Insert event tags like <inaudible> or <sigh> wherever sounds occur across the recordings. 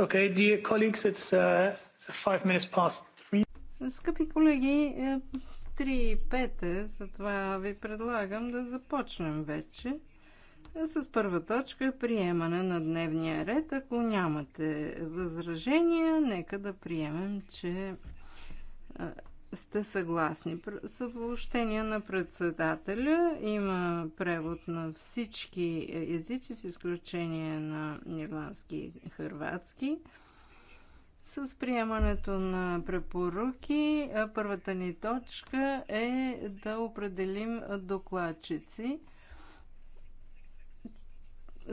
Okay, dear colleagues, it's uh, five minutes past three. Скъпи колеги, е, три и 5 е, затова ви предлагам да започнем вече. Е, с първа точка е приемане на дневния ред. Ако нямате възражения, нека да приемем, че сте съгласни. Съобщение на председателя. Има превод на всички е, езици, с изключение на нирландски и хърватски. С приемането на препоръки, първата ни точка е да определим докладчици –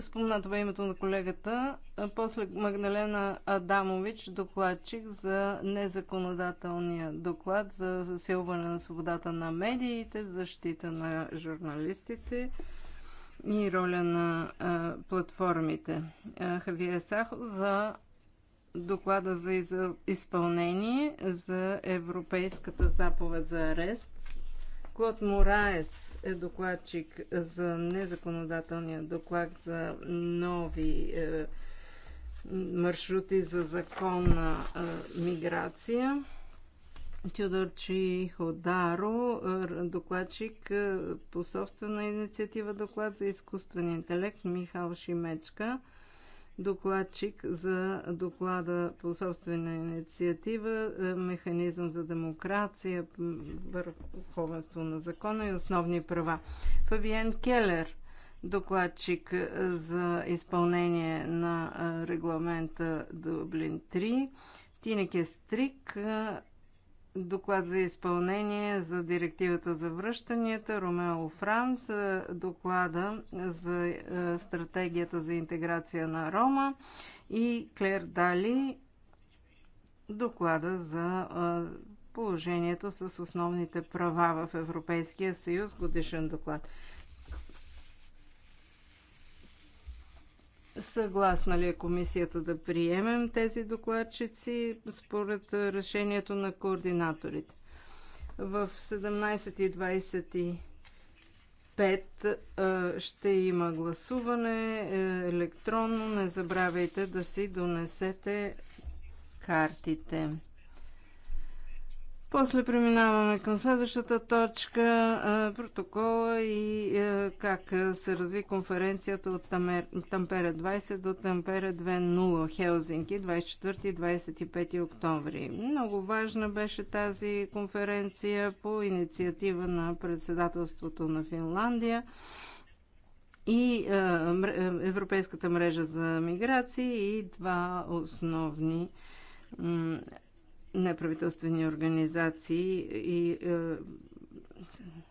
спомнато бе името на колегата, после Магдалена Адамович, докладчик за незаконодателния доклад за засилване на свободата на медиите, защита на журналистите и роля на а, платформите. Хавие Сахо за доклада за изпълнение за Европейската заповед за арест Клод Мораес е докладчик за незаконодателния доклад за нови е, маршрути за законна е, миграция. Тюдор Чи Ходаро, е, докладчик е, по собствена инициатива доклад за изкуствен интелект Михал Шимечка – докладчик за доклада по собствена инициатива, е, механизъм за демокрация, върховенство на закона и основни права. Фабиен Келер, докладчик е, за изпълнение на е, регламента Дублин 3, Тинеке Стрик, Доклад за изпълнение за директивата за връщанията, Ромео Франц, доклада за е, стратегията за интеграция на Рома и Клер Дали, доклада за е, положението с основните права в Европейския съюз, годишен доклад. Съгласна ли е комисията да приемем тези докладчици според решението на координаторите? В 17.25 ще има гласуване е, електронно. Не забравяйте да си донесете картите. После преминаваме към следващата точка, протокола и как се разви конференцията от Тампере 20 до Тампере 2.0 Хелзинки 24-25 октомври. Много важна беше тази конференция по инициатива на председателството на Финландия и Европейската мрежа за миграции и два основни неправителствени организации и е,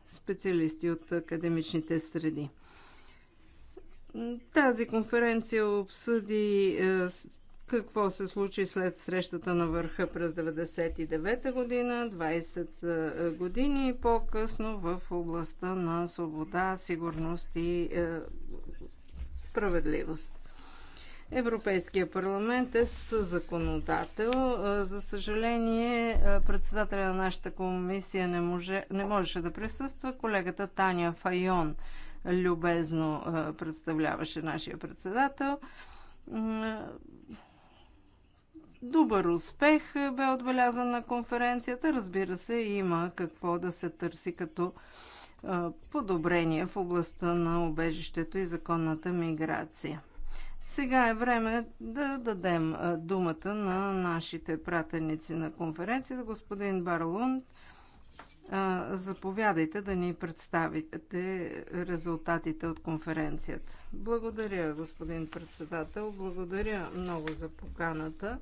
специалисти от академичните среди. Тази конференция обсъди е, какво се случи след срещата на върха през 1999 година, 20 е, години по-късно в областта на свобода, сигурност и справедливост. Европейския парламент е със законодател. За съжаление, председателя на нашата комисия не, може, не можеше да присъства. Колегата Таня Файон любезно представляваше нашия председател. Добър успех бе отбелязан на конференцията. Разбира се, има какво да се търси като подобрение в областта на обежището и законната миграция. Сега е време да дадем думата на нашите пратеници на конференцията. Господин Барлунд, заповядайте да ни представите резултатите от конференцията. Благодаря, господин председател. Благодаря много за поканата.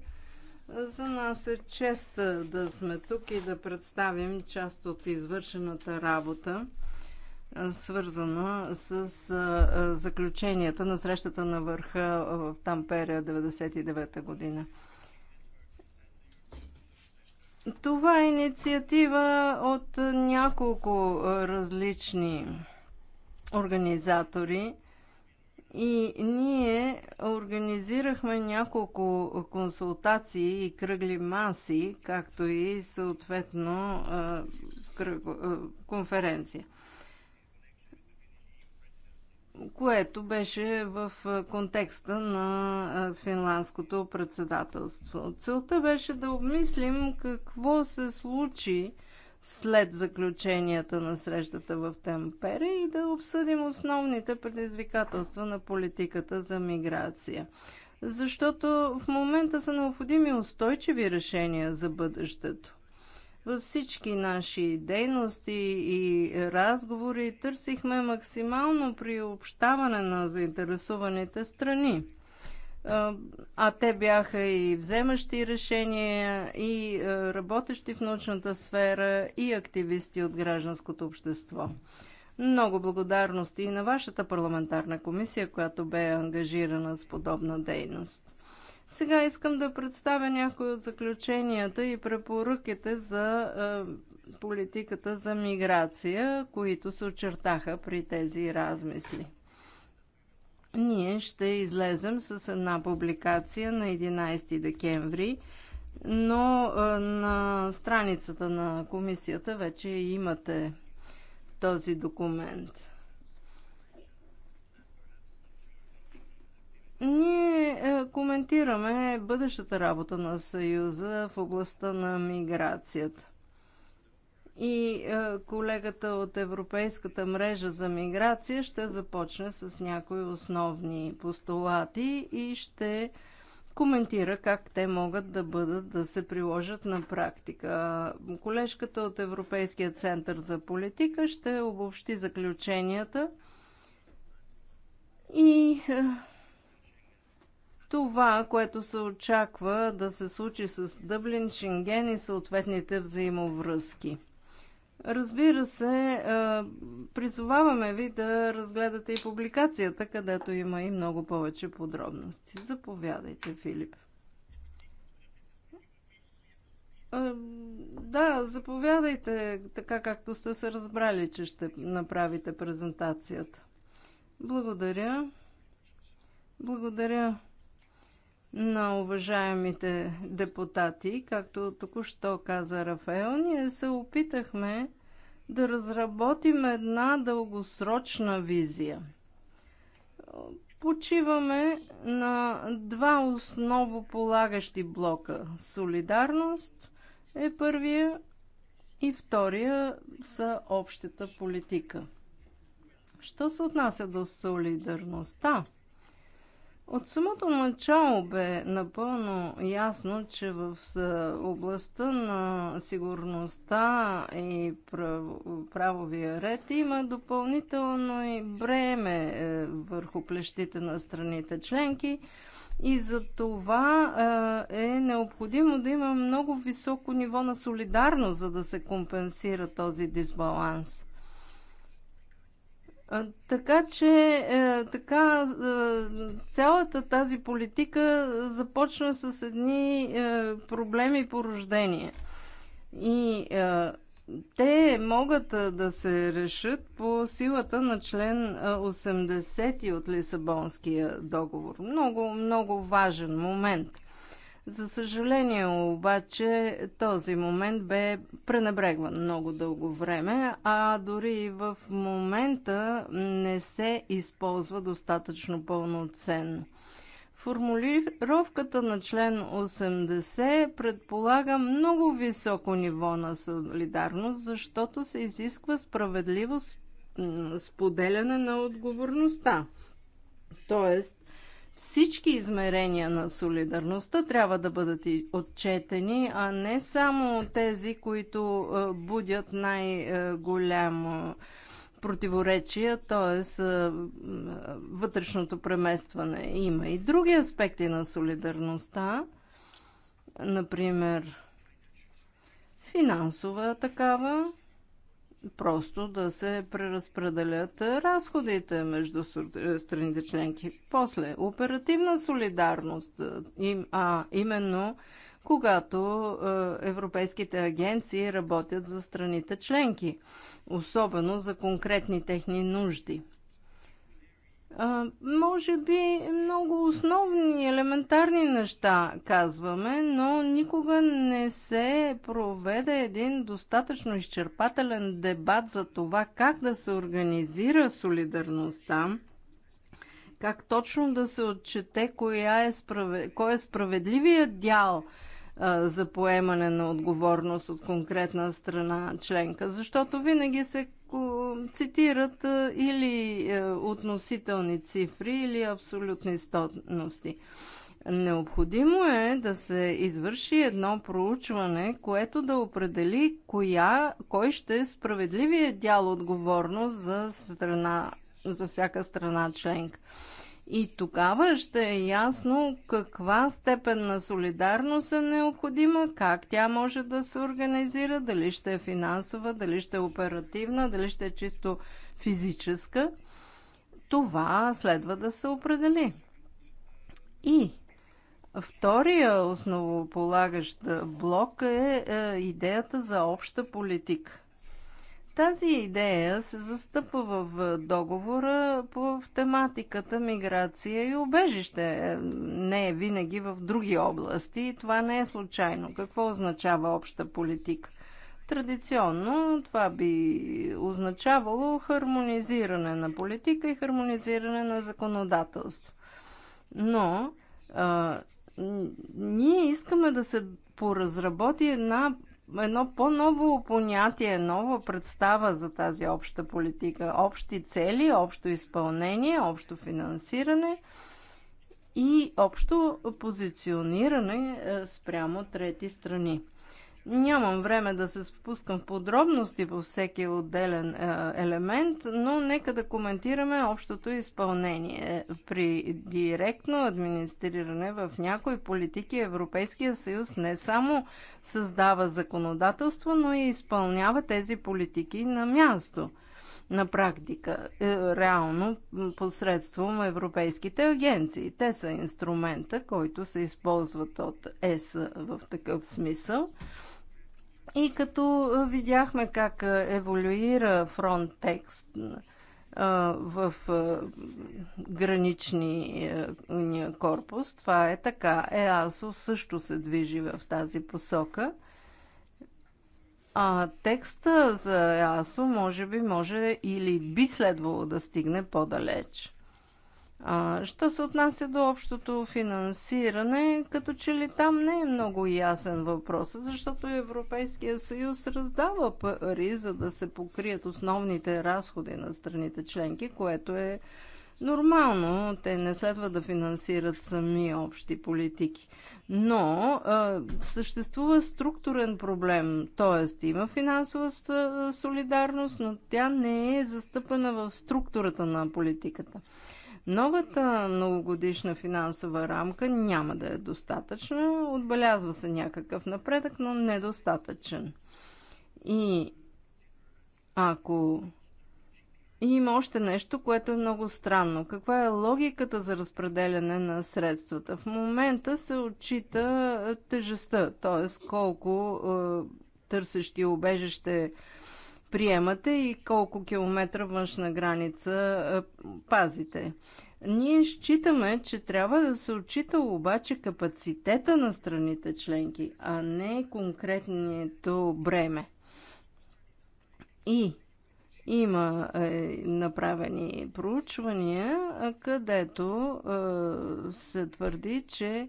За нас е чест да сме тук и да представим част от извършената работа свързана с заключенията на срещата на върха в Тампере 99-та година. Това е инициатива от няколко различни организатори и ние организирахме няколко консултации и кръгли маси, както и съответно конференция което беше в контекста на финландското председателство. Целта беше да обмислим какво се случи след заключенията на срещата в Темпере и да обсъдим основните предизвикателства на политиката за миграция. Защото в момента са необходими устойчиви решения за бъдещето. Във всички наши дейности и разговори търсихме максимално приобщаване на заинтересуваните страни. А те бяха и вземащи решения, и работещи в научната сфера, и активисти от гражданското общество. Много благодарности и на вашата парламентарна комисия, която бе ангажирана с подобна дейност. Сега искам да представя някои от заключенията и препоръките за е, политиката за миграция, които се очертаха при тези размисли. Ние ще излезем с една публикация на 11 декември, но е, на страницата на комисията вече имате този документ. Ние е, коментираме бъдещата работа на Съюза в областта на миграцията. И е, колегата от Европейската мрежа за миграция ще започне с някои основни постулати и ще коментира как те могат да бъдат да се приложат на практика. Колежката от Европейския център за политика ще обобщи заключенията и е, това, което се очаква да се случи с Дъблин, Шенген и съответните взаимовръзки. Разбира се, е, призоваваме ви да разгледате и публикацията, където има и много повече подробности. Заповядайте, Филип. Е, да, заповядайте така, както сте се разбрали, че ще направите презентацията. Благодаря. Благодаря на уважаемите депутати. Както току-що каза Рафаел, ние се опитахме да разработим една дългосрочна визия. Почиваме на два основополагащи блока. Солидарност е първия и втория са общата политика. Що се отнася до солидарността? От самото начало бе напълно ясно, че в областта на сигурността и правовия ред има допълнително и бреме е, върху плещите на страните членки и за това е, е необходимо да има много високо ниво на солидарност, за да се компенсира този дисбаланс. Така че е, така, е, цялата тази политика започна с едни е, проблеми по рождение. И те могат да се решат по силата на член 80 от Лисабонския договор. Много, много важен момент. За съжаление обаче този момент бе пренебрегван много дълго време, а дори и в момента не се използва достатъчно пълноценно. Формулировката на член 80 предполага много високо ниво на солидарност, защото се изисква справедливост споделяне на отговорността. Тоест, всички измерения на солидарността трябва да бъдат отчетени, а не само тези, които е, будят най-голямо противоречия, т.е. Е, вътрешното преместване. Има и други аспекти на солидарността, например финансова такава, просто да се преразпределят разходите между е, страните членки. После, оперативна солидарност, е, а именно когато е, европейските агенции работят за страните членки, особено за конкретни техни нужди може би много основни, елементарни неща казваме, но никога не се проведе един достатъчно изчерпателен дебат за това как да се организира солидарността, как точно да се отчете коя е справед... кой е справедливият дял а, за поемане на отговорност от конкретна страна членка. Защото винаги се цитират или е, относителни цифри, или абсолютни стойности. Необходимо е да се извърши едно проучване, което да определи коя, кой ще е справедливия дял отговорност за, страна, за всяка страна членка. И тогава ще е ясно каква степен на солидарност е необходима, как тя може да се организира, дали ще е финансова, дали ще е оперативна, дали ще е чисто физическа. Това следва да се определи. И втория основополагащ блок е, е идеята за обща политика. Тази идея се застъпва в договора по тематиката миграция и убежище. Не е винаги в други области и това не е случайно. Какво означава обща политика? Традиционно това би означавало хармонизиране на политика и хармонизиране на законодателство. Но а, ние искаме да се поразработи една едно по-ново понятие, нова представа за тази обща политика. Общи цели, общо изпълнение, общо финансиране и общо позициониране е, спрямо трети страни. Нямам време да се спускам в подробности по всеки отделен е, елемент, но нека да коментираме общото изпълнение. При директно администриране в някои политики Европейския съюз не само създава законодателство, но и изпълнява тези политики на място на практика, е, реално посредством европейските агенции. Те са инструмента, който се използват от ЕС в такъв смисъл. И като видяхме как еволюира Frontex в граничния корпус, това е така. ЕАСО също се движи в тази посока. А текста за ЕАСО може би може или би следвало да стигне по-далеч. А, що се отнася до общото финансиране, като че ли там не е много ясен въпрос, защото Европейския съюз раздава пари, за да се покрият основните разходи на страните членки, което е нормално. Те не следва да финансират сами общи политики. Но а, съществува структурен проблем, т.е. има финансова солидарност, но тя не е застъпена в структурата на политиката. Новата многогодишна финансова рамка няма да е достатъчна. Отбелязва се някакъв напредък, но недостатъчен. И ако и има още нещо, което е много странно. Каква е логиката за разпределяне на средствата? В момента се отчита е, тежестта, т.е. колко е, търсещи обежище приемате и колко километра външна граница е, пазите. Ние считаме, че трябва да се отчита обаче капацитета на страните членки, а не конкретното бреме. И има е, направени проучвания, където е, се твърди, че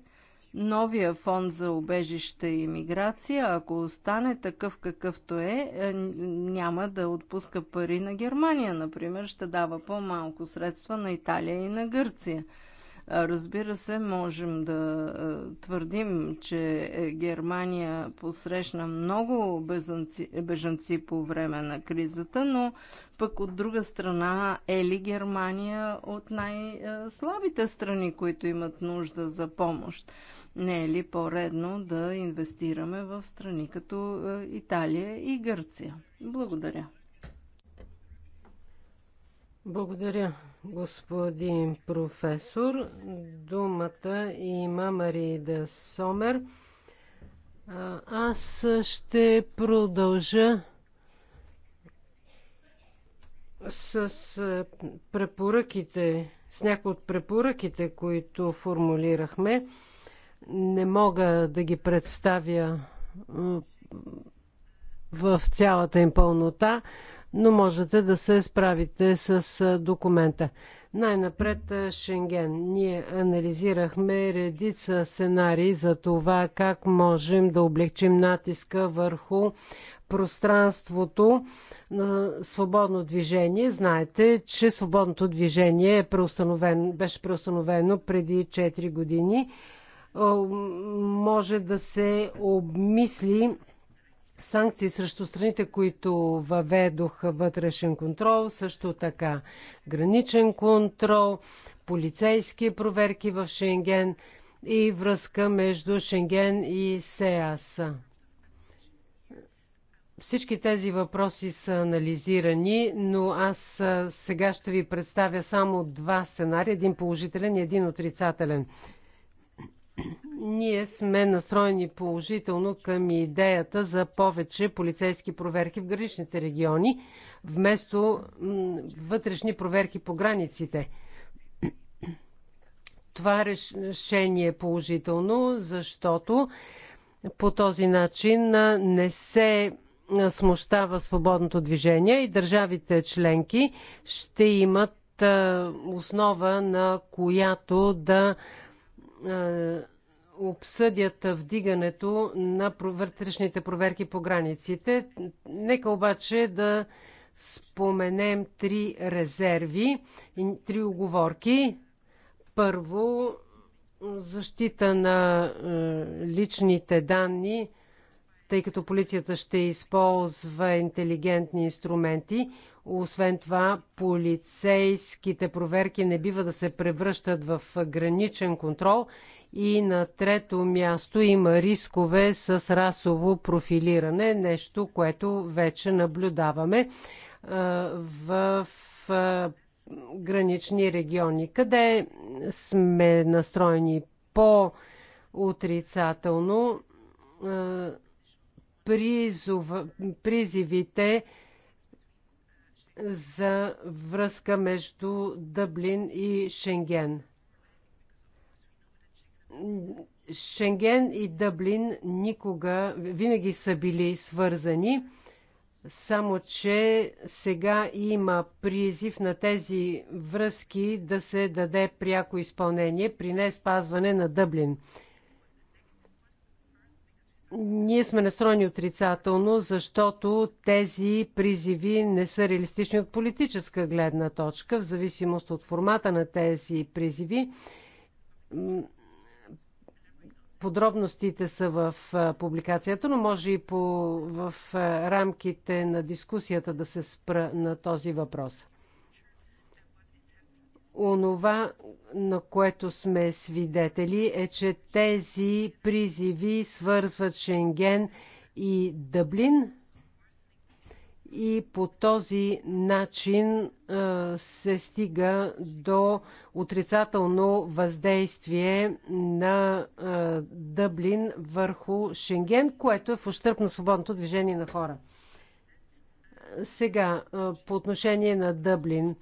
новия фонд за обежище и миграция, ако остане такъв какъвто е, е няма да отпуска пари на Германия, например, ще дава по-малко средства на Италия и на Гърция. Разбира се, можем да твърдим, че е, Германия посрещна много бежанци, бежанци по време на кризата, но пък от друга страна е ли Германия от най-слабите страни, които имат нужда за помощ? Не е ли по-редно да инвестираме в страни като е, Италия и Гърция? Благодаря. Благодаря, господин професор. Думата има Марида Сомер. Аз ще продължа с препоръките, с някои от препоръките, които формулирахме. Не мога да ги представя в цялата им пълнота но можете да се справите с документа. Най-напред Шенген. Ние анализирахме редица сценарии за това как можем да облегчим натиска върху пространството на свободно движение. Знаете, че свободното движение е преустановен, беше преустановено преди 4 години. Може да се обмисли санкции срещу страните, които въведоха вътрешен контрол, също така граничен контрол, полицейски проверки в Шенген и връзка между Шенген и СЕАС. Всички тези въпроси са анализирани, но аз сега ще ви представя само два сценария, един положителен и един отрицателен. Ние сме настроени положително към идеята за повече полицейски проверки в граничните региони, вместо вътрешни проверки по границите. Това решение е положително, защото по този начин не се смущава свободното движение и държавите членки ще имат основа, на която да е, обсъдят вдигането на вътрешните проверки по границите. Нека обаче да споменем три резерви, три оговорки. Първо, защита на е, личните данни, тъй като полицията ще използва интелигентни инструменти. Освен това, полицейските проверки не бива да се превръщат в граничен контрол и на трето място има рискове с расово профилиране, нещо, което вече наблюдаваме в гранични региони. Къде сме настроени по-отрицателно? Призивите за връзка между Дъблин и Шенген. Шенген и Дъблин никога, винаги са били свързани, само че сега има призив на тези връзки да се даде пряко изпълнение при не спазване на Дъблин. Ние сме настроени отрицателно, защото тези призиви не са реалистични от политическа гледна точка, в зависимост от формата на тези призиви. Подробностите са в публикацията, но може и по, в рамките на дискусията да се спра на този въпрос. Онова, на което сме свидетели, е, че тези призиви свързват Шенген и Дъблин и по този начин се стига до отрицателно въздействие на Дъблин върху Шенген, което е в ущърп на свободното движение на хора. Сега, по отношение на Дъблин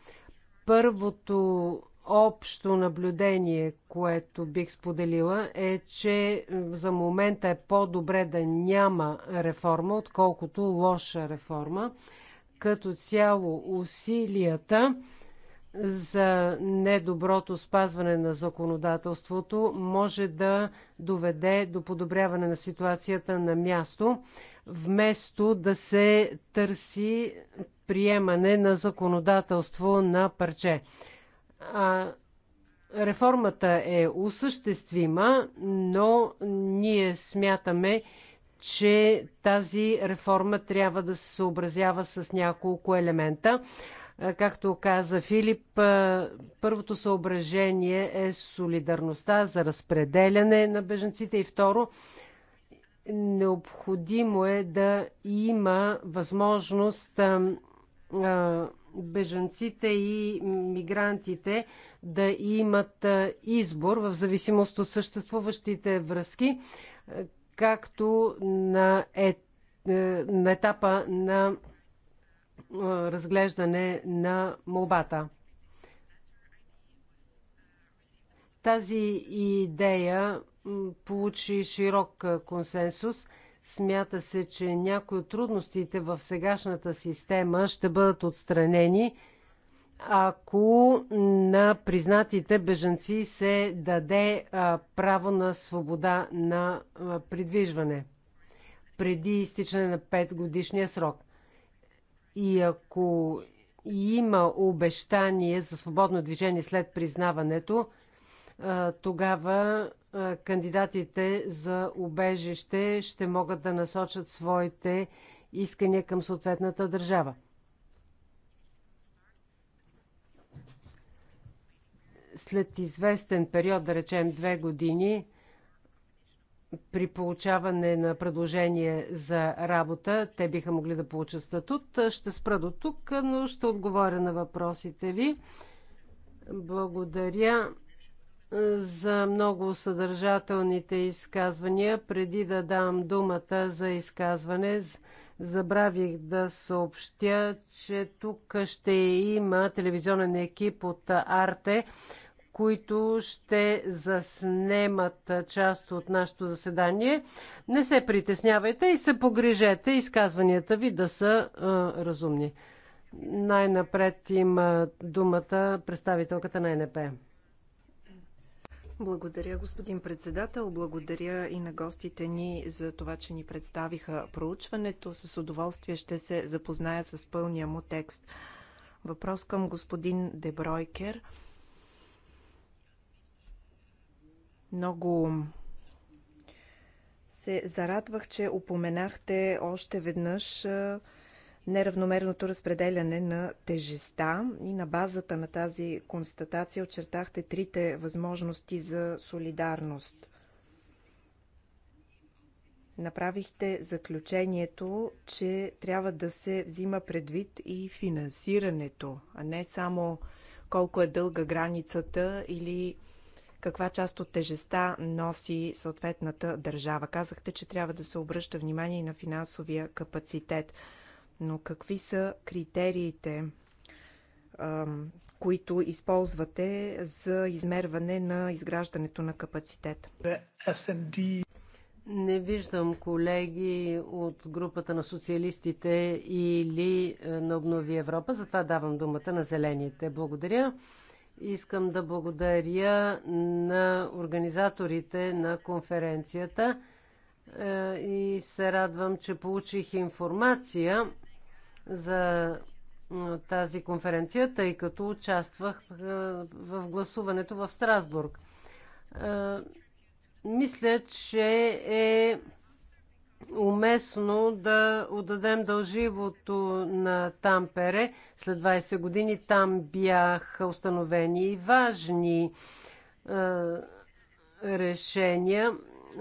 Първото общо наблюдение, което бих споделила, е, че за момента е по-добре да няма реформа, отколкото лоша реформа. Като цяло усилията за недоброто спазване на законодателството може да доведе до подобряване на ситуацията на място вместо да се търси приемане на законодателство на парче. А, реформата е осъществима, но ние смятаме, че тази реформа трябва да се съобразява с няколко елемента. Както каза Филип, първото съображение е солидарността за разпределяне на беженците и второ Необходимо е да има възможност бежанците и мигрантите да имат избор в зависимост от съществуващите връзки, както на, е, на етапа на разглеждане на молбата. Тази идея получи широк консенсус. Смята се, че някои от трудностите в сегашната система ще бъдат отстранени, ако на признатите бежанци се даде право на свобода на придвижване преди изтичане на 5 годишния срок. И ако има обещание за свободно движение след признаването, тогава кандидатите за убежище ще могат да насочат своите искания към съответната държава. След известен период, да речем две години, при получаване на предложение за работа, те биха могли да получат статут. Ще спра до тук, но ще отговоря на въпросите ви. Благодаря за много съдържателните изказвания. Преди да дам думата за изказване, забравих да съобщя, че тук ще има телевизионен екип от Арте, които ще заснемат част от нашето заседание. Не се притеснявайте и се погрижете изказванията ви да са а, разумни. Най-напред има думата представителката на НП. Благодаря, господин председател. Благодаря и на гостите ни за това, че ни представиха проучването. С удоволствие ще се запозная с пълния му текст. Въпрос към господин Дебройкер. Много се зарадвах, че упоменахте още веднъж неравномерното разпределяне на тежеста и на базата на тази констатация очертахте трите възможности за солидарност. Направихте заключението, че трябва да се взима предвид и финансирането, а не само колко е дълга границата или каква част от тежеста носи съответната държава. Казахте, че трябва да се обръща внимание и на финансовия капацитет но какви са критериите, които използвате за измерване на изграждането на капацитет? Не виждам колеги от групата на социалистите или е, на Обнови Европа, затова давам думата на зелените. Благодаря. Искам да благодаря на организаторите на конференцията е, и се радвам, че получих информация за тази конференция, тъй като участвах в гласуването в Страсбург. Мисля, че е уместно да отдадем дълживото на Тампере. След 20 години там бяха установени важни решения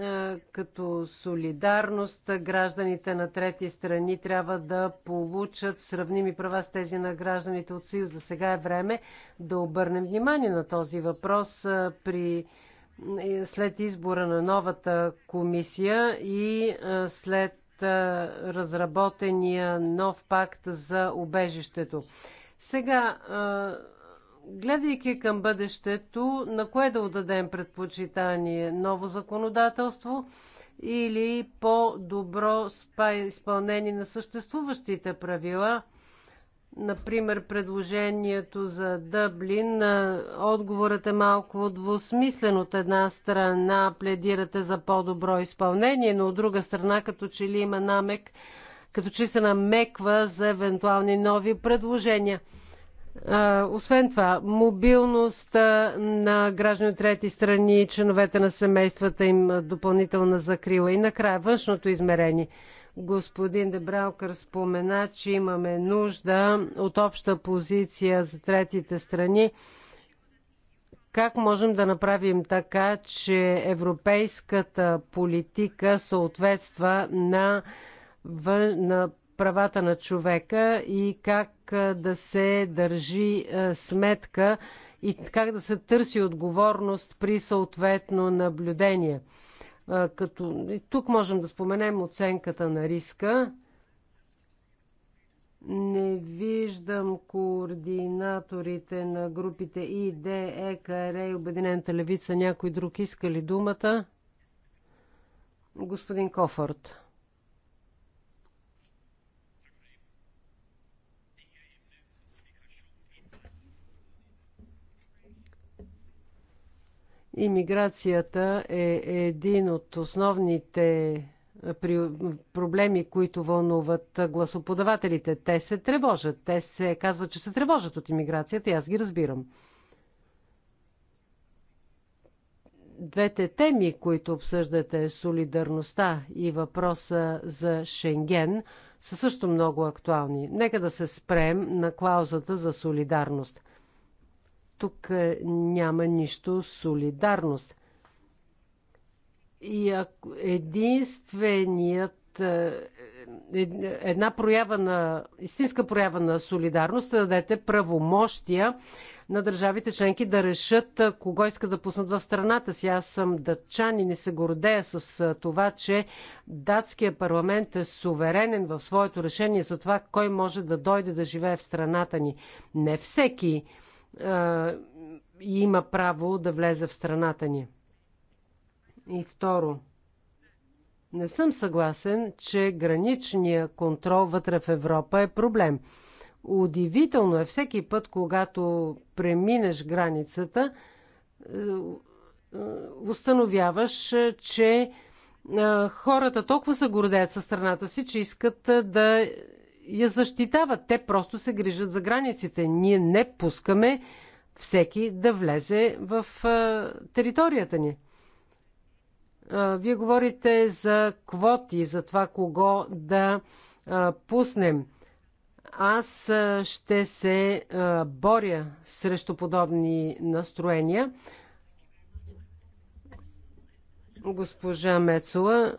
е, като солидарност гражданите на трети страни трябва да получат сравними права с тези на гражданите от Съюза. Сега е време да обърнем внимание на този въпрос е, при е, след избора на новата комисия и след разработения нов пакт за убежището. Сега гледайки към бъдещето, на кое да отдадем предпочитание? Ново законодателство или по-добро изпълнение на съществуващите правила? Например, предложението за Дъблин. Отговорът е малко двусмислен. От една страна пледирате за по-добро изпълнение, но от друга страна като че ли има намек, като че се намеква за евентуални нови предложения – освен това, мобилност на граждани от трети страни, членовете на семействата им, допълнителна закрила и накрая външното измерение. Господин Дебралкър спомена, че имаме нужда от обща позиция за третите страни. Как можем да направим така, че европейската политика съответства на, на правата на човека и как да се държи сметка и как да се търси отговорност при съответно наблюдение. Като, и тук можем да споменем оценката на риска. Не виждам координаторите на групите ИД, ЕКР и Обединената левица. Някой друг иска ли думата? Господин Кофърт. Имиграцията е един от основните проблеми, които вълнуват гласоподавателите. Те се тревожат. Те се казват, че се тревожат от иммиграцията и аз ги разбирам. Двете теми, които обсъждате, солидарността и въпроса за Шенген, са също много актуални. Нека да се спрем на клаузата за солидарност – тук е, няма нищо солидарност. И единственият е, е, една проява на, истинска проява на солидарност е да дадете правомощия на държавите членки да решат кого иска да пуснат в страната си. Аз съм дъчан и не се гордея с това, че датския парламент е суверенен в своето решение за това кой може да дойде да живее в страната ни. Не всеки и има право да влезе в страната ни. И второ, не съм съгласен, че граничния контрол вътре в Европа е проблем. Удивително е всеки път, когато преминеш границата, установяваш, че хората толкова се гордеят със страната си, че искат да я защитават. Те просто се грижат за границите. Ние не пускаме всеки да влезе в територията ни. Вие говорите за квоти, за това кого да пуснем. Аз ще се боря срещу подобни настроения. Госпожа Мецула,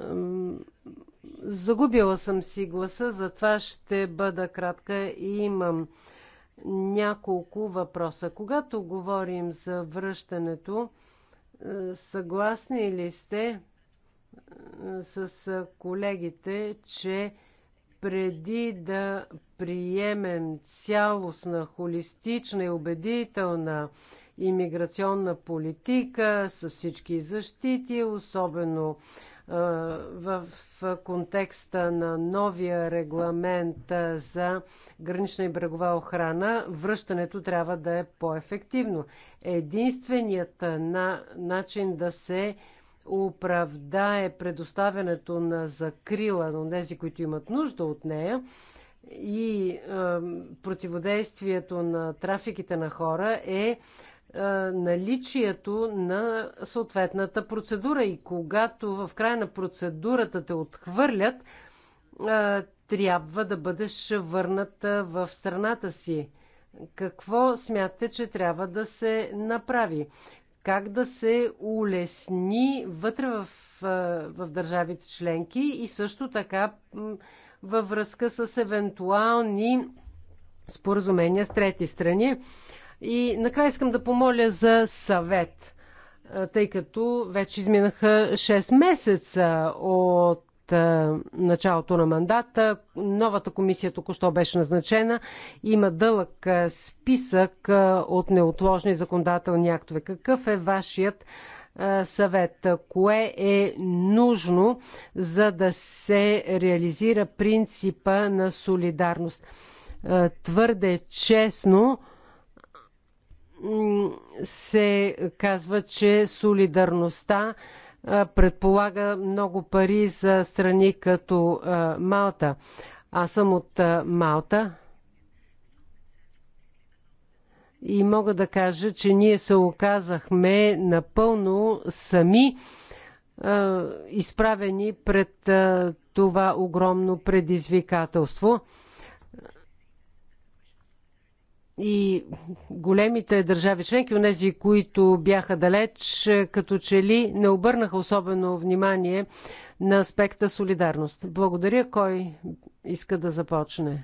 Загубила съм си гласа, затова ще бъда кратка и имам няколко въпроса. Когато говорим за връщането, е, съгласни ли сте е, с колегите, че преди да приемем цялостна, холистична и убедителна имиграционна политика с всички защити, особено в контекста на новия регламент за гранична и брегова охрана, връщането трябва да е по-ефективно. Единственият на начин да се оправдае предоставянето на закрила на тези, които имат нужда от нея, и е, противодействието на трафиките на хора е наличието на съответната процедура. И когато в края на процедурата те отхвърлят, трябва да бъдеш върната в страната си. Какво смятате, че трябва да се направи? Как да се улесни вътре в, в държавите членки и също така във връзка с евентуални споразумения с трети страни? И накрая искам да помоля за съвет, тъй като вече изминаха 6 месеца от началото на мандата. Новата комисия току-що беше назначена. Има дълъг списък от неотложни законодателни актове. Какъв е вашият съвет? Кое е нужно, за да се реализира принципа на солидарност? Твърде честно се казва, че солидарността предполага много пари за страни като Малта. Аз съм от Малта и мога да кажа, че ние се оказахме напълно сами изправени пред това огромно предизвикателство – и големите държави членки, онези, които бяха далеч, като че ли не обърнаха особено внимание на аспекта солидарност. Благодаря. Кой иска да започне?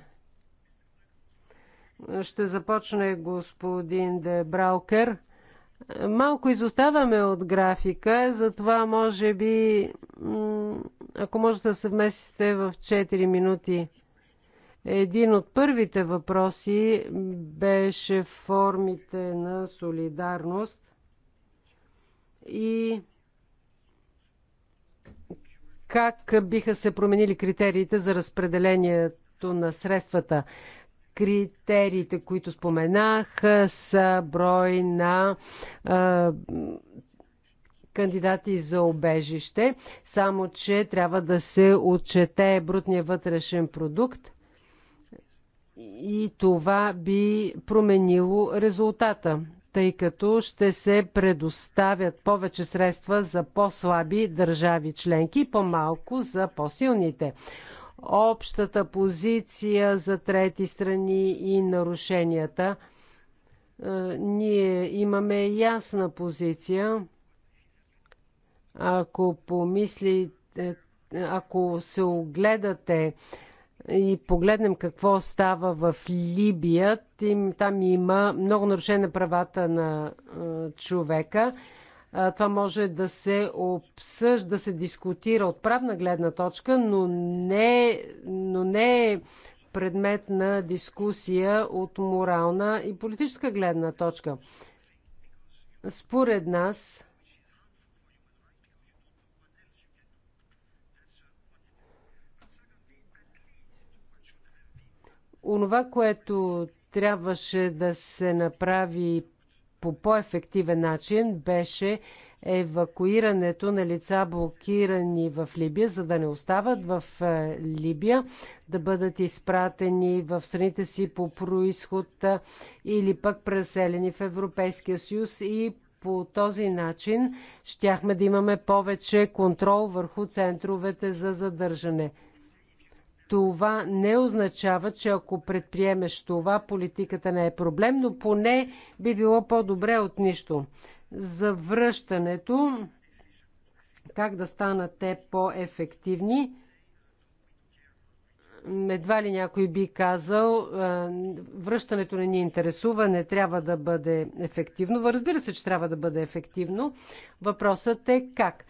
Ще започне господин Де Браукер. Малко изоставаме от графика, затова може би, ако можете да се вместите в 4 минути. Един от първите въпроси беше формите на солидарност и как биха се променили критериите за разпределението на средствата. Критериите, които споменах, са брой на а, кандидати за обежище, само че трябва да се отчете брутния вътрешен продукт и това би променило резултата, тъй като ще се предоставят повече средства за по-слаби държави членки и по-малко за по-силните. Общата позиция за трети страни и нарушенията. Е, ние имаме ясна позиция. Ако помислите, ако се огледате и погледнем какво става в Либия, там има много нарушена правата на човека. Това може да се обсъжда, да се дискутира от правна гледна точка, но не, но не е предмет на дискусия от морална и политическа гледна точка. Според нас, онова, което трябваше да се направи по по-ефективен начин, беше евакуирането на лица блокирани в Либия, за да не остават в е, Либия, да бъдат изпратени в страните си по происход е, или пък преселени в Европейския съюз и по този начин щяхме да имаме повече контрол върху центровете за задържане. Това не означава, че ако предприемеш това, политиката не е проблем, но поне би било по-добре от нищо. За връщането, как да станат те по-ефективни, едва ли някой би казал, е, връщането не ни интересува, не трябва да бъде ефективно. Разбира се, че трябва да бъде ефективно. Въпросът е как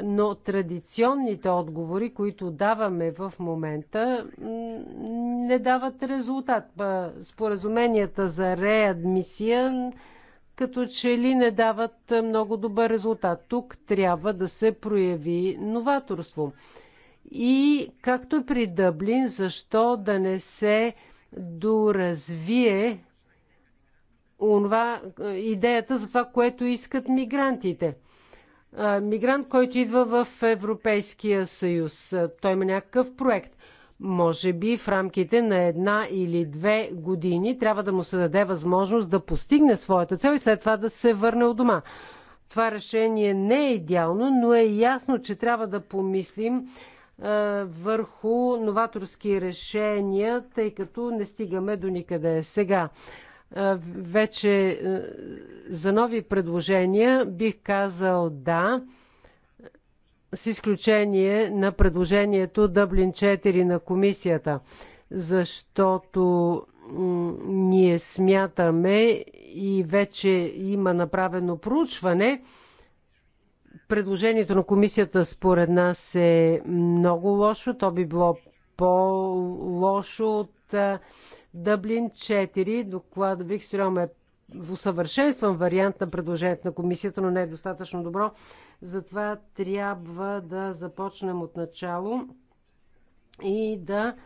но традиционните отговори, които даваме в момента, не дават резултат. Споразуменията за реадмисия като че ли не дават много добър резултат. Тук трябва да се прояви новаторство. И както при Дъблин, защо да не се доразвие онова, е, идеята за това, което искат мигрантите – мигрант, който идва в Европейския съюз. Той има някакъв проект. Може би в рамките на една или две години трябва да му се даде възможност да постигне своята цел и след това да се върне от дома. Това решение не е идеално, но е ясно, че трябва да помислим върху новаторски решения, тъй като не стигаме до никъде сега вече е, за нови предложения бих казал да, с изключение на предложението Дъблин 4 на комисията, защото ние смятаме и вече има направено проучване. Предложението на комисията според нас е много лошо. То би било по-лошо от Дъблин 4, доклад Бих Стрём е в усъвършенстван вариант на предложението на комисията, но не е достатъчно добро. Затова трябва да започнем от начало и да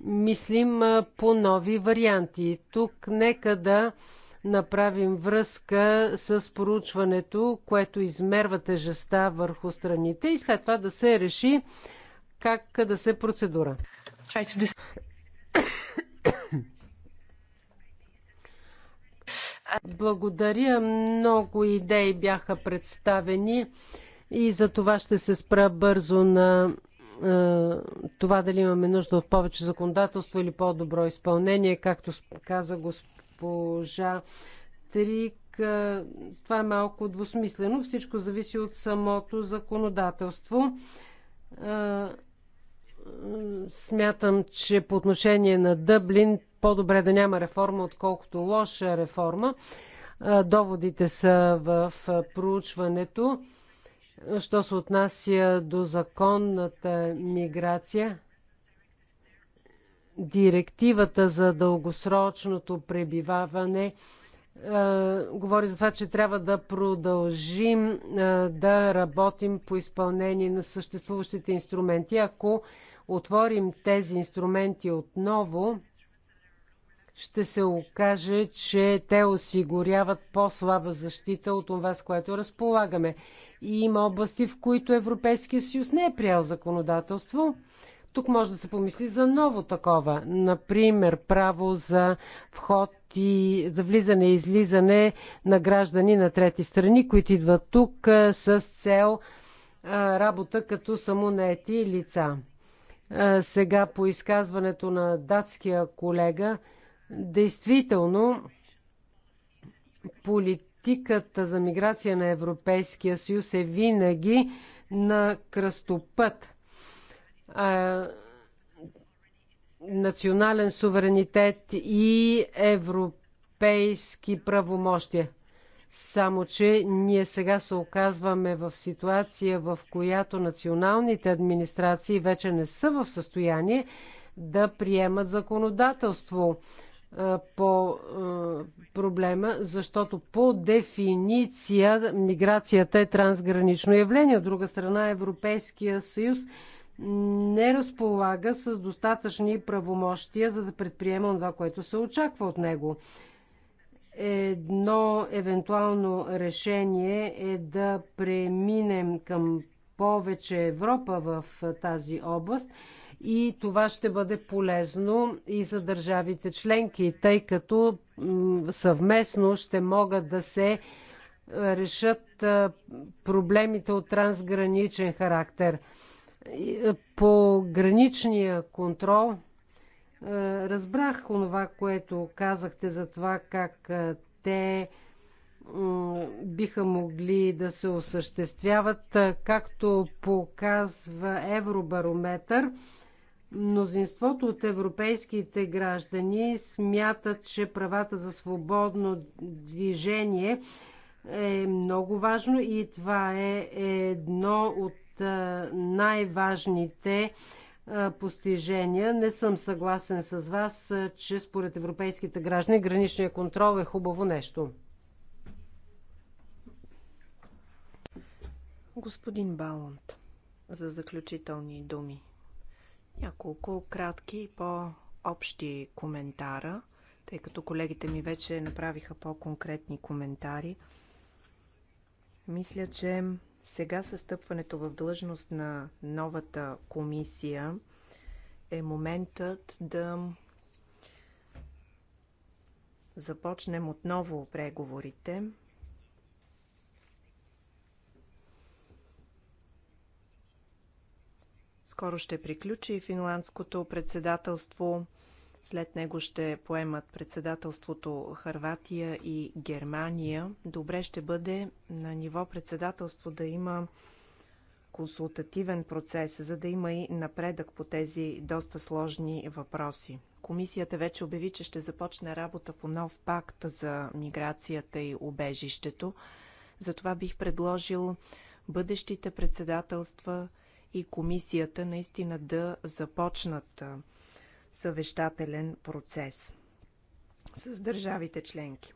мислим по нови варианти. Тук нека да направим връзка с проучването, което измерва тежеста върху страните и след това да се реши как да се процедура. Благодаря. Много идеи бяха представени и за това ще се спра бързо на е, това дали имаме нужда от повече законодателство или по-добро изпълнение. Както каза госпожа Трик, е, това е малко двусмислено. Всичко зависи от самото законодателство. Е, смятам, че по отношение на Дъблин по-добре да няма реформа, отколкото лоша реформа. Доводите са в проучването. Що се отнася до законната миграция, директивата за дългосрочното пребиваване говори за това, че трябва да продължим да работим по изпълнение на съществуващите инструменти. Ако отворим тези инструменти отново, ще се окаже, че те осигуряват по-слаба защита от това, с което разполагаме. И има области, в които Европейския съюз не е приял законодателство. Тук може да се помисли за ново такова. Например, право за вход и за влизане и излизане на граждани на трети страни, които идват тук с цел работа като самонети лица. Е, сега по изказването на датския колега. Действително, политиката за миграция на Европейския съюз е винаги на кръстопът. А, е, национален суверенитет и европейски правомощия. Само, че ние сега се оказваме в ситуация, в която националните администрации вече не са в състояние да приемат законодателство по проблема, защото по дефиниция миграцията е трансгранично явление. От друга страна, Европейския съюз не разполага с достатъчни правомощия, за да предприема това, което се очаква от него. Едно евентуално решение е да преминем към повече Европа в тази област и това ще бъде полезно и за държавите членки, тъй като съвместно ще могат да се е, решат е, проблемите от трансграничен характер. Е, по граничния контрол е, разбрах онова, което казахте за това как е, те биха могли да се осъществяват, е, както показва Евробарометър. Мнозинството от европейските граждани смятат, че правата за свободно движение е много важно и това е едно от най-важните постижения. Не съм съгласен с вас, че според европейските граждани граничния контрол е хубаво нещо. Господин Балант, за заключителни думи. Няколко кратки и по-общи коментара, тъй като колегите ми вече направиха по-конкретни коментари. Мисля, че сега състъпването в длъжност на новата комисия е моментът да започнем отново преговорите. Скоро ще приключи финландското председателство. След него ще поемат председателството Харватия и Германия. Добре ще бъде на ниво председателство да има консултативен процес, за да има и напредък по тези доста сложни въпроси. Комисията вече обяви, че ще започне работа по нов пакт за миграцията и убежището. Затова бих предложил бъдещите председателства и комисията наистина да започнат съвещателен процес с държавите членки.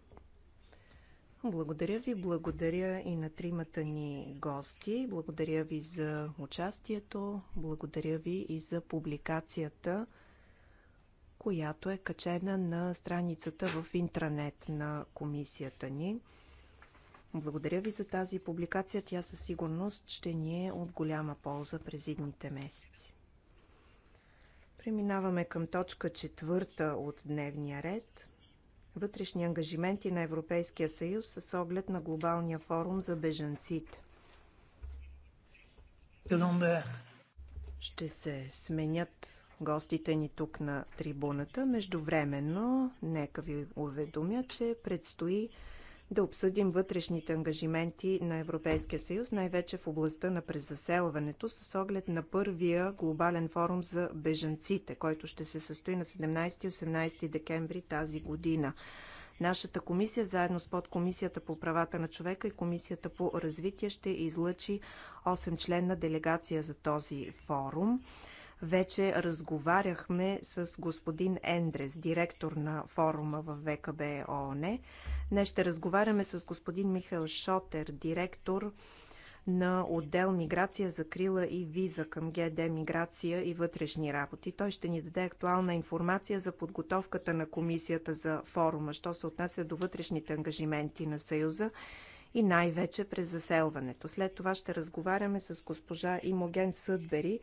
Благодаря ви, благодаря и на тримата ни гости, благодаря ви за участието, благодаря ви и за публикацията, която е качена на страницата в интранет на комисията ни. Благодаря ви за тази публикация, тя със сигурност ще ни е от голяма полза през идните месеци. Преминаваме към точка четвърта от дневния ред. Вътрешни ангажименти на Европейския съюз с оглед на глобалния форум за бежанците. Ще се сменят гостите ни тук на трибуната. Междувременно, нека ви уведомя, че предстои да обсъдим вътрешните ангажименти на Европейския съюз, най-вече в областта на презаселването, с оглед на първия глобален форум за бежанците, който ще се състои на 17-18 декември тази година. Нашата комисия, заедно с подкомисията по правата на човека и комисията по развитие, ще излъчи 8 членна делегация за този форум. Вече разговаряхме с господин Ендрес, директор на форума в ВКБ ООН. Днес ще разговаряме с господин Михаил Шотер, директор на отдел Миграция, закрила и виза към ГД Миграция и вътрешни работи. Той ще ни даде актуална информация за подготовката на комисията за форума, що се отнася до вътрешните ангажименти на Съюза и най-вече през заселването. След това ще разговаряме с госпожа Имоген Съдбери,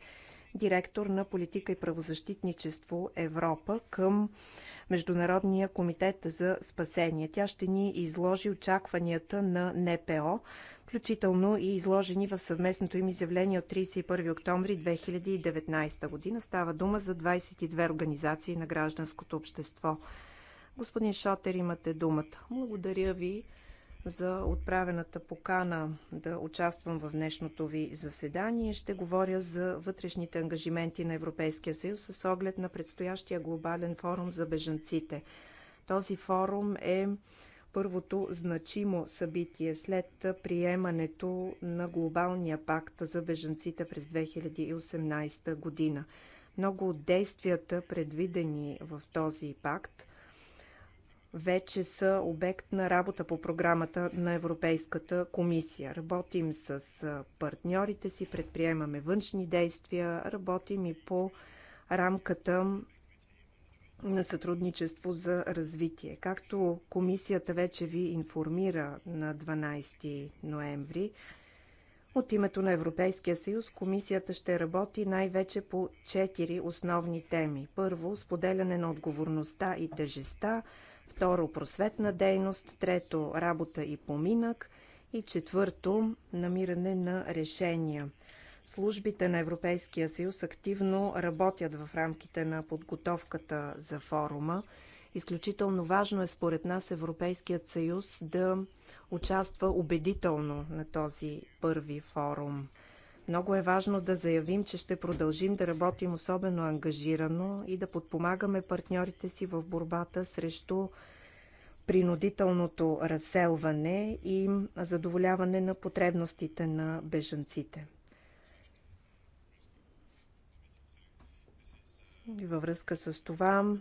директор на политика и правозащитничество Европа към Международния комитет за спасение. Тя ще ни изложи очакванията на НПО, включително и изложени в съвместното им изявление от 31 октомври 2019 година. Става дума за 22 организации на гражданското общество. Господин Шотер, имате думата. Благодаря ви за отправената покана да участвам в днешното ви заседание. Ще говоря за вътрешните ангажименти на Европейския съюз с оглед на предстоящия глобален форум за бежанците. Този форум е първото значимо събитие след приемането на глобалния пакт за бежанците през 2018 година. Много от действията, предвидени в този пакт, вече са обект на работа по програмата на Европейската комисия. Работим с партньорите си, предприемаме външни действия, работим и по рамката на сътрудничество за развитие. Както комисията вече ви информира на 12 ноември, от името на Европейския съюз комисията ще работи най-вече по четири основни теми. Първо, споделяне на отговорността и тежестта второ просветна дейност, трето работа и поминък и четвърто намиране на решения. Службите на Европейския съюз активно работят в рамките на подготовката за форума. Изключително важно е според нас Европейският съюз да участва убедително на този първи форум. Много е важно да заявим, че ще продължим да работим особено ангажирано и да подпомагаме партньорите си в борбата срещу принудителното разселване и задоволяване на потребностите на бежанците. И във връзка с това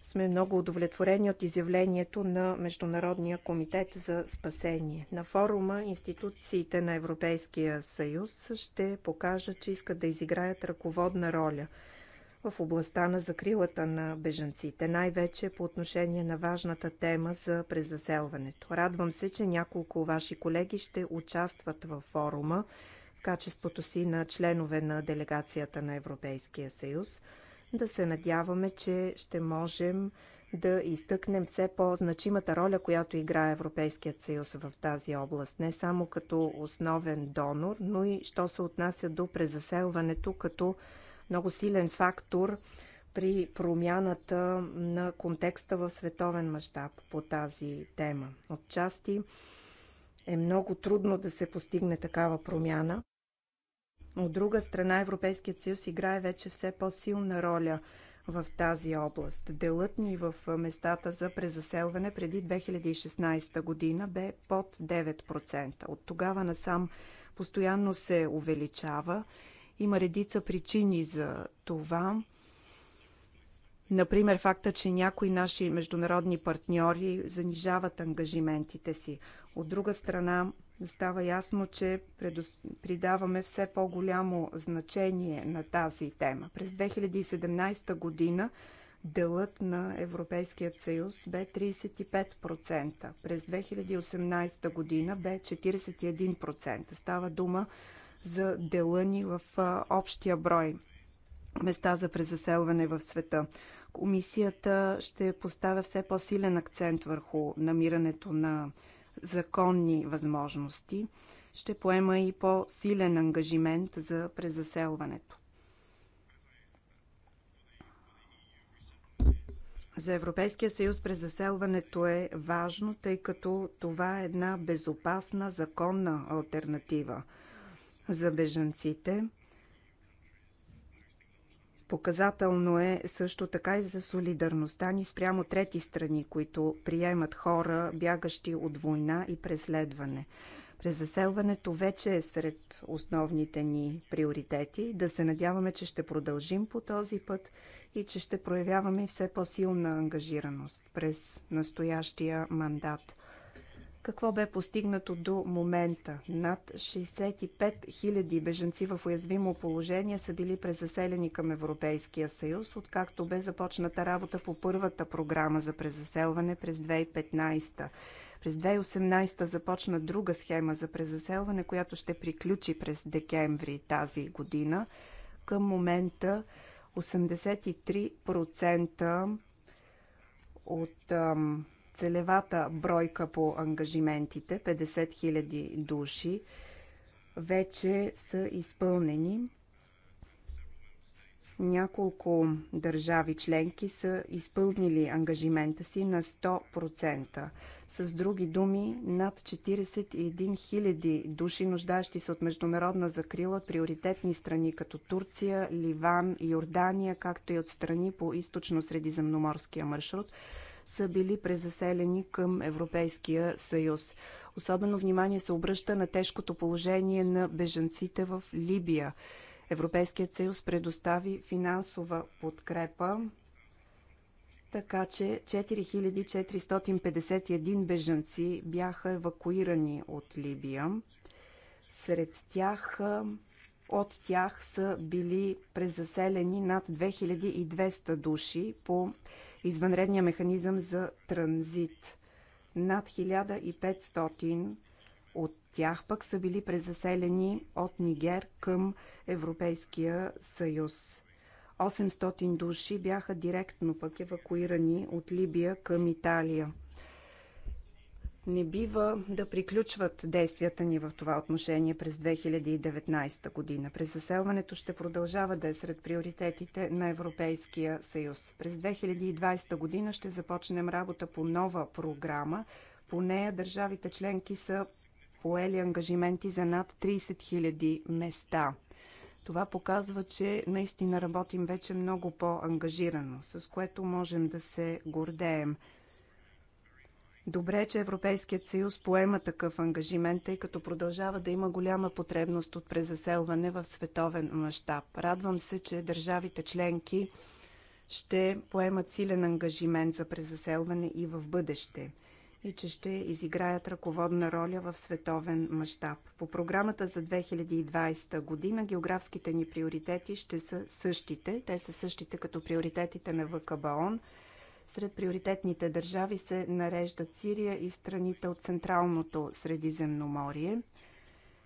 сме много удовлетворени от изявлението на Международния комитет за спасение. На форума институциите на Европейския съюз ще покажат, че искат да изиграят ръководна роля в областта на закрилата на бежанците, най-вече по отношение на важната тема за презаселването. Радвам се, че няколко ваши колеги ще участват във форума в качеството си на членове на делегацията на Европейския съюз – да се надяваме, че ще можем да изтъкнем все по-значимата роля, която играе Европейският съюз в тази област, не само като основен донор, но и що се отнася до презаселването като много силен фактор при промяната на контекста в световен мащаб по тази тема. Отчасти е много трудно да се постигне такава промяна, от друга страна, Европейският съюз играе вече все по-силна роля в тази област. Делът ни в местата за презаселване преди 2016 година бе под 9%. От тогава насам постоянно се увеличава. Има редица причини за това. Например, факта, че някои наши международни партньори занижават ангажиментите си. От друга страна, става ясно, че придаваме все по-голямо значение на тази тема. През 2017 година делът на Европейския съюз бе 35%. През 2018 година бе 41%. Става дума за дела ни в общия брой места за презаселване в света. Комисията ще поставя все по-силен акцент върху намирането на законни възможности, ще поема и по-силен ангажимент за презаселването. За Европейския съюз презаселването е важно, тъй като това е една безопасна, законна альтернатива за бежанците. Показателно е също така и за солидарността ни спрямо трети страни, които приемат хора, бягащи от война и преследване. Презаселването вече е сред основните ни приоритети. Да се надяваме, че ще продължим по този път и че ще проявяваме все по-силна ангажираност през настоящия мандат. Какво бе постигнато до момента? Над 65 000 беженци в уязвимо положение са били презаселени към Европейския съюз, откакто бе започната работа по първата програма за презаселване през 2015. През 2018 започна друга схема за презаселване, която ще приключи през декември тази година. Към момента 83% от ам, целевата бройка по ангажиментите 50 000 души вече са изпълнени. Няколко държави членки са изпълнили ангажимента си на 100%. С други думи, над 41 000 души, нуждащи се от международна закрила от приоритетни страни като Турция, Ливан, Йордания, както и от страни по източно-средиземноморския маршрут, са били презаселени към Европейския съюз. Особено внимание се обръща на тежкото положение на бежанците в Либия. Европейският съюз предостави финансова подкрепа така че 4451 бежанци бяха евакуирани от Либия. Сред тях от тях са били презаселени над 2200 души по извънредния механизъм за транзит. Над 1500 от тях пък са били презаселени от Нигер към Европейския съюз. 800 души бяха директно пък евакуирани от Либия към Италия. Не бива да приключват действията ни в това отношение през 2019 година. През заселването ще продължава да е сред приоритетите на Европейския съюз. През 2020 година ще започнем работа по нова програма. По нея държавите членки са поели ангажименти за над 30 000 места. Това показва, че наистина работим вече много по-ангажирано, с което можем да се гордеем – Добре, е, че Европейският съюз поема такъв ангажимент, тъй като продължава да има голяма потребност от презаселване в световен мащаб. Радвам се, че държавите членки ще поемат силен ангажимент за презаселване и в бъдеще и че ще изиграят ръководна роля в световен мащаб. По програмата за 2020 година географските ни приоритети ще са същите. Те са същите като приоритетите на ВКБОН – сред приоритетните държави се нареждат Сирия и страните от Централното Средиземноморие.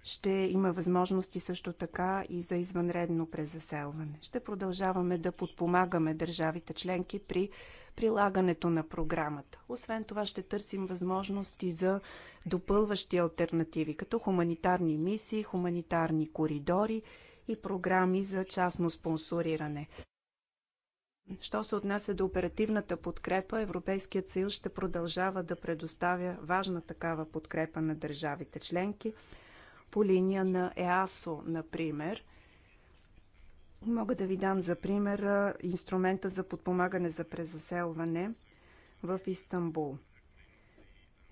Ще има възможности също така и за извънредно презаселване. Ще продължаваме да подпомагаме държавите членки при прилагането на програмата. Освен това ще търсим възможности за допълващи альтернативи, като хуманитарни мисии, хуманитарни коридори и програми за частно спонсориране. Що се отнася до оперативната подкрепа, Европейският съюз ще продължава да предоставя важна такава подкрепа на държавите членки по линия на ЕАСО, например. Мога да ви дам за пример инструмента за подпомагане за презаселване в Истанбул.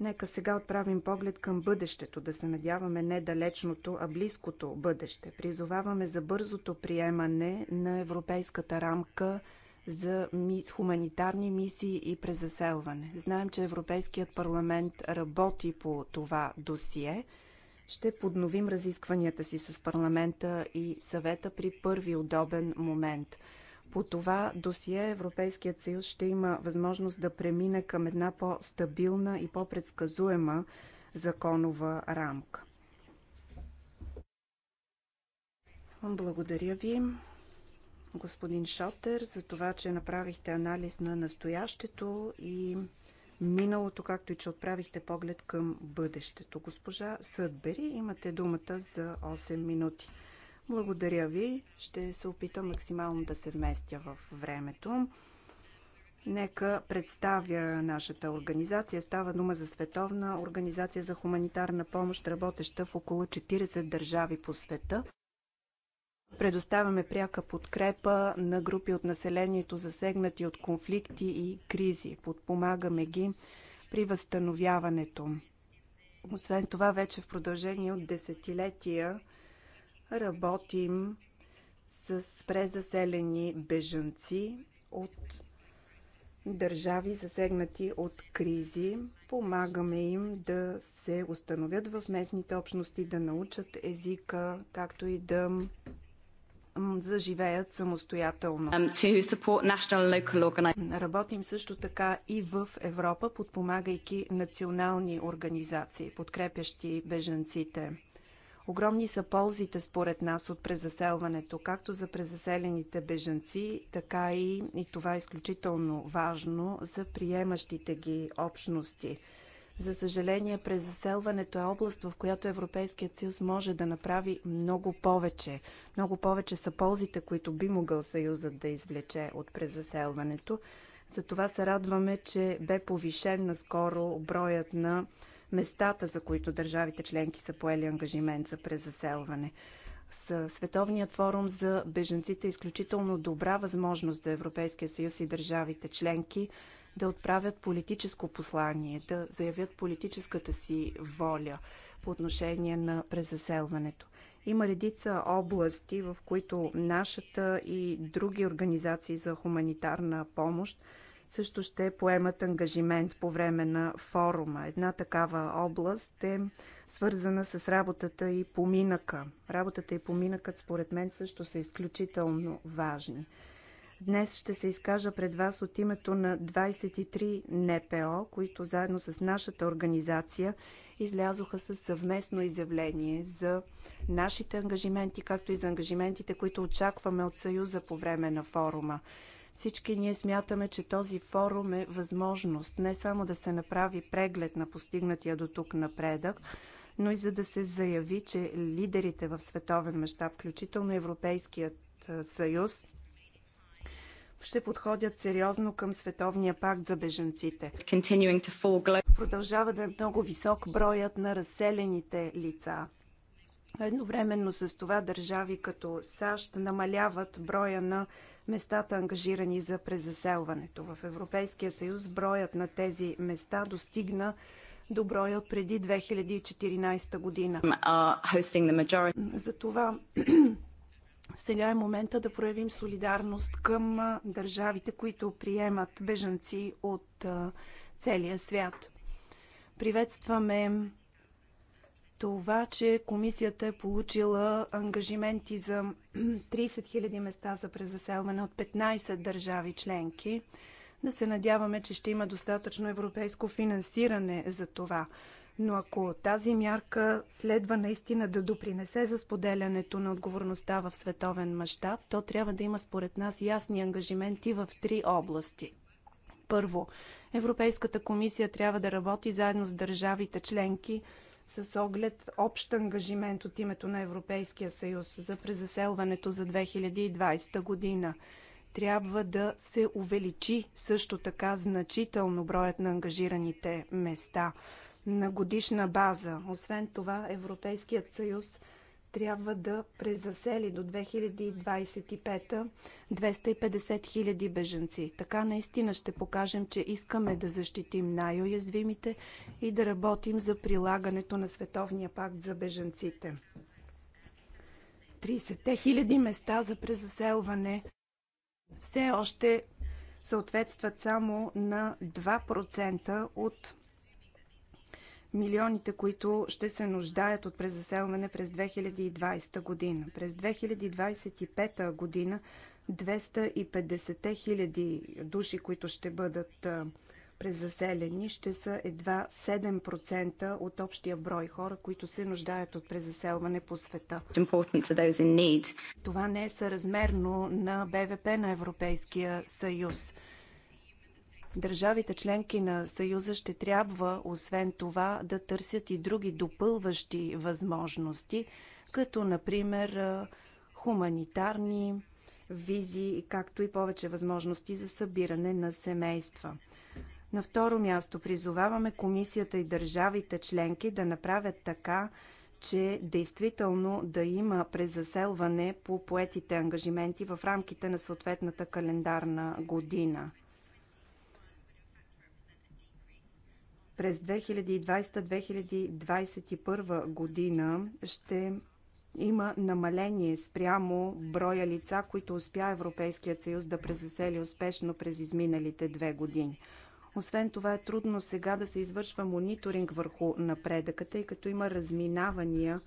Нека сега отправим поглед към бъдещето, да се надяваме не далечното, а близкото бъдеще. Призоваваме за бързото приемане на европейската рамка – за хуманитарни мисии и презаселване. Знаем, че Европейският парламент работи по това досие. Ще подновим разискванията си с парламента и съвета при първи удобен момент. По това досие Европейският съюз ще има възможност да премине към една по-стабилна и по-предсказуема законова рамка. Благодаря ви господин Шотер, за това, че направихте анализ на настоящето и миналото, както и че отправихте поглед към бъдещето. Госпожа Съдбери, имате думата за 8 минути. Благодаря ви. Ще се опитам максимално да се вместя в времето. Нека представя нашата организация. Става дума за Световна организация за хуманитарна помощ, работеща в около 40 държави по света. Предоставяме пряка подкрепа на групи от населението, засегнати от конфликти и кризи. Подпомагаме ги при възстановяването. Освен това, вече в продължение от десетилетия работим с презаселени бежанци от държави, засегнати от кризи. Помагаме им да се установят в местните общности, да научат езика, както и да заживеят самостоятелно. Um, Работим също така и в Европа, подпомагайки национални организации, подкрепящи бежанците. Огромни са ползите според нас от презаселването, както за презаселените бежанци, така и, и това е изключително важно за приемащите ги общности. За съжаление, през заселването е област, в която Европейският съюз може да направи много повече. Много повече са ползите, които би могъл съюзът да извлече от презаселването. Затова се радваме, че бе повишен наскоро броят на местата, за които държавите членки са поели ангажимент за презаселване. Световният форум за беженците е изключително добра възможност за Европейския съюз и държавите членки да отправят политическо послание, да заявят политическата си воля по отношение на презаселването. Има редица области, в които нашата и други организации за хуманитарна помощ също ще поемат ангажимент по време на форума. Една такава област е свързана с работата и поминъка. Работата и поминъкът, според мен, също са изключително важни. Днес ще се изкажа пред вас от името на 23 НПО, които заедно с нашата организация излязоха със съвместно изявление за нашите ангажименти, както и за ангажиментите, които очакваме от Съюза по време на форума. Всички ние смятаме, че този форум е възможност не само да се направи преглед на постигнатия до тук напредък, но и за да се заяви, че лидерите в световен мащаб, включително Европейският съюз, ще подходят сериозно към Световния пакт за бежанците. Продължава да е много висок броят на разселените лица. Едновременно с това държави като САЩ намаляват броя на местата ангажирани за презаселването. В Европейския съюз броят на тези места достигна до броя от преди 2014 година. За това сега е момента да проявим солидарност към държавите, които приемат бежанци от целия свят. Приветстваме това, че комисията е получила ангажименти за 30 <clears throat> 000 места за презаселване от 15 държави членки. Да се надяваме, че ще има достатъчно европейско финансиране за това. Но ако тази мярка следва наистина да допринесе за споделянето на отговорността в световен мащаб, то трябва да има според нас ясни ангажименти в три области. Първо, Европейската комисия трябва да работи заедно с държавите членки с оглед общ ангажимент от името на Европейския съюз за презаселването за 2020 година трябва да се увеличи също така значително броят на ангажираните места на годишна база. Освен това, Европейският съюз трябва да презасели до 2025 250 хиляди беженци. Така наистина ще покажем, че искаме да защитим най-уязвимите и да работим за прилагането на Световния пакт за беженците. 30 хиляди места за презаселване все още съответстват само на 2% от милионите, които ще се нуждаят от презаселване през 2020 година. През 2025 година 250 хиляди души, които ще бъдат презаселени, ще са едва 7% от общия брой хора, които се нуждаят от презаселване по света. Това не е съразмерно на БВП на Европейския съюз. Държавите членки на Съюза ще трябва, освен това, да търсят и други допълващи възможности, като например хуманитарни визи, както и повече възможности за събиране на семейства. На второ място призоваваме комисията и държавите членки да направят така, че действително да има презаселване по поетите ангажименти в рамките на съответната календарна година – През 2020-2021 година ще има намаление спрямо броя лица, които успя Европейският съюз да презасели успешно през изминалите две години. Освен това е трудно сега да се извършва мониторинг върху напредъката, тъй като има разминавания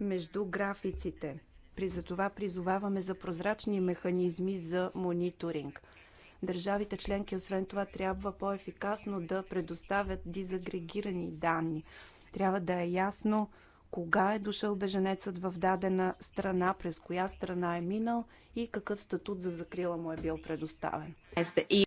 между графиците. При затова призоваваме за прозрачни механизми за мониторинг – Държавите членки, освен това, трябва по-ефикасно да предоставят дизагрегирани данни. Трябва да е ясно кога е дошъл беженецът в дадена страна, през коя страна е минал и какъв статут за закрила му е бил предоставен. И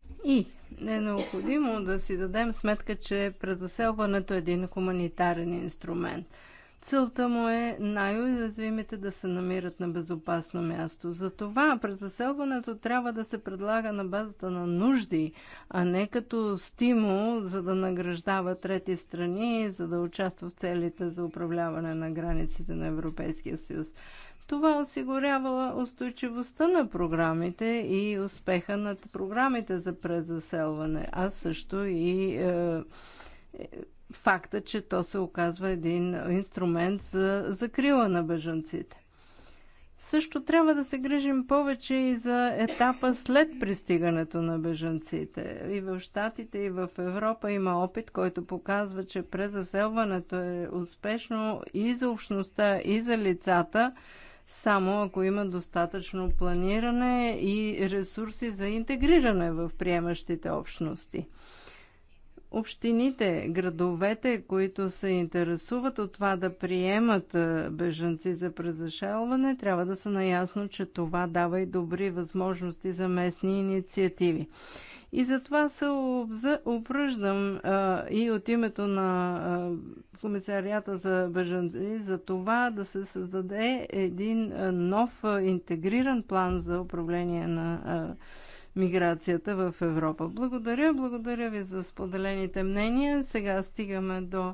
е необходимо да си дадем сметка, че презаселването е един хуманитарен инструмент – Целта му е най-уязвимите да се намират на безопасно място. Затова през заселването трябва да се предлага на базата на нужди, а не като стимул, за да награждава трети страни, за да участва в целите за управляване на границите на Европейския съюз. Това осигурява устойчивостта на програмите и успеха на програмите за презаселване, а също и е, е факта, че то се оказва един инструмент за закрила на бежанците. Също трябва да се грижим повече и за етапа след пристигането на бежанците. И в Штатите, и в Европа има опит, който показва, че презаселването е успешно и за общността, и за лицата, само ако има достатъчно планиране и ресурси за интегриране в приемащите общности общините, градовете, които се интересуват от това да приемат бежанци за презашалване, трябва да са наясно, че това дава и добри възможности за местни инициативи. И затова се обръждам и от името на комисарията за бежанци за това да се създаде един нов интегриран план за управление на а, миграцията в Европа. Благодаря, благодаря ви за споделените мнения. Сега стигаме до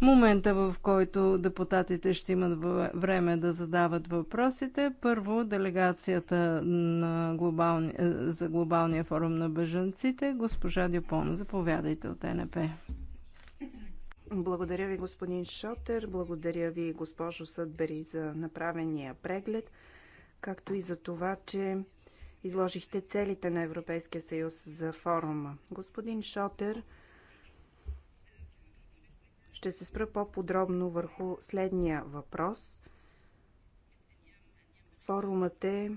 момента, в който депутатите ще имат време да задават въпросите. Първо, делегацията на глобални, е, за глобалния форум на бежанците, госпожа Дюпон. Заповядайте от НП. Благодаря ви, господин Шотер. Благодаря ви, госпожо Съдбери, за направения преглед, както и за това, че изложихте целите на Европейския съюз за форума. Господин Шотер, ще се спра по-подробно върху следния въпрос. Форумът е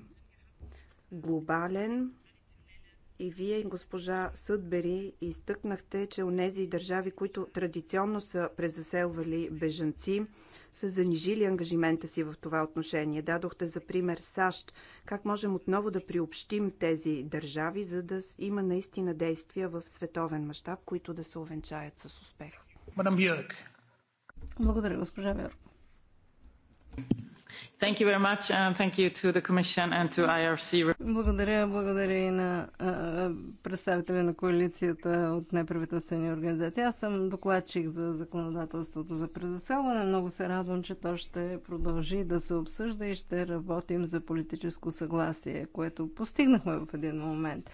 глобален, и вие, госпожа Съдбери, изтъкнахте, че у нези държави, които традиционно са презаселвали бежанци, са занижили ангажимента си в това отношение. Дадохте за пример САЩ. Как можем отново да приобщим тези държави, за да има наистина действия в световен мащаб, които да се увенчаят с успех? Мадам Бьорк. Благодаря, госпожа Бьорк. Thank you very much and thank you to the Commission and to IRC. Благодаря, благодаря и на представителя на коалицията от неправителствени организации. Аз съм докладчик за законодателството за предоселване. Много се радвам, че то ще продължи да се обсъжда и ще работим за политическо съгласие, което постигнахме в един момент.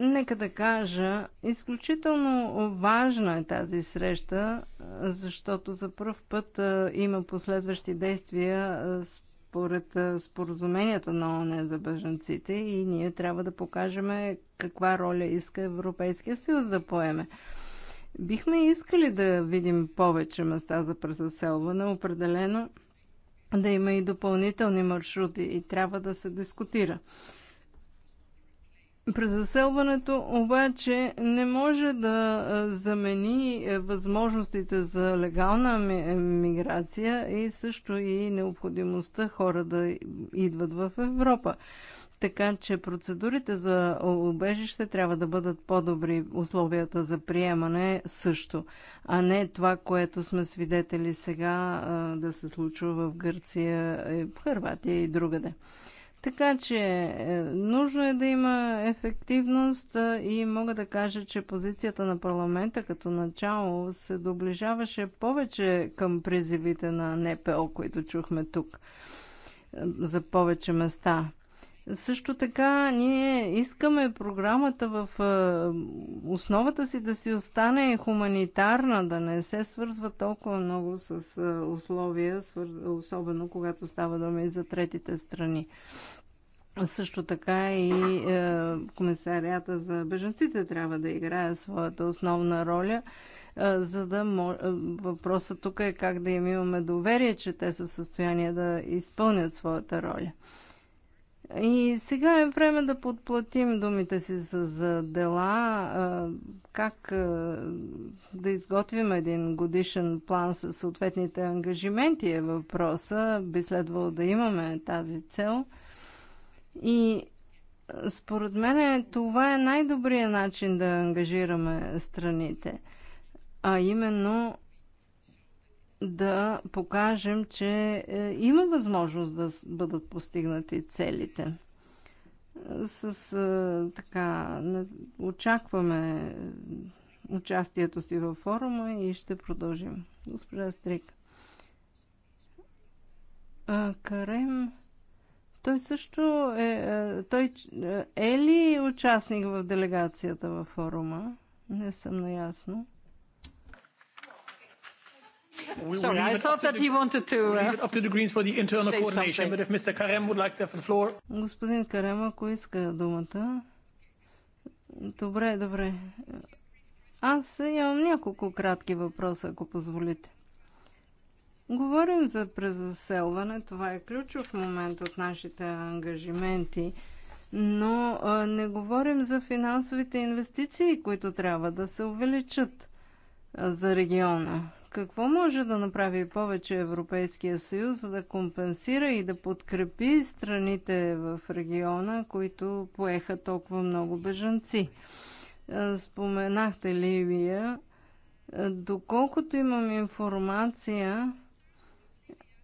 Нека да кажа, изключително важна е тази среща, защото за първ път има последващи действия според споразуменията на ООН за бежанците и ние трябва да покажем каква роля иска Европейския съюз да поеме. Бихме искали да видим повече места за презаселване, определено да има и допълнителни маршрути и трябва да се дискутира. Презаселването обаче не може да замени е, възможностите за легална е, миграция и също и необходимостта хора да идват в Европа. Така че процедурите за убежище трябва да бъдат по-добри, условията за приемане също, а не това, което сме свидетели сега да се случва в Гърция, е, Харватия и другаде. Така че е, нужно е да има ефективност и мога да кажа, че позицията на парламента като начало се доближаваше повече към призивите на НПО, които чухме тук е, за повече места. Също така ние искаме програмата в е, основата си да си остане хуманитарна, да не се свързва толкова много с условия, особено когато става дума и за третите страни. Също така и е, комисарията за беженците трябва да играе своята основна роля, е, за да може въпросът тук е как да им имаме доверие, че те са в състояние да изпълнят своята роля. И сега е време да подплатим думите си за дела, е, как е, да изготвим един годишен план с съответните ангажименти е въпроса. Би следвало да имаме тази цел – и според мен това е най-добрият начин да ангажираме страните, а именно да покажем, че е, има възможност да бъдат постигнати целите. С е, така, очакваме е, участието си във форума и ще продължим. Госпожа Стрик. Карем той също е, е, той е ли участник в делегацията във форума? Не съм наясно. Sorry, I thought that he wanted to. Uh, up to the Greens for the internal coordination, something. but if Mr. Karem would like to have the floor. Господин Карем, ако иска думата. Добре, добре. Аз имам няколко кратки въпроса, ако позволите. Говорим за презаселване, това е ключов момент от нашите ангажименти, но не говорим за финансовите инвестиции, които трябва да се увеличат за региона. Какво може да направи повече Европейския съюз, за да компенсира и да подкрепи страните в региона, които поеха толкова много бежанци? Споменахте Ливия. Доколкото имам информация,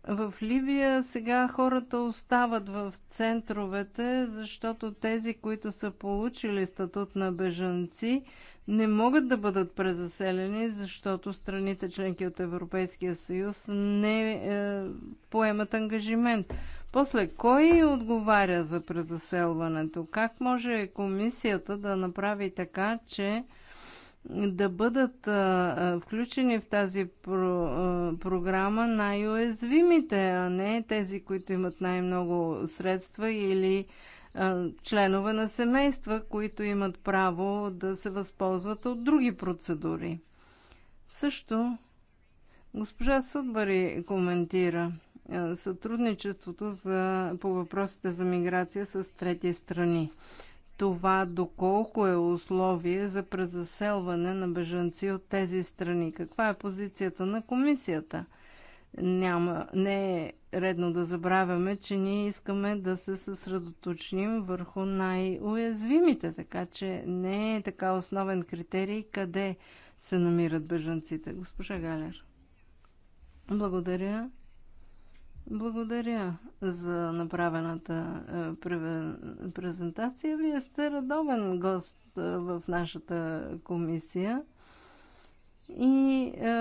в Ливия сега хората остават в центровете, защото тези, които са получили статут на бежанци, не могат да бъдат презаселени, защото страните членки от Европейския съюз не е, поемат ангажимент. После, кой отговаря за презаселването? Как може комисията да направи така, че да бъдат а, включени в тази про, а, програма най-уязвимите, а не тези, които имат най-много средства или а, членове на семейства, които имат право да се възползват от други процедури. Също госпожа Судбари коментира сътрудничеството за, по въпросите за миграция с трети страни това доколко е условие за презаселване на бежанци от тези страни. Каква е позицията на комисията? Няма, не е редно да забравяме, че ние искаме да се съсредоточим върху най-уязвимите, така че не е така основен критерий къде се намират бежанците. Госпожа Галер. Благодаря. Благодаря за направената е, презентация. Вие сте редовен гост е, в нашата комисия. И е,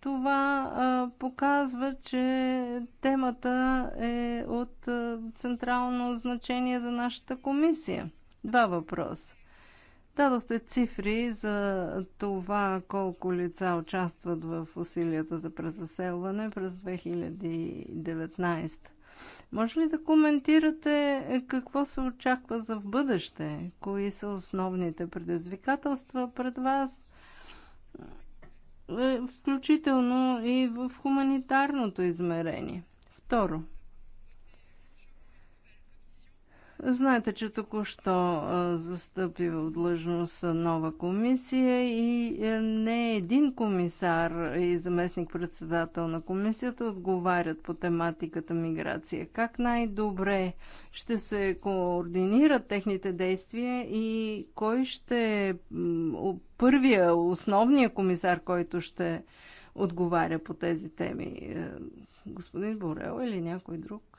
това е, показва, че темата е от е, централно значение за нашата комисия. Два въпроса. Дадохте цифри за това колко лица участват в усилията за презаселване през 2019. Може ли да коментирате какво се очаква за в бъдеще? Кои са основните предизвикателства пред вас? Е, включително и в хуманитарното измерение. Второ, Знаете, че току-що застъпи в длъжност нова комисия и е, не един комисар и заместник-председател на комисията отговарят по тематиката миграция. Как най-добре ще се координират техните действия и кой ще е първия, основния комисар, който ще отговаря по тези теми? Е, господин Борел или някой друг?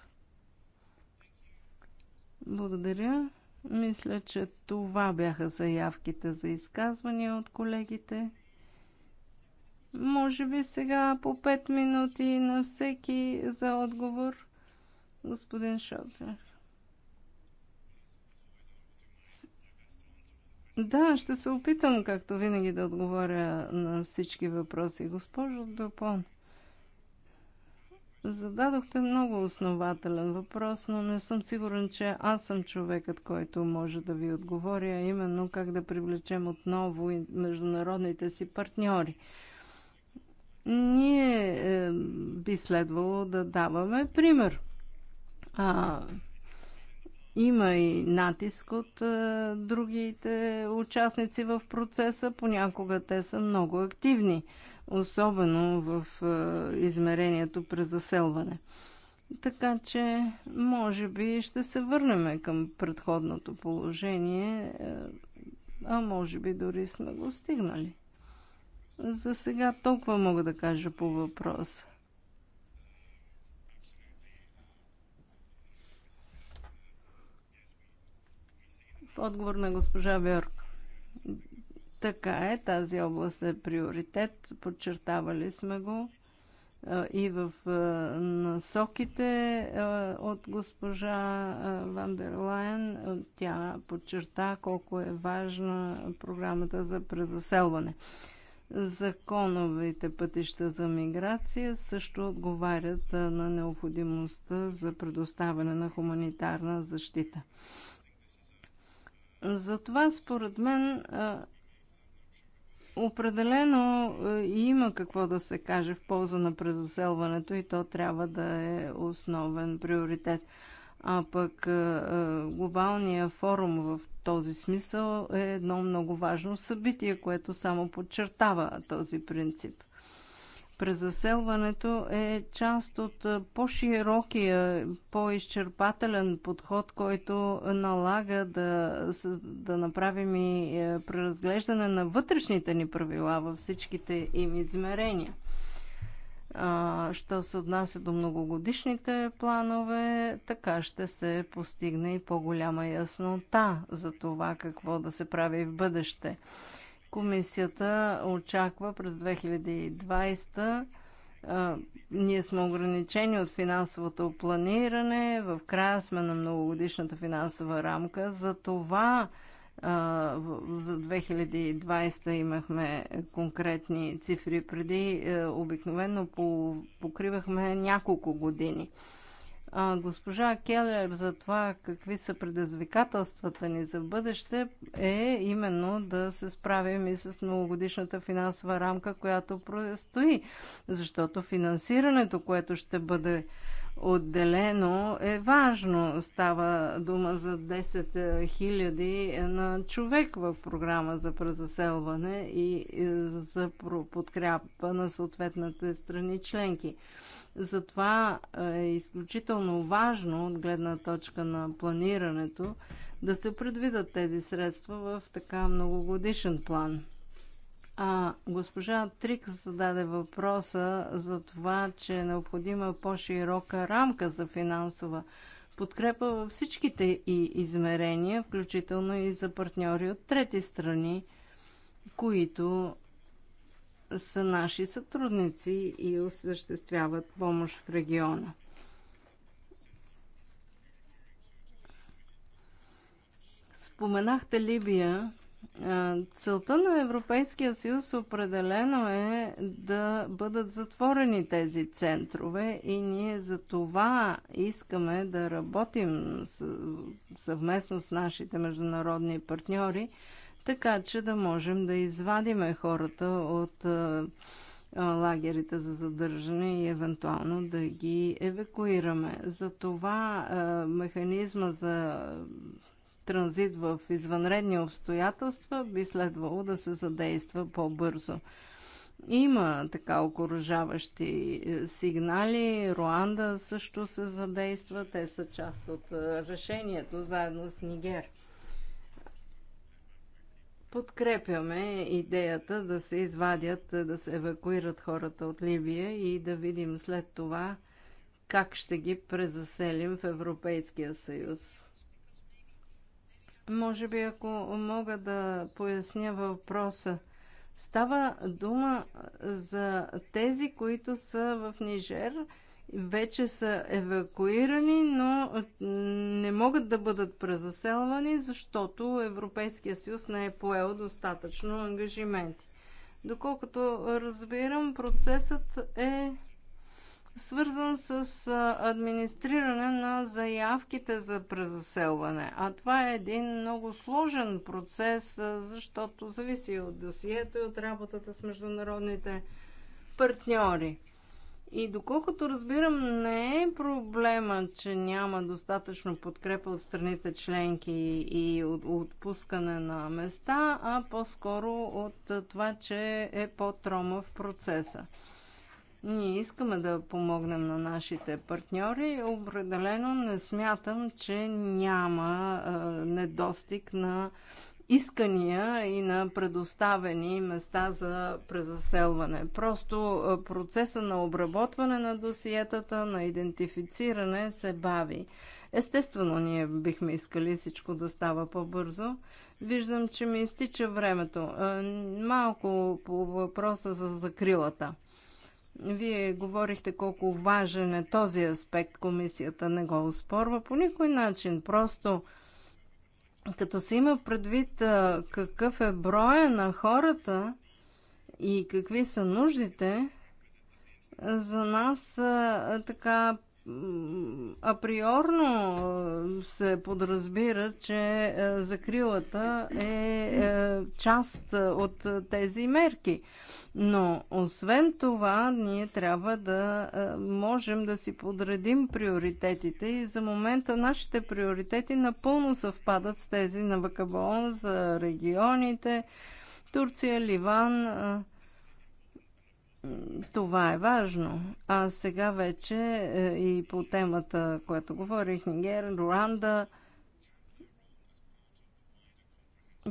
Благодаря. Мисля, че това бяха заявките за изказвания от колегите. Може би сега по 5 минути на всеки за отговор. Господин Шоцер. Да, ще се опитам, както винаги, да отговоря на всички въпроси. Госпожо Допон, Зададохте много основателен въпрос, но не съм сигурен, че аз съм човекът, който може да ви отговоря, именно как да привлечем отново международните си партньори. Ние е, би следвало да даваме пример. А, има и натиск от а, е, другите участници в процеса, понякога те са много активни особено в е, измерението през заселване. Така че, може би, ще се върнем към предходното положение, е, а може би дори сме го стигнали. За сега толкова мога да кажа по въпроса. В отговор на госпожа Бьорк. Така е, тази област е приоритет, подчертавали сме го и в насоките от госпожа Вандерлайн. Тя подчерта колко е важна програмата за презаселване. Законовите пътища за миграция също отговарят на необходимостта за предоставяне на хуманитарна защита. Затова, според мен, Определено е, има какво да се каже в полза на презаселването и то трябва да е основен приоритет. А пък е, е, глобалния форум в този смисъл е едно много важно събитие, което само подчертава този принцип. Презаселването е част от по-широкия, по-изчерпателен подход, който налага да, да направим и преразглеждане на вътрешните ни правила във всичките им измерения. А, що се отнася до многогодишните планове, така ще се постигне и по-голяма яснота за това какво да се прави в бъдеще. Комисията очаква през 2020 ние сме ограничени от финансовото планиране, в края сме на многогодишната финансова рамка. За това за 2020 имахме конкретни цифри. Преди обикновено покривахме няколко години. А госпожа Келер за това какви са предизвикателствата ни за бъдеще е именно да се справим и с многогодишната финансова рамка, която предстои. Защото финансирането, което ще бъде отделено е важно. Става дума за 10 000 на човек в програма за презаселване и за подкрепа на съответните страни членки. Затова е изключително важно от гледна точка на планирането да се предвидат тези средства в така многогодишен план. А госпожа Трикс зададе въпроса за това, че е необходима по-широка рамка за финансова подкрепа във всичките и измерения, включително и за партньори от трети страни, които са наши сътрудници и осъществяват помощ в региона. Споменахте Либия. Целта на Европейския съюз определено е да бъдат затворени тези центрове и ние за това искаме да работим съвместно с нашите международни партньори, така че да можем да извадиме хората от лагерите за задържане и евентуално да ги евакуираме. Затова механизма за транзит в извънредни обстоятелства би следвало да се задейства по-бързо. Има така окоръжаващи е, сигнали. Руанда също се задейства. Те са част от решението заедно с Нигер. Подкрепяме идеята да се извадят, да се евакуират хората от Ливия и да видим след това как ще ги презаселим в Европейския съюз. Може би, ако мога да поясня въпроса. Става дума за тези, които са в Нижер – вече са евакуирани, но не могат да бъдат презаселвани, защото Европейския съюз не е поел достатъчно ангажименти. Доколкото разбирам, процесът е свързан с администриране на заявките за презаселване. А това е един много сложен процес, защото зависи от досието и от работата с международните партньори. И доколкото разбирам, не е проблема, че няма достатъчно подкрепа от страните членки и от отпускане на места, а по-скоро от това, че е по-трома в процеса. Ние искаме да помогнем на нашите партньори. Определено не смятам, че няма недостиг на искания и на предоставени места за презаселване. Просто процеса на обработване на досиетата, на идентифициране се бави. Естествено, ние бихме искали всичко да става по-бързо. Виждам, че ми изтича времето. Малко по въпроса за закрилата. Вие говорихте колко важен е този аспект. Комисията не го успорва по никой начин. Просто като се има предвид какъв е броя на хората и какви са нуждите, за нас така априорно се подразбира, че закрилата е, е част от тези мерки. Но освен това, ние трябва да можем да си подредим приоритетите и за момента нашите приоритети напълно съвпадат с тези на Вакабон за регионите, Турция, Ливан, това е важно. А сега вече е, и по темата, която говорих, Нигер, Руанда.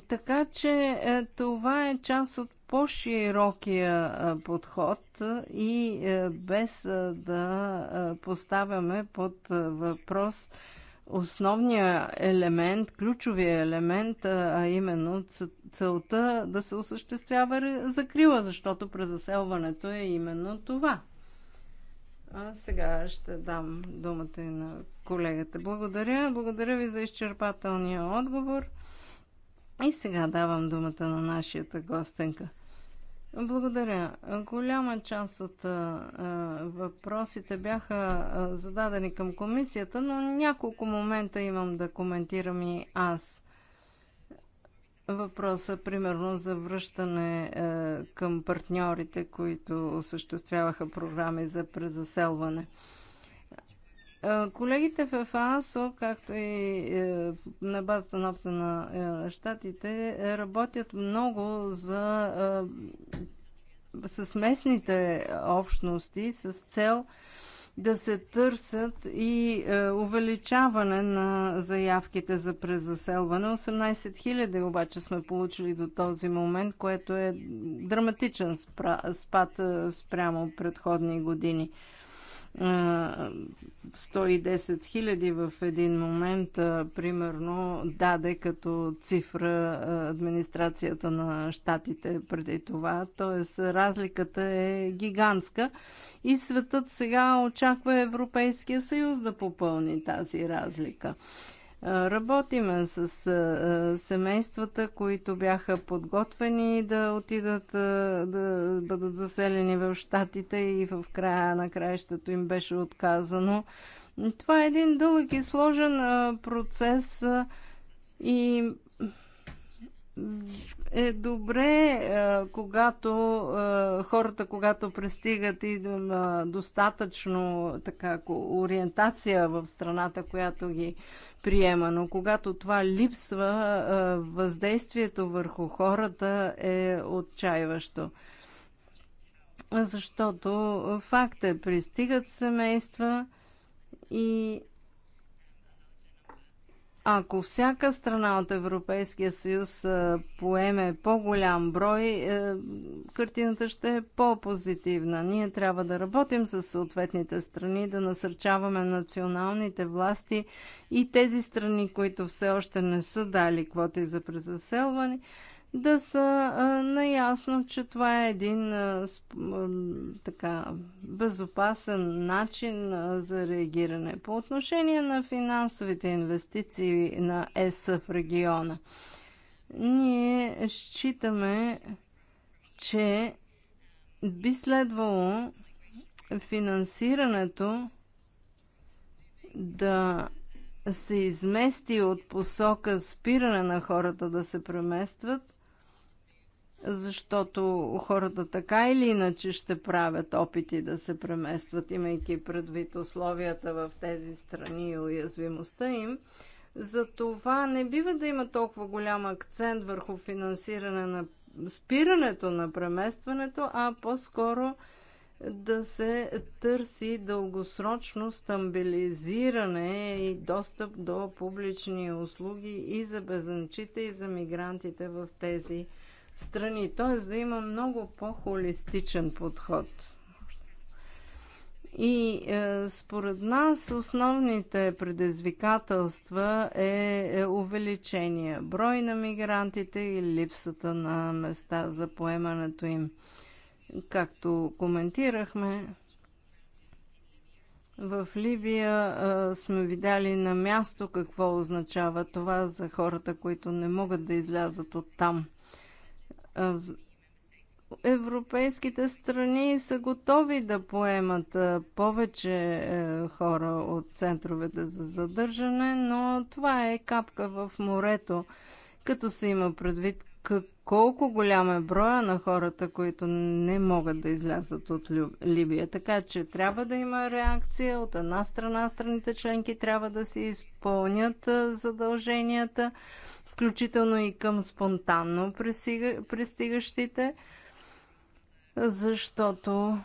Така че е, това е част от по-широкия е, подход и без да поставяме под въпрос основния елемент, ключовия елемент, а именно целта да се осъществява закрила, защото презаселването е именно това. А сега ще дам думата и на колегата. Благодаря. Благодаря ви за изчерпателния отговор. И сега давам думата на нашата гостенка. Благодаря. Голяма част от въпросите бяха зададени към комисията, но няколко момента имам да коментирам и аз. Въпроса, примерно, за връщане е, към партньорите, които осъществяваха програми за презаселване. Колегите в АСО, както и е, на базата на опта на е, щатите, работят много за, е, с местните общности с цел да се търсят и увеличаване на заявките за презаселване. 18 000 обаче сме получили до този момент, което е драматичен спад спрямо предходни години. 110 хиляди в един момент, примерно, даде като цифра администрацията на щатите преди това. Тоест, разликата е гигантска и светът сега очаква Европейския съюз да попълни тази разлика. Работиме с семействата, които бяха подготвени да отидат да бъдат заселени в Штатите и в края на краищата им беше отказано. Това е един дълъг и сложен процес и е добре, е, когато е, хората, когато пристигат и на е, достатъчно така, ориентация в страната, която ги приема. Но когато това липсва, въздействието върху хората е отчаиващо. Защото факт е, пристигат семейства и ако всяка страна от Европейския съюз поеме по-голям брой, е, картината ще е по-позитивна. Ние трябва да работим с съответните страни, да насърчаваме националните власти и тези страни, които все още не са дали квоти за презаселване, да са наясно, че това е един така безопасен начин за реагиране. По отношение на финансовите инвестиции на ЕС в региона, ние считаме, че би следвало финансирането да се измести от посока спиране на хората да се преместват защото хората така или иначе ще правят опити да се преместват, имайки предвид условията в тези страни и уязвимостта им. Затова не бива да има толкова голям акцент върху финансиране на спирането на преместването, а по-скоро да се търси дългосрочно стабилизиране и достъп до публични услуги и за безначите, и за мигрантите в тези страни страни, т.е. да има много по-холистичен подход. И е, според нас основните предизвикателства е, е увеличение брой на мигрантите и липсата на места за поемането им. Както коментирахме, в Либия е, сме видяли на място какво означава това за хората, които не могат да излязат от там. Европейските страни са готови да поемат повече е, хора от центровете за задържане, но това е капка в морето, като се има предвид колко голям е броя на хората, които не могат да излязат от Либия. Така че трябва да има реакция. От една страна страните членки трябва да се изпълнят задълженията, включително и към спонтанно пристигащите, защото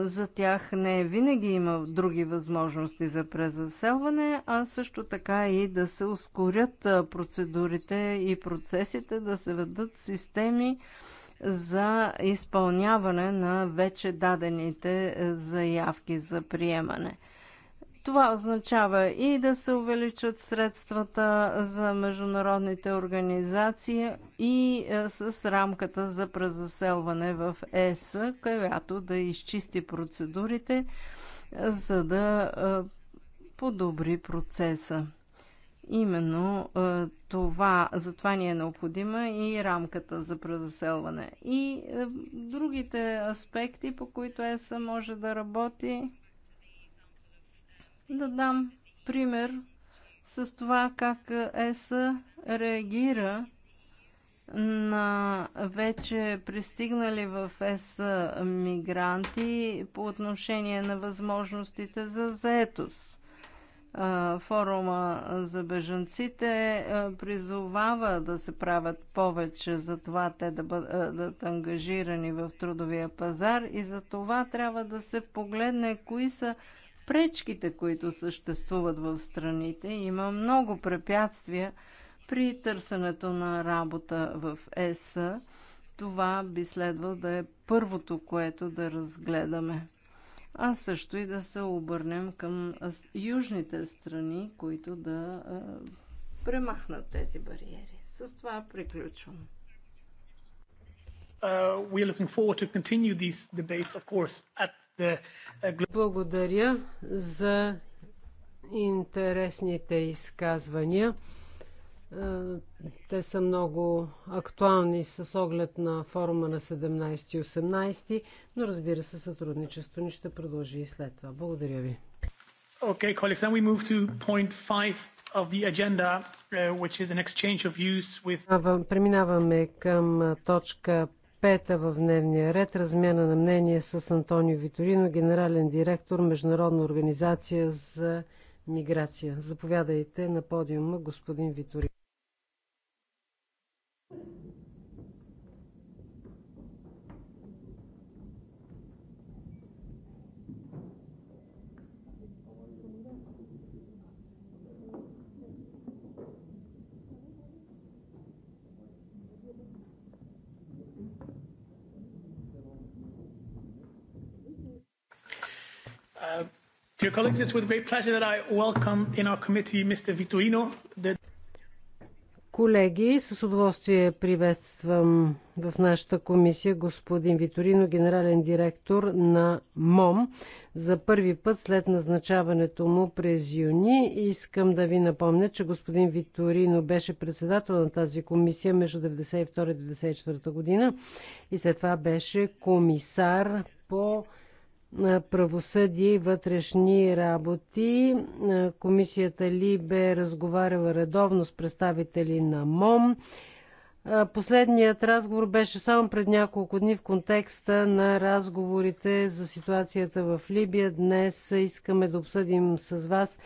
за тях не винаги има други възможности за презаселване, а също така и да се ускорят процедурите и процесите, да се ведат системи за изпълняване на вече дадените заявки за приемане. Това означава и да се увеличат средствата за международните организации и е, с рамката за презаселване в ЕС, която да изчисти процедурите, е, за да е, подобри процеса. Именно това, за това ни е необходима и рамката за презаселване. И другите аспекти, по които ЕСА може да работи, да дам пример с това как ЕС реагира на вече пристигнали в ЕС мигранти по отношение на възможностите за заетост. Форума за бежанците призовава да се правят повече за това те да бъдат ангажирани в трудовия пазар и за това трябва да се погледне кои са пречките, които съществуват в страните. Има много препятствия при търсенето на работа в ЕС. Това би следвало да е първото, което да разгледаме. А също и да се обърнем към южните страни, които да е, премахнат тези бариери. С това приключвам. Uh, we are looking forward to continue these debates, of course, at благодаря за интересните изказвания. Те са много актуални с оглед на форума на 17 и 18, но разбира се, сътрудничество ни ще продължи и след това. Благодаря ви. Okay, colleagues, then we move to point five of the agenda, uh, which is an exchange of views with... Преминаваме към точка пета в дневния ред размяна на мнение с Антонио Виторино, генерален директор Международна организация за миграция. Заповядайте на подиума, господин Виторино. Dear colleagues, it's with great pleasure that I welcome in our committee Mr. Vitorino. The... Колеги, с удоволствие приветствам в нашата комисия господин Виторино, генерален директор на МОМ. За първи път след назначаването му през юни искам да ви напомня, че господин Виторино беше председател на тази комисия между 1992 и 1994 година и след това беше комисар по правосъдие и вътрешни работи. Комисията ли бе е разговаряла редовно с представители на МОМ. Последният разговор беше само пред няколко дни в контекста на разговорите за ситуацията в Либия. Днес искаме да обсъдим с вас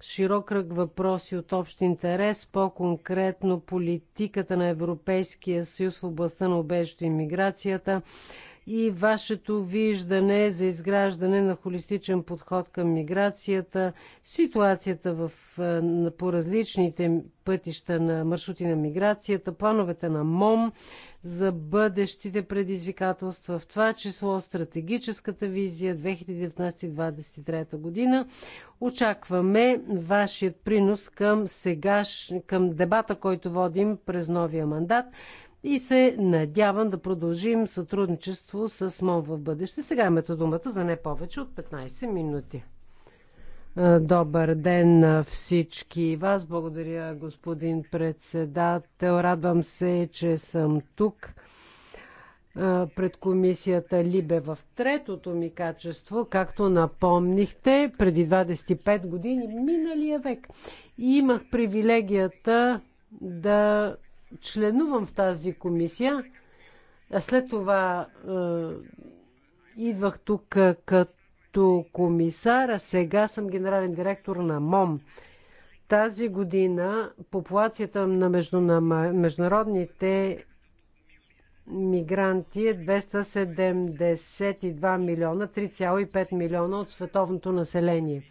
широк кръг въпроси от общ интерес, по-конкретно политиката на Европейския съюз в областта на обежето и миграцията, и вашето виждане за изграждане на холистичен подход към миграцията, ситуацията в, е, по различните пътища на маршрути на миграцията, плановете на МОМ за бъдещите предизвикателства, в това число стратегическата визия 2019-2023 година. Очакваме вашият принос към, сегаш, към дебата, който водим през новия мандат и се надявам да продължим сътрудничество с МОН в бъдеще. Сега имате думата за не повече от 15 минути. Добър ден на всички вас. Благодаря, господин председател. Радвам се, че съм тук пред комисията Либе в третото ми качество, както напомнихте, преди 25 години, миналия век. И имах привилегията да членувам в тази комисия. А след това е, идвах тук е, като комисар, а сега съм генерален директор на МОМ. Тази година популацията на, на международните мигранти е 272 милиона, 3,5 милиона от световното население.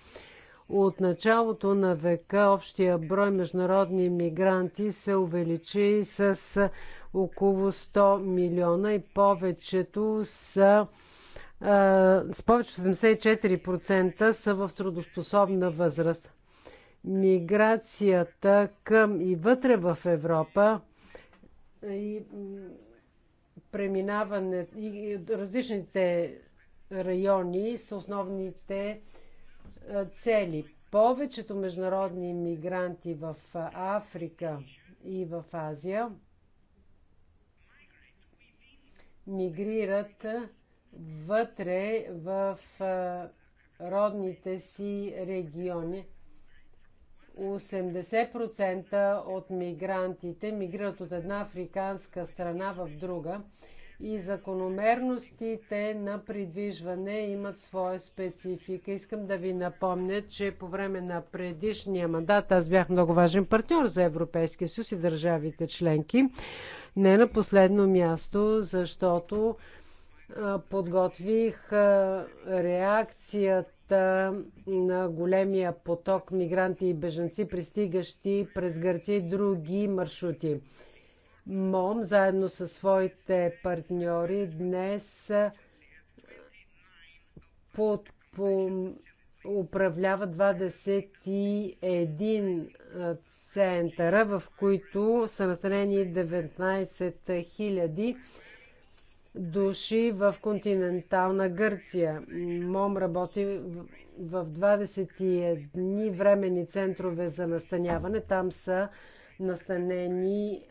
От началото на века общия брой международни мигранти се увеличи с около 100 милиона и повечето са с повече 74% са в трудоспособна възраст. Миграцията към и вътре в Европа и преминаване и различните райони са основните цели. Повечето международни мигранти в Африка и в Азия мигрират вътре в родните си региони. 80% от мигрантите мигрират от една африканска страна в друга и закономерностите на придвижване имат своя специфика. Искам да ви напомня, че по време на предишния мандат аз бях много важен партньор за Европейския съюз и държавите членки. Не на последно място, защото подготвих реакцията на големия поток мигранти и бежанци, пристигащи през Гърция и други маршрути. МОМ заедно със своите партньори днес под, по, управлява 21 центъра, в които са настанени 19 000 души в континентална Гърция. МОМ работи в 21 времени центрове за настаняване. Там са настанени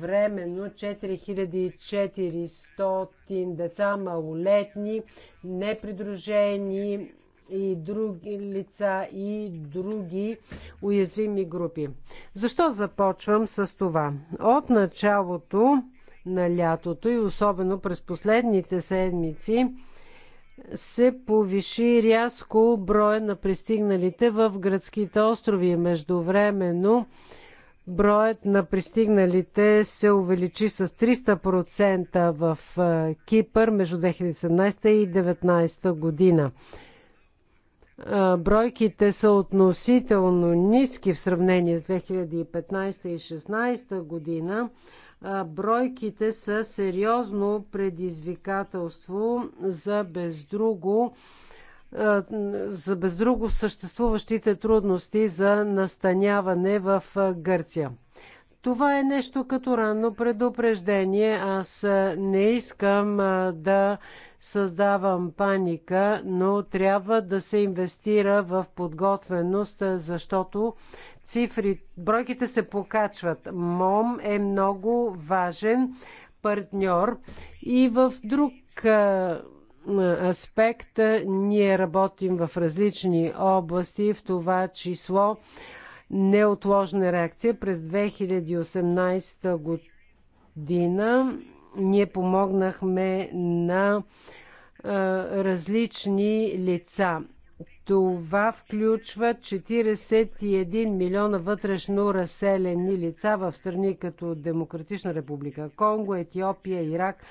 временно 4400 деца, малолетни, непридружени и други лица и други уязвими групи. Защо започвам с това? От началото на лятото и особено през последните седмици се повиши рязко броя на пристигналите в градските острови. Междувременно Броят на пристигналите се увеличи с 300% в е, Кипър между 2017 и 2019 година. Е, бройките са относително ниски в сравнение с 2015 и 2016 година. Е, бройките са сериозно предизвикателство за бездруго. друго за без друго съществуващите трудности за настаняване в Гърция. Това е нещо като ранно предупреждение. Аз не искам да създавам паника, но трябва да се инвестира в подготвеност, защото цифри, бройките се покачват. МОМ е много важен партньор и в друг аспект. Ние работим в различни области, в това число неотложна реакция. През 2018 година ние помогнахме на различни лица. Това включва 41 милиона вътрешно разселени лица в страни като Демократична република Конго, Етиопия, Ирак,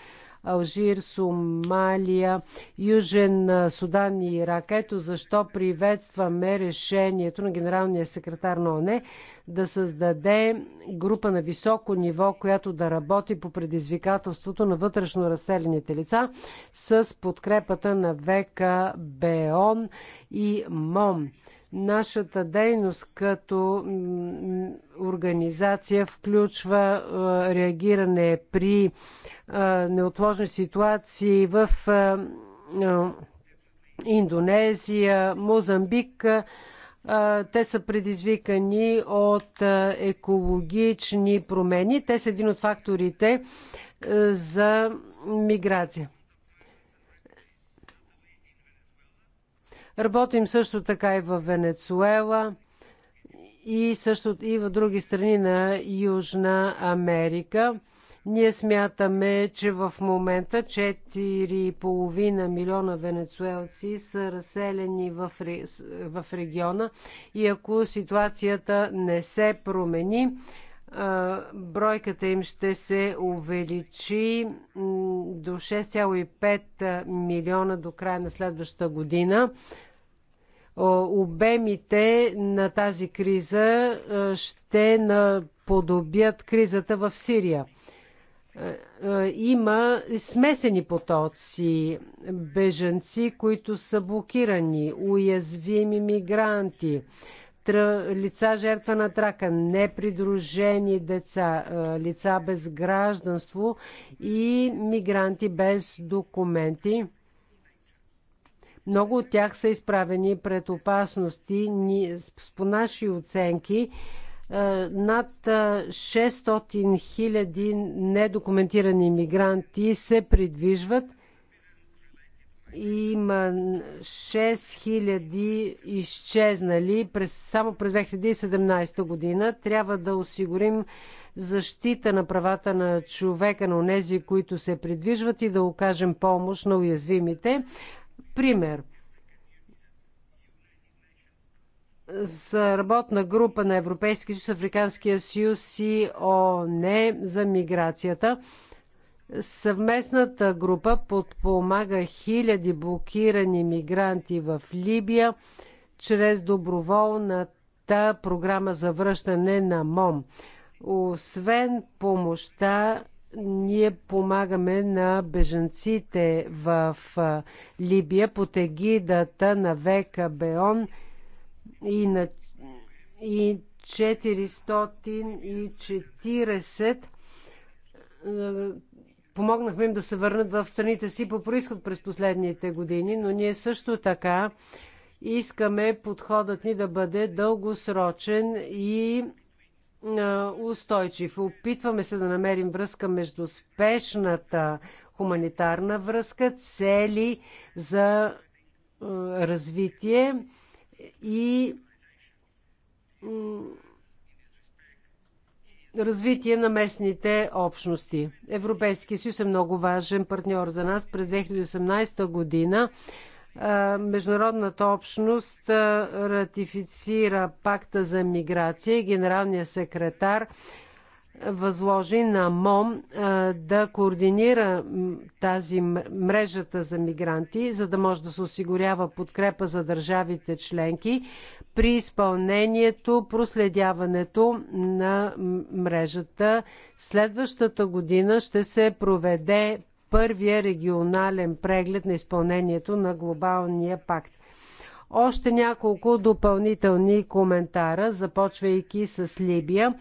Алжир, Сомалия, Южен Судан и Ирак. Ето защо приветстваме решението на генералния секретар на ОНЕ да създаде група на високо ниво, която да работи по предизвикателството на вътрешно разселените лица с подкрепата на ВКБОН е и МОМ. Нашата дейност като организация включва реагиране при неотложни ситуации в Индонезия, Мозамбик. Те са предизвикани от екологични промени. Те са един от факторите за миграция. Работим също така и в Венецуела и също и в други страни на Южна Америка. Ние смятаме, че в момента 4,5 милиона венецуелци са разселени в, в региона и ако ситуацията не се промени, бройката им ще се увеличи до 6,5 милиона до края на следващата година. Обемите на тази криза ще наподобят кризата в Сирия. Има смесени потоци, бежанци, които са блокирани, уязвими мигранти лица жертва на трака, непридружени деца, лица без гражданство и мигранти без документи. Много от тях са изправени пред опасности. По наши оценки, над 600 000 недокументирани мигранти се придвижват – има 6000 изчезнали през, само през 2017 година. Трябва да осигурим защита на правата на човека, на тези, които се придвижват и да окажем помощ на уязвимите. Пример. С работна група на Европейския съюз, Африканския съюз и ОНЕ за миграцията – Съвместната група подпомага хиляди блокирани мигранти в Либия чрез доброволната програма за връщане на МОМ. Освен помощта, ние помагаме на бежанците в Либия под егидата на Века Беон и на и 440 Помогнахме им да се върнат в страните си по происход през последните години, но ние също така искаме подходът ни да бъде дългосрочен и устойчив. Опитваме се да намерим връзка между спешната хуманитарна връзка, цели за развитие и развитие на местните общности. Европейския съюз е много важен партньор за нас. През 2018 година международната общност ратифицира пакта за миграция и генералният секретар възложи на МОМ да координира тази мрежата за мигранти, за да може да се осигурява подкрепа за държавите членки при изпълнението, проследяването на мрежата. Следващата година ще се проведе първия регионален преглед на изпълнението на глобалния пакт. Още няколко допълнителни коментара, започвайки с Либия.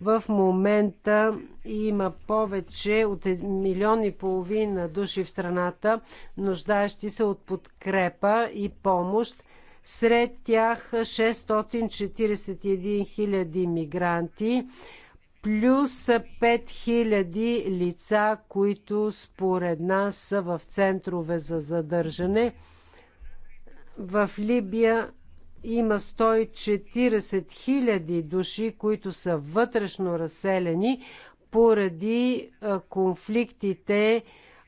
В момента има повече от е, милион и половина души в страната, нуждаещи се от подкрепа и помощ. Сред тях 641 000 мигранти, плюс 5000 лица, които според нас са в центрове за задържане. В Либия има 140 хиляди души, които са вътрешно разселени поради конфликтите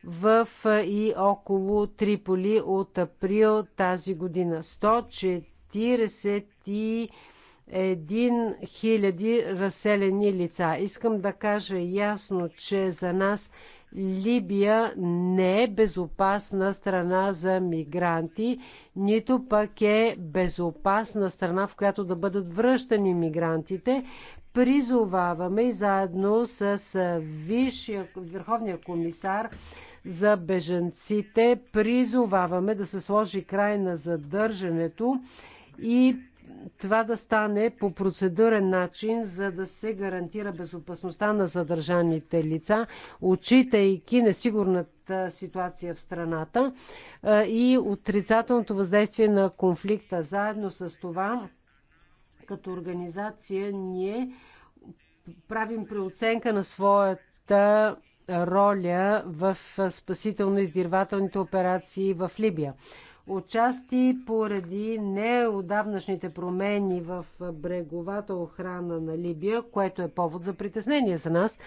в и около Триполи от април тази година. 141 хиляди разселени лица. Искам да кажа ясно, че за нас Либия не е безопасна страна за мигранти, нито пък е безопасна страна, в която да бъдат връщани мигрантите. Призоваваме и заедно с Висшия Върховния комисар за беженците. призоваваме да се сложи край на задържането и това да стане по процедурен начин, за да се гарантира безопасността на задържаните лица, отчитайки несигурната ситуация в страната и отрицателното въздействие на конфликта. Заедно с това, като организация, ние правим преоценка на своята роля в спасително-издирвателните операции в Либия отчасти поради неодавнашните промени в бреговата охрана на Либия, което е повод за притеснение за нас.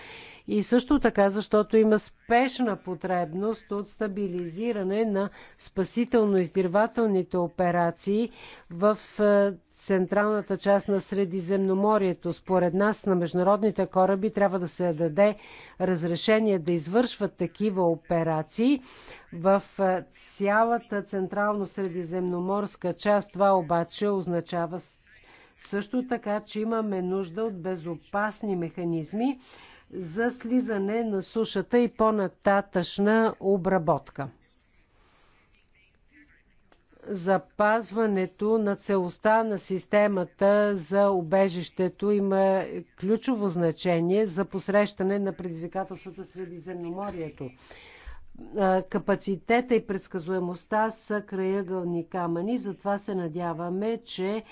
И също така, защото има спешна потребност от стабилизиране на спасително-издирвателните операции в е, централната част на Средиземноморието. Според нас на международните кораби трябва да се даде разрешение да извършват такива операции в е, цялата централно-средиземноморска част. Това обаче означава също така, че имаме нужда от безопасни механизми за слизане на сушата и по-нататъчна обработка запазването на целостта на системата за убежището има ключово значение за посрещане на предизвикателствата Средиземноморието. Капацитета и предсказуемостта са краягълни камъни, затова се надяваме, че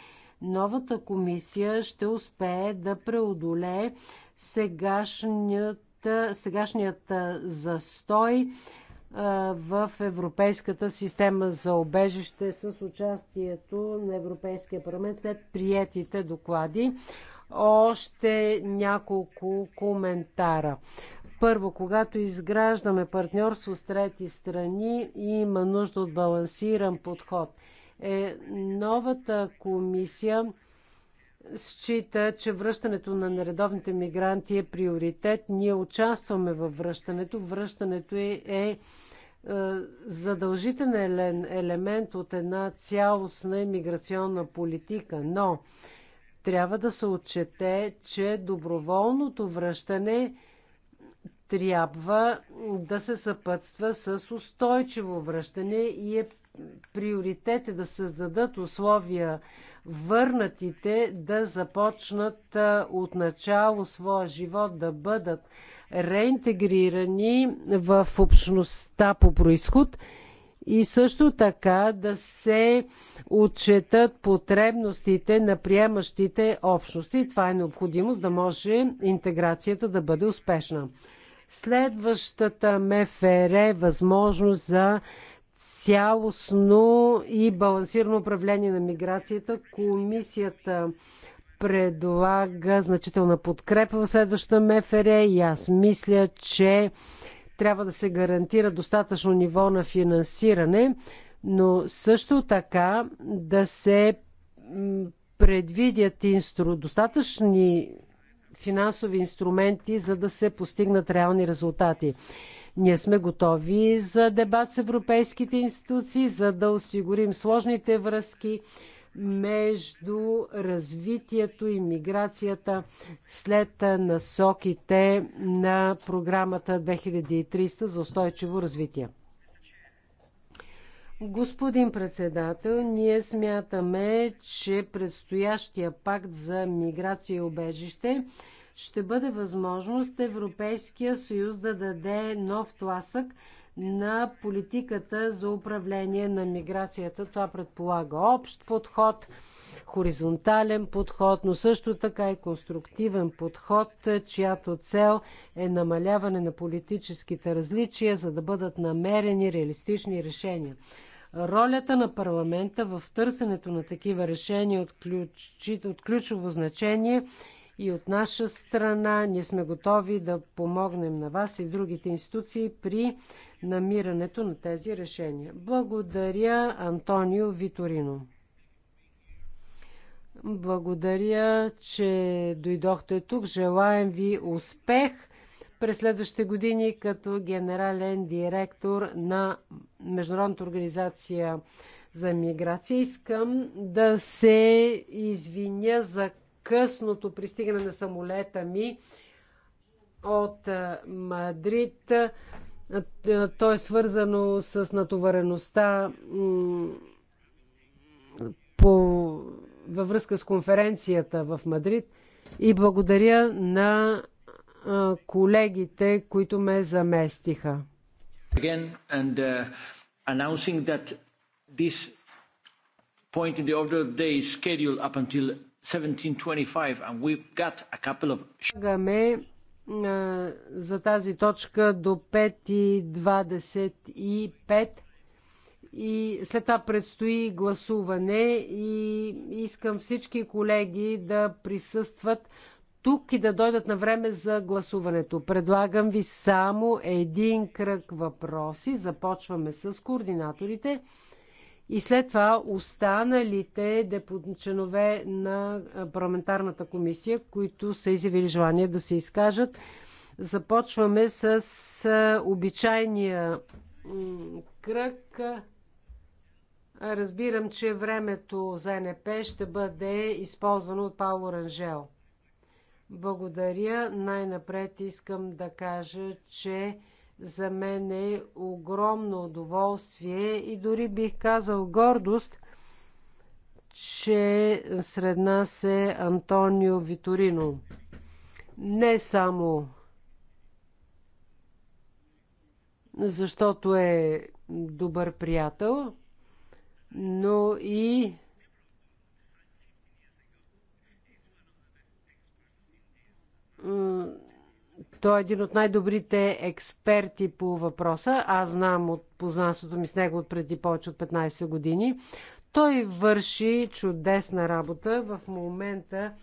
новата комисия ще успее да преодолее сегашният, сегашният застой в Европейската система за обежище с участието на Европейския парламент след приетите доклади. Още няколко коментара. Първо, когато изграждаме партньорство с трети страни, има нужда от балансиран подход. Е, новата комисия счита, че връщането на нередовните мигранти е приоритет. Ние участваме във връщането. Връщането е, е е, задължителен елемент от една цялостна иммиграционна политика, но трябва да се отчете, че доброволното връщане трябва да се съпътства с устойчиво връщане и е приоритет е да създадат условия върнатите да започнат е, от начало своя живот, да бъдат реинтегрирани в общността по происход и също така да се отчетат потребностите на приемащите общности. Това е необходимо, за да може интеграцията да бъде успешна. Следващата МФР е възможност за цялостно и балансирано управление на миграцията. Комисията предлага значителна подкрепа в следващата МФР и аз мисля, че трябва да се гарантира достатъчно ниво на финансиране, но също така да се предвидят инстру... достатъчни финансови инструменти, за да се постигнат реални резултати. Ние сме готови за дебат с европейските институции, за да осигурим сложните връзки между развитието и миграцията след насоките на програмата 2300 за устойчиво развитие. Господин председател, ние смятаме, че предстоящия пакт за миграция и обежище ще бъде възможност Европейския съюз да даде нов тласък на политиката за управление на миграцията. Това предполага общ подход, хоризонтален подход, но също така и конструктивен подход, чиято цел е намаляване на политическите различия, за да бъдат намерени реалистични решения. Ролята на парламента в търсенето на такива решения е от, ключ, от ключово значение и от наша страна ние сме готови да помогнем на вас и другите институции при намирането на тези решения. Благодаря, Антонио Виторино. Благодаря, че дойдохте тук. Желаем ви успех през следващите години като генерален директор на Международната организация за миграция. Искам да се извиня за късното пристигане на самолета ми от Мадрид. Е, то е свързано с натовареността по, във връзка с конференцията в Мадрид и благодаря на колегите, които ме заместиха. Uh, point in the order of the day is scheduled up until 1725 and we've got a couple of за тази точка до 5.25 и след това предстои гласуване и искам всички колеги да присъстват тук и да дойдат на време за гласуването. Предлагам ви само един кръг въпроси. Започваме с координаторите. И след това останалите членове на парламентарната комисия, които са изявили желание да се изкажат. Започваме с обичайния кръг. Разбирам, че времето за НП ще бъде използвано от Павло Ранжел. Благодаря. Най-напред искам да кажа, че за мен е огромно удоволствие и дори бих казал гордост, че сред нас е Антонио Виторино. Не само защото е добър приятел, но и той е един от най-добрите експерти по въпроса. Аз знам от познанството ми с него от преди повече от 15 години. Той върши чудесна работа. В момента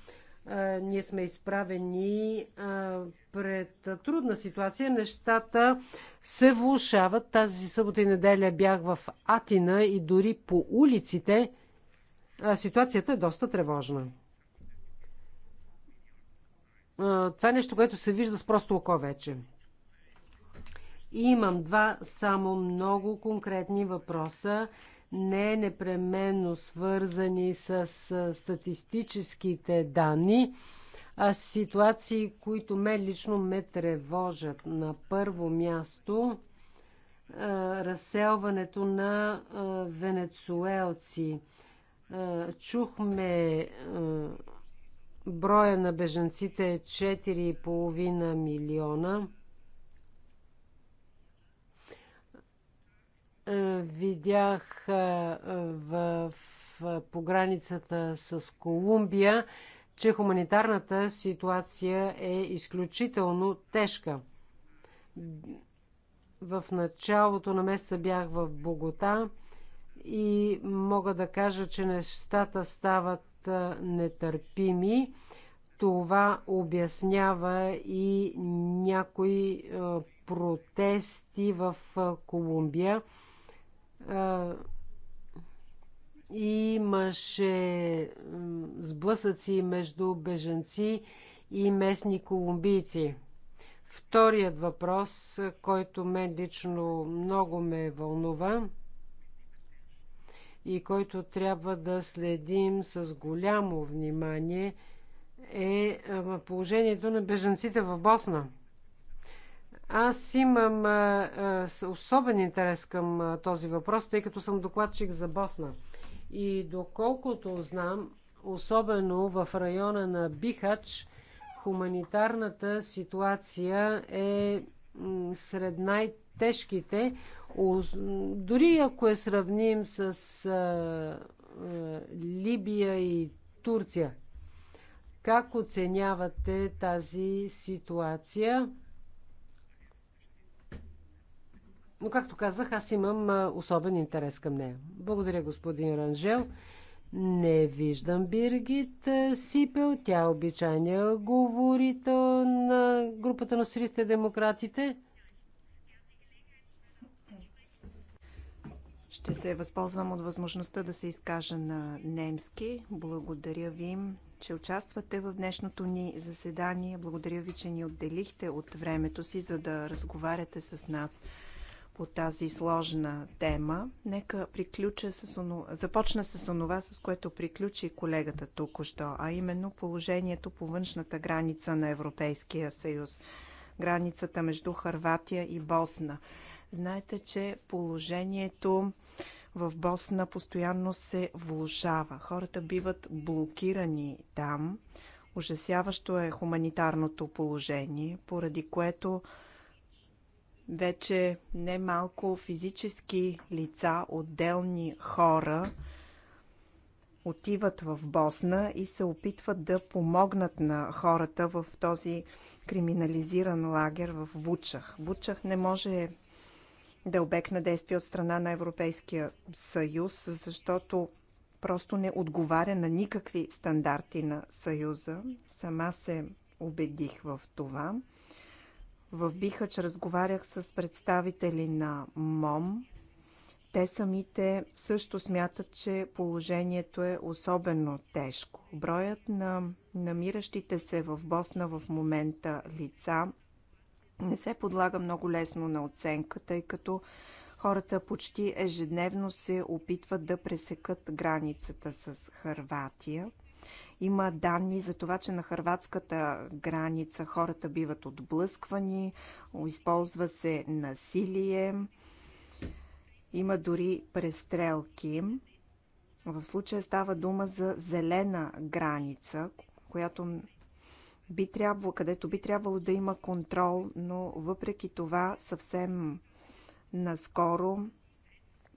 а, е, ние сме изправени а, е, пред трудна ситуация. Нещата се влушават. Тази събота и неделя бях в Атина и дори по улиците а, ситуацията е доста тревожна това е нещо, което се вижда с просто око вече. И имам два само много конкретни въпроса, не е непременно свързани с статистическите данни, а с ситуации, които ме лично ме тревожат. На първо място разселването на венецуелци. Чухме Броя на бежанците е 4,5 милиона. Е, видях е, в, в, по границата с Колумбия, че хуманитарната ситуация е изключително тежка. В началото на месеца бях в Богота и мога да кажа, че нещата стават нетърпими. Това обяснява и някои протести в Колумбия. Имаше сблъсъци между бежанци и местни колумбийци. Вторият въпрос, който мен лично много ме вълнува, и който трябва да следим с голямо внимание е положението на бежанците в Босна. Аз имам особен интерес към този въпрос, тъй като съм докладчик за Босна. И доколкото знам, особено в района на Бихач, хуманитарната ситуация е сред най-тежките дори ако я сравним с Либия и Турция, как оценявате тази ситуация? Но, както казах, аз имам особен интерес към нея. Благодаря, господин Ранжел. Не виждам Биргит Сипел. Тя е обичайния говорител на групата на Сирийските демократите. Ще се възползвам от възможността да се изкажа на немски. Благодаря ви, че участвате в днешното ни заседание. Благодаря ви, че ни отделихте от времето си, за да разговаряте с нас по тази сложна тема. Нека приключа с оно... започна с онова, с което приключи колегата току-що, а именно положението по външната граница на Европейския съюз. Границата между Харватия и Босна. Знаете, че положението в Босна постоянно се влушава. Хората биват блокирани там. Ужасяващо е хуманитарното положение, поради което вече немалко физически лица, отделни хора, отиват в Босна и се опитват да помогнат на хората в този криминализиран лагер в Вучах. Вучах не може да е обект на действие от страна на Европейския съюз, защото просто не отговаря на никакви стандарти на съюза. Сама се убедих в това. В Бихач разговарях с представители на МОМ. Те самите също смятат, че положението е особено тежко. Броят на намиращите се в Босна в момента лица не се подлага много лесно на оценка, тъй като хората почти ежедневно се опитват да пресекат границата с Харватия. Има данни за това, че на хърватската граница хората биват отблъсквани, използва се насилие, има дори престрелки. В случая става дума за зелена граница, която би трябвало, където би трябвало да има контрол, но въпреки това съвсем наскоро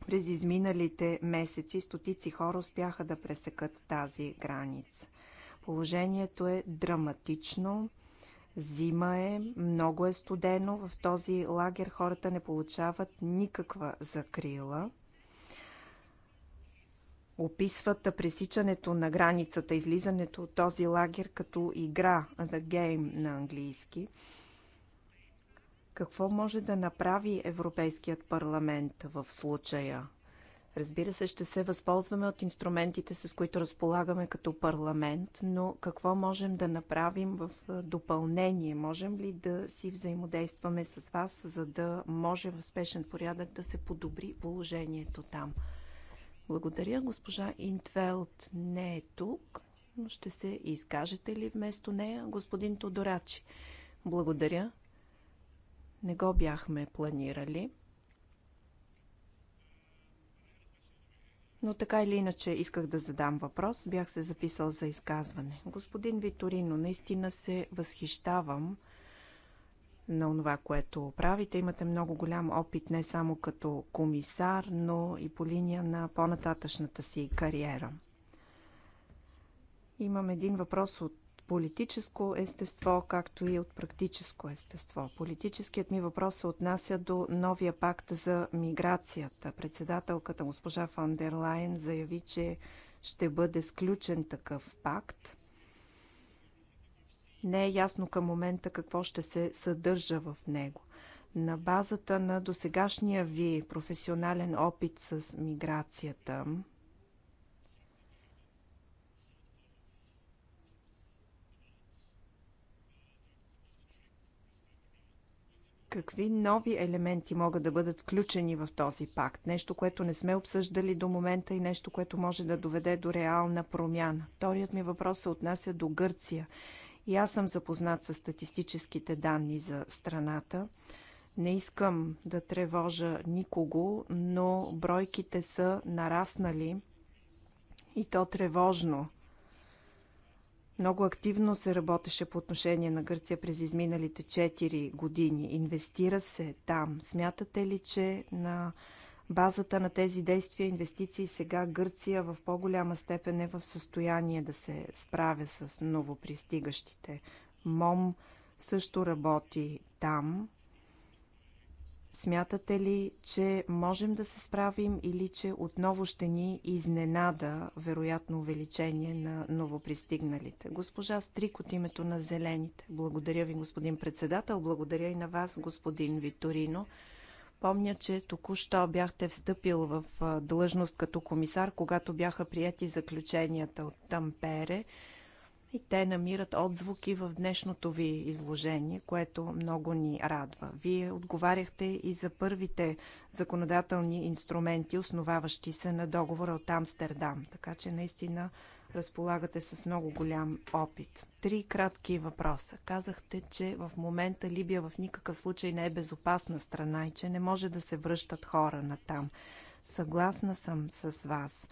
през изминалите месеци стотици хора успяха да пресекат тази граница. Положението е драматично. Зима е, много е студено. В този лагер хората не получават никаква закрила описват пресичането на границата, излизането от този лагер като игра, the game на английски. Какво може да направи Европейският парламент в случая? Разбира се, ще се възползваме от инструментите, с които разполагаме като парламент, но какво можем да направим в допълнение? Можем ли да си взаимодействаме с вас, за да може в спешен порядък да се подобри положението там? Благодаря. Госпожа Интвелт не е тук, но ще се изкажете ли вместо нея, господин Тодорачи? Благодаря. Не го бяхме планирали. Но така или иначе исках да задам въпрос. Бях се записал за изказване. Господин Виторино, наистина се възхищавам – на това, което правите. Имате много голям опит не само като комисар, но и по линия на по-нататъчната си кариера. Имам един въпрос от политическо естество, както и от практическо естество. Политическият ми въпрос се отнася до новия пакт за миграцията. Председателката госпожа Фандерлайн заяви, че ще бъде сключен такъв пакт – не е ясно към момента какво ще се съдържа в него. На базата на досегашния ви професионален опит с миграцията, какви нови елементи могат да бъдат включени в този пакт? Нещо, което не сме обсъждали до момента и нещо, което може да доведе до реална промяна. Вторият ми въпрос се отнася до Гърция. И аз съм запознат с статистическите данни за страната. Не искам да тревожа никого, но бройките са нараснали и то тревожно. Много активно се работеше по отношение на Гърция през изминалите 4 години. Инвестира се там. Смятате ли, че на базата на тези действия, инвестиции сега Гърция в по-голяма степен е в състояние да се справя с новопристигащите. МОМ също работи там. Смятате ли, че можем да се справим или че отново ще ни изненада вероятно увеличение на новопристигналите? Госпожа Стрик от името на Зелените. Благодаря ви, господин председател. Благодаря и на вас, господин Виторино. Помня, че току-що бяхте встъпил в длъжност като комисар, когато бяха прияти заключенията от Тампере и те намират отзвуки в днешното ви изложение, което много ни радва. Вие отговаряхте и за първите законодателни инструменти, основаващи се на договора от Амстердам, така че наистина разполагате с много голям опит. Три кратки въпроса. Казахте, че в момента Либия в никакъв случай не е безопасна страна и че не може да се връщат хора на там. Съгласна съм с вас,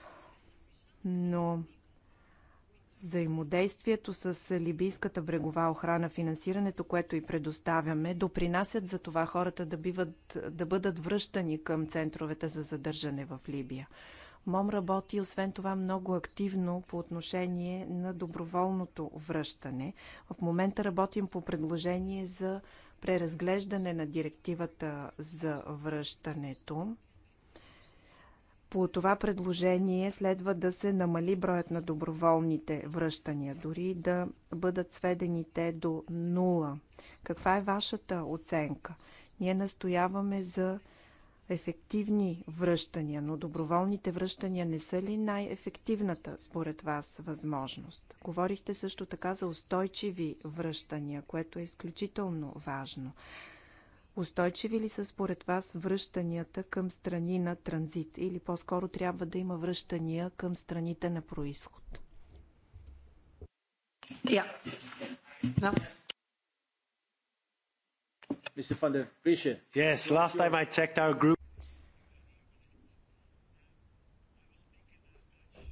но взаимодействието с либийската брегова охрана, финансирането, което и предоставяме, допринасят за това хората да, биват, да бъдат връщани към центровете за задържане в Либия. МОМ работи освен това много активно по отношение на доброволното връщане. В момента работим по предложение за преразглеждане на директивата за връщането. По това предложение следва да се намали броят на доброволните връщания, дори да бъдат сведени те до нула. Каква е вашата оценка? Ние настояваме за ефективни връщания, но доброволните връщания не са ли най-ефективната според вас възможност? Говорихте също така за устойчиви връщания, което е изключително важно. Устойчиви ли са според вас връщанията към страни на транзит или по-скоро трябва да има връщания към страните на происход? Yeah. No. Mr. Van der Yes, last time I checked our group.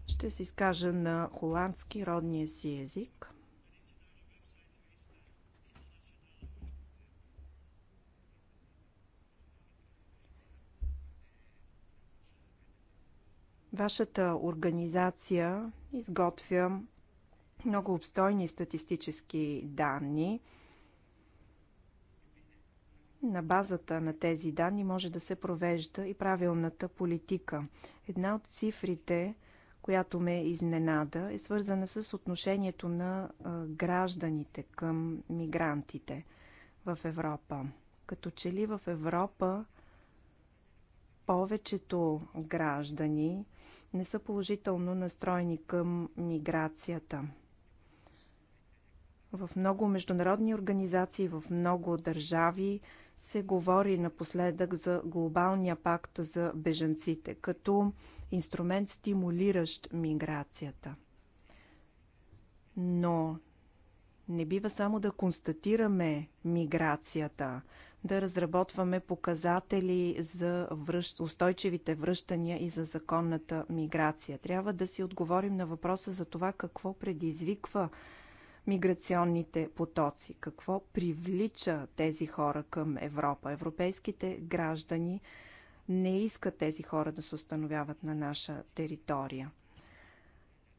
Ще се изкажа на холандски родния си език. Вашата организация изготвя много обстойни статистически данни. На базата на тези данни може да се провежда и правилната политика. Една от цифрите – която ме изненада, е свързана с отношението на гражданите към мигрантите в Европа. Като че ли в Европа повечето граждани не са положително настроени към миграцията – в много международни организации, в много държави се говори напоследък за глобалния пакт за бежанците като инструмент стимулиращ миграцията. Но не бива само да констатираме миграцията, да разработваме показатели за връщ... устойчивите връщания и за законната миграция. Трябва да си отговорим на въпроса за това какво предизвиква миграционните потоци? Какво привлича тези хора към Европа? Европейските граждани не искат тези хора да се установяват на наша територия.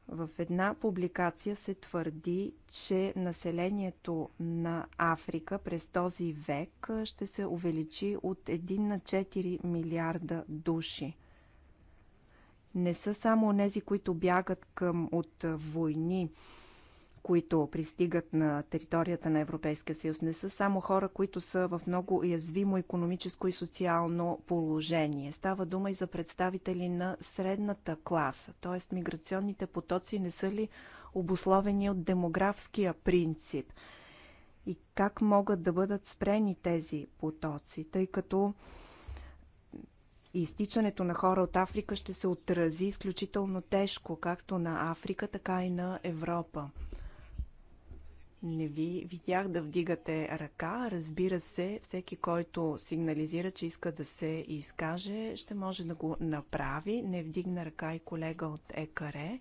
В една публикация се твърди, че населението на Африка през този век ще се увеличи от 1 на 4 милиарда души. Не са само тези, които бягат към, от войни които пристигат на територията на Европейския съюз, не са само хора, които са в много уязвимо економическо и социално положение. Става дума и за представители на средната класа, т.е. миграционните потоци не са ли обусловени от демографския принцип? И как могат да бъдат спрени тези потоци, тъй като изтичането на хора от Африка ще се отрази изключително тежко, както на Африка, така и на Европа. Не ви видях да вдигате ръка. Разбира се, всеки, който сигнализира, че иска да се изкаже, ще може да го направи. Не вдигна ръка и колега от ЕКАРЕ.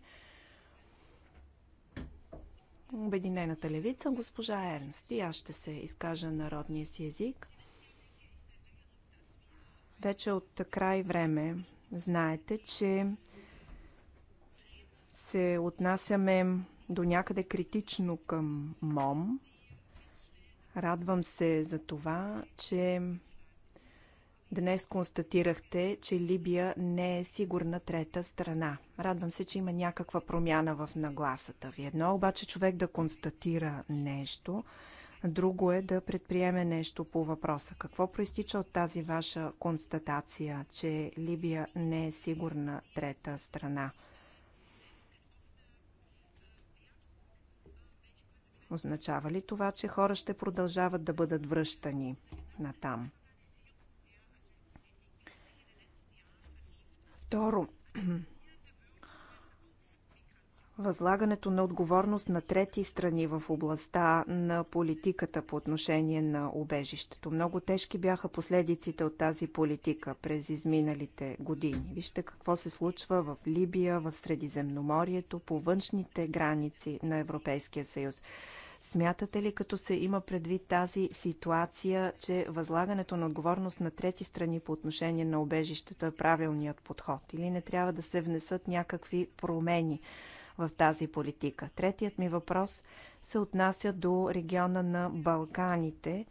Обединената левица, госпожа Ернст. И аз ще се изкажа народния си език. Вече от край време знаете, че се отнасяме до някъде критично към МОМ. Радвам се за това, че днес констатирахте, че Либия не е сигурна трета страна. Радвам се, че има някаква промяна в нагласата ви. Едно обаче човек да констатира нещо, друго е да предприеме нещо по въпроса. Какво проистича от тази ваша констатация, че Либия не е сигурна трета страна? Означава ли това, че хора ще продължават да бъдат връщани натам? Второ, <clears throat> възлагането на отговорност на трети страни в областта на политиката по отношение на убежището. Много тежки бяха последиците от тази политика през изминалите години. Вижте какво се случва в Либия, в Средиземноморието, по външните граници на Европейския съюз. Смятате ли, като се има предвид тази ситуация, че възлагането на отговорност на трети страни по отношение на обежището е правилният подход? Или не трябва да се внесат някакви промени в тази политика? Третият ми въпрос се отнася до региона на Балканите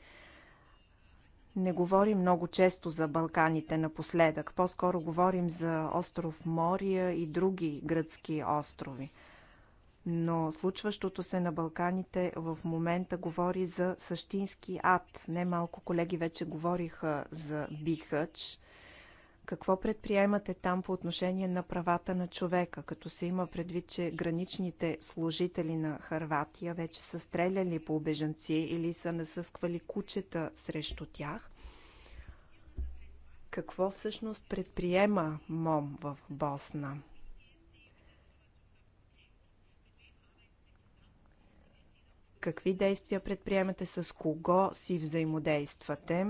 не говорим много често за Балканите напоследък. По-скоро говорим за остров Мория и други гръцки острови но случващото се на Балканите в момента говори за същински ад. Немалко колеги вече говориха за Бихач. Какво предприемате там по отношение на правата на човека, като се има предвид, че граничните служители на Харватия вече са стреляли по бежанци или са насъсквали кучета срещу тях? Какво всъщност предприема МОМ в Босна? какви действия предприемате, с кого си взаимодействате.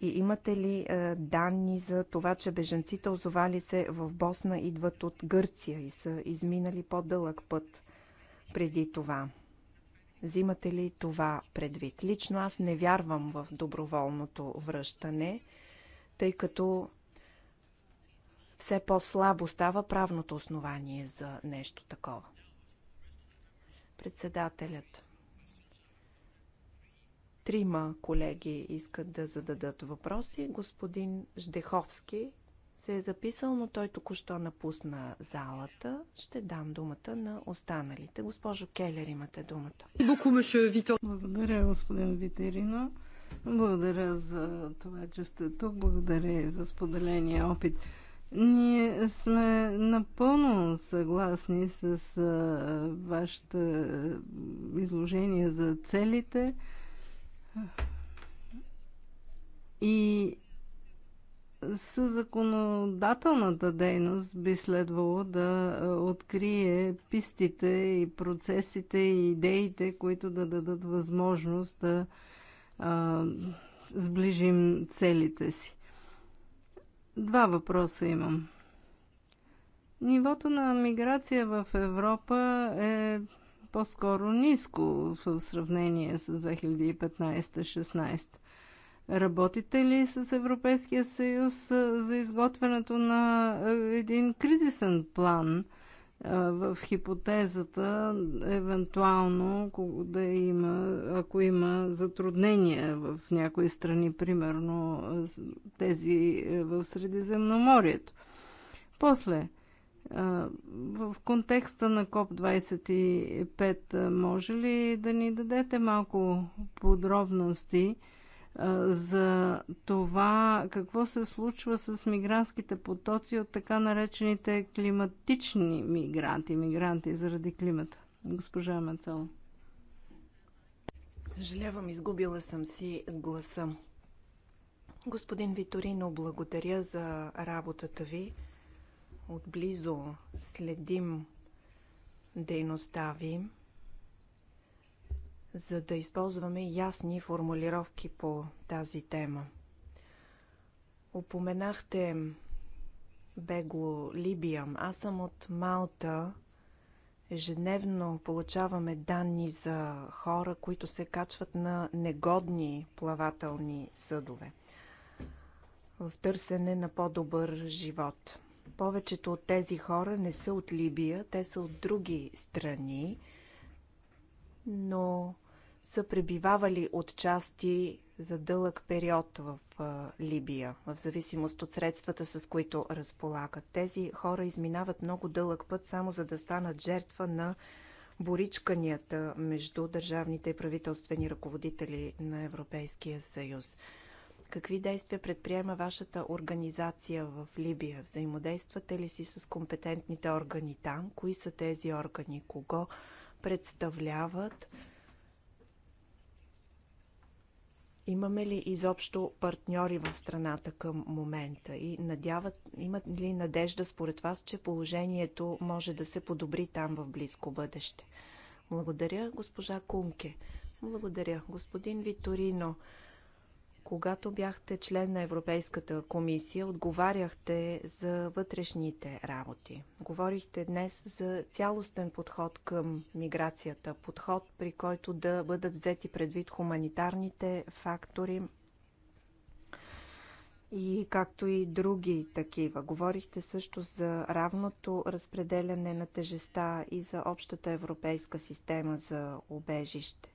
И имате ли е, данни за това, че бежанците, озовали се в Босна, идват от Гърция и са изминали по-дълъг път преди това? Взимате ли това предвид? Лично аз не вярвам в доброволното връщане, тъй като все по-слабо става правното основание за нещо такова. Председателят. Трима колеги искат да зададат въпроси. Господин Ждеховски се е записал, но той току-що напусна залата. Ще дам думата на останалите. Госпожо Келер, имате думата. Благодаря, господин Витерино. Благодаря за това, че сте тук. Благодаря и за споделения опит. Ние сме напълно съгласни с а, вашето изложение за целите и със законодателната дейност би следвало да открие пистите и процесите и идеите, които да дадат възможност да а, сближим целите си. Два въпроса имам. Нивото на миграция в Европа е по-скоро ниско в сравнение с 2015-16. Работите ли с Европейския съюз за изготвянето на един кризисен план – в хипотезата, евентуално да има, ако има затруднения в някои страни, примерно тези е, в Средиземноморието. После, в контекста на КОП-25, може ли да ни дадете малко подробности – за това какво се случва с мигрантските потоци от така наречените климатични мигранти, мигранти заради климата. Госпожа Мецел. Съжалявам, изгубила съм си гласа. Господин Виторино, благодаря за работата ви. Отблизо следим дейността ви за да използваме ясни формулировки по тази тема. Опоменахте бегло Либия. Аз съм от Малта. Ежедневно получаваме данни за хора, които се качват на негодни плавателни съдове в търсене на по-добър живот. Повечето от тези хора не са от Либия, те са от други страни но са пребивавали от части за дълъг период в Либия, в зависимост от средствата, с които разполагат. Тези хора изминават много дълъг път, само за да станат жертва на боричканията между държавните и правителствени ръководители на Европейския съюз. Какви действия предприема вашата организация в Либия? Взаимодействате ли си с компетентните органи там? Кои са тези органи? Кого представляват? Имаме ли изобщо партньори в страната към момента и надяват, имат ли надежда според вас, че положението може да се подобри там в близко бъдеще? Благодаря, госпожа Кунке. Благодаря, господин Виторино. Когато бяхте член на Европейската комисия, отговаряхте за вътрешните работи. Говорихте днес за цялостен подход към миграцията, подход при който да бъдат взети предвид хуманитарните фактори и както и други такива. Говорихте също за равното разпределяне на тежеста и за общата европейска система за убежище.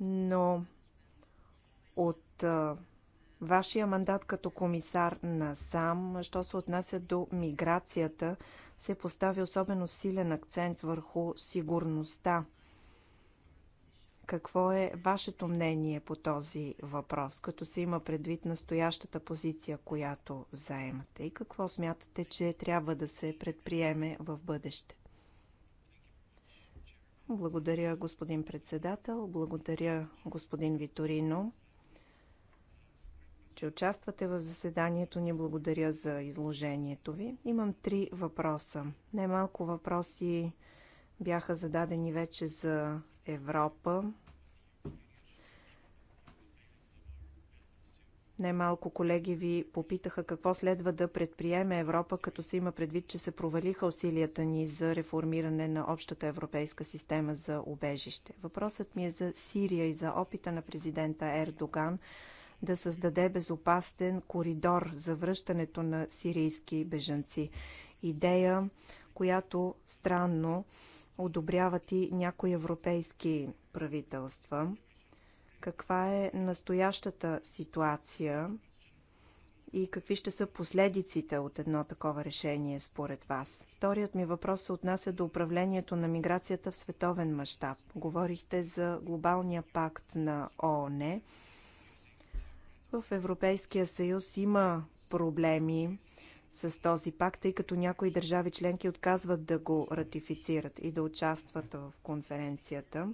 но от а, вашия мандат като комисар на сам, що се отнася до миграцията, се постави особено силен акцент върху сигурността. Какво е вашето мнение по този въпрос, като се има предвид настоящата позиция, която заемате и какво смятате, че трябва да се предприеме в бъдеще? Благодаря, господин председател. Благодаря, господин Виторино, че участвате в заседанието ни. Благодаря за изложението ви. Имам три въпроса. Немалко въпроси бяха зададени вече за Европа, Немалко колеги ви попитаха какво следва да предприеме Европа, като се има предвид, че се провалиха усилията ни за реформиране на общата европейска система за убежище. Въпросът ми е за Сирия и за опита на президента Ердоган да създаде безопасен коридор за връщането на сирийски бежанци. Идея, която странно одобряват и някои европейски правителства каква е настоящата ситуация и какви ще са последиците от едно такова решение според вас? Вторият ми въпрос се отнася до управлението на миграцията в световен мащаб. Говорихте за глобалния пакт на ООН. В Европейския съюз има проблеми с този пакт, тъй като някои държави членки отказват да го ратифицират и да участват в конференцията.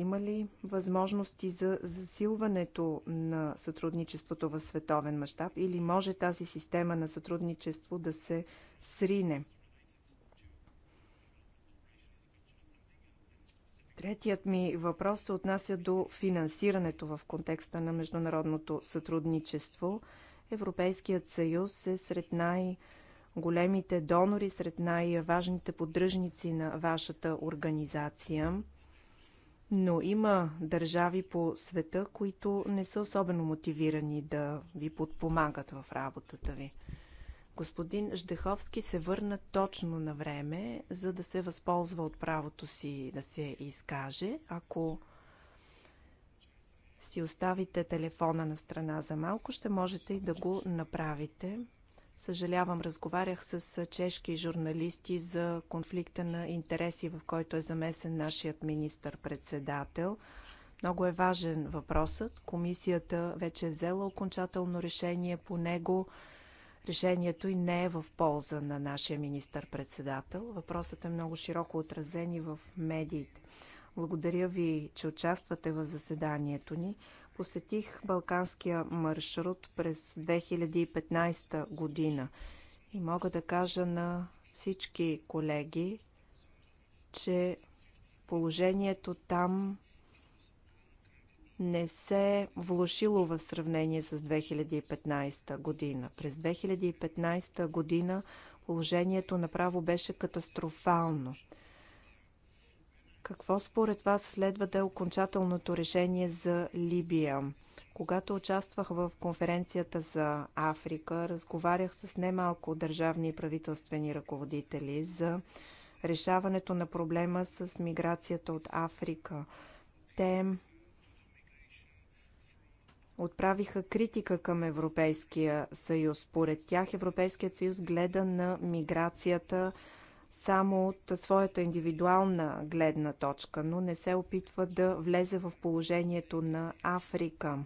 Има ли възможности за засилването на сътрудничеството в световен мащаб или може тази система на сътрудничество да се срине? Третият ми въпрос се отнася до финансирането в контекста на международното сътрудничество. Европейският съюз е сред най- големите донори, сред най-важните поддръжници на вашата организация. Но има държави по света, които не са особено мотивирани да ви подпомагат в работата ви. Господин Ждеховски се върна точно на време, за да се възползва от правото си да се изкаже. Ако си оставите телефона на страна за малко, ще можете и да го направите. Съжалявам, разговарях с чешки журналисти за конфликта на интереси, в който е замесен нашият министър-председател. Много е важен въпросът. Комисията вече е взела окончателно решение по него. Решението и не е в полза на нашия министър-председател. Въпросът е много широко отразен и в медиите. Благодаря ви, че участвате в заседанието ни посетих Балканския маршрут през 2015 година и мога да кажа на всички колеги, че положението там не се е влошило в сравнение с 2015 година. През 2015 година положението направо беше катастрофално – какво според вас следва да е окончателното решение за Либия? Когато участвах в конференцията за Африка, разговарях с немалко държавни и правителствени ръководители за решаването на проблема с миграцията от Африка. Те отправиха критика към Европейския съюз. Според тях Европейският съюз гледа на миграцията само от своята индивидуална гледна точка, но не се опитва да влезе в положението на Африка.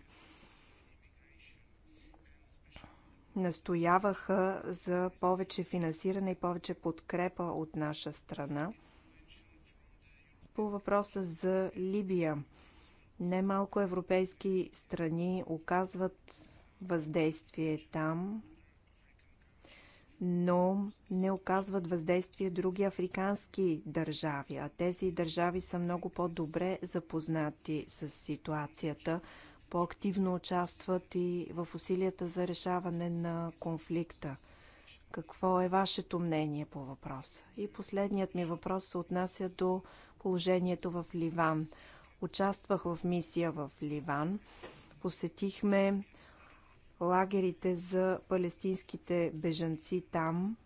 Настояваха за повече финансиране и повече подкрепа от наша страна. По въпроса за Либия. Немалко европейски страни оказват въздействие там, но не оказват въздействие други африкански държави, а тези държави са много по-добре запознати с ситуацията, по-активно участват и в усилията за решаване на конфликта. Какво е вашето мнение по въпроса? И последният ми въпрос се отнася до положението в Ливан. Участвах в мисия в Ливан. Посетихме лагерите за палестинските бежанци там?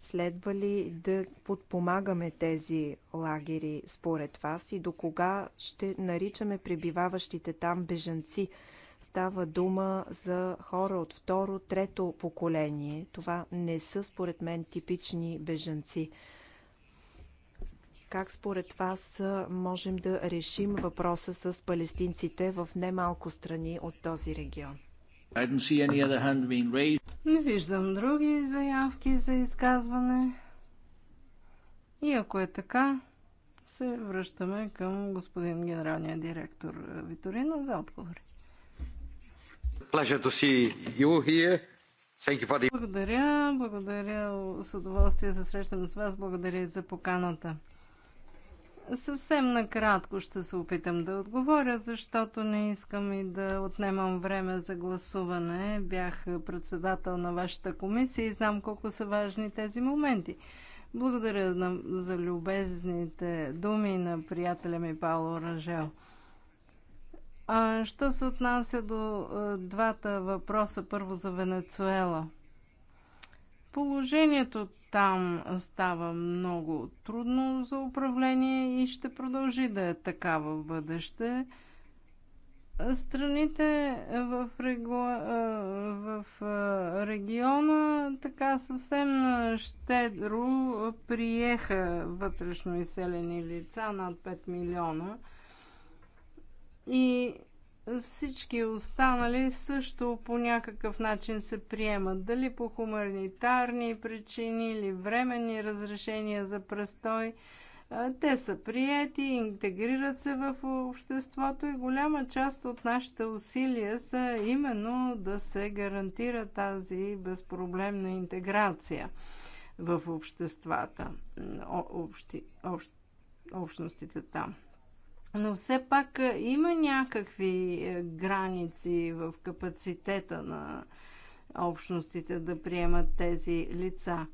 Следва ли да подпомагаме тези лагери според вас и до кога ще наричаме пребиваващите там бежанци? Става дума за хора от второ, трето поколение. Това не са според мен типични бежанци. Как според вас можем да решим въпроса с палестинците в немалко страни от този регион? Не виждам други заявки за изказване. И ако е така, се връщаме към господин генералния директор Виторино за отговори. Благодаря, благодаря с удоволствие за срещане с вас, благодаря и за поканата. Съвсем накратко ще се опитам да отговоря, защото не искам и да отнемам време за гласуване. Бях председател на вашата комисия и знам колко са важни тези моменти. Благодаря за любезните думи на приятеля ми Павло Ражел. А, що се отнася до двата въпроса, първо за Венецуела. Положението там става много трудно за управление и ще продължи да е така в бъдеще. Страните в, регу... в региона така съвсем щедро приеха вътрешно изселени лица над 5 милиона. И всички останали също по някакъв начин се приемат. Дали по хуманитарни причини или временни разрешения за престой. Те са приети, интегрират се в обществото и голяма част от нашите усилия са именно да се гарантира тази безпроблемна интеграция в обществата, общи, общ, общностите там. Но все пак е, има някакви е, граници в капацитета на общностите да приемат тези лица.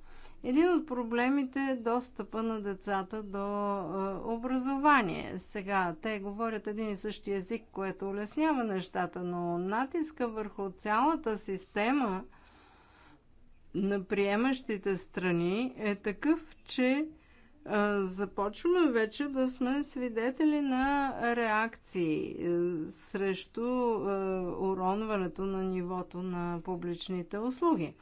Един от проблемите е достъпа на децата до е, образование. Сега те говорят един и същи език, което улеснява нещата, но натиска върху цялата система на приемащите страни е такъв, че започваме вече да сме свидетели на реакции е, срещу е, уронването на нивото на публичните услуги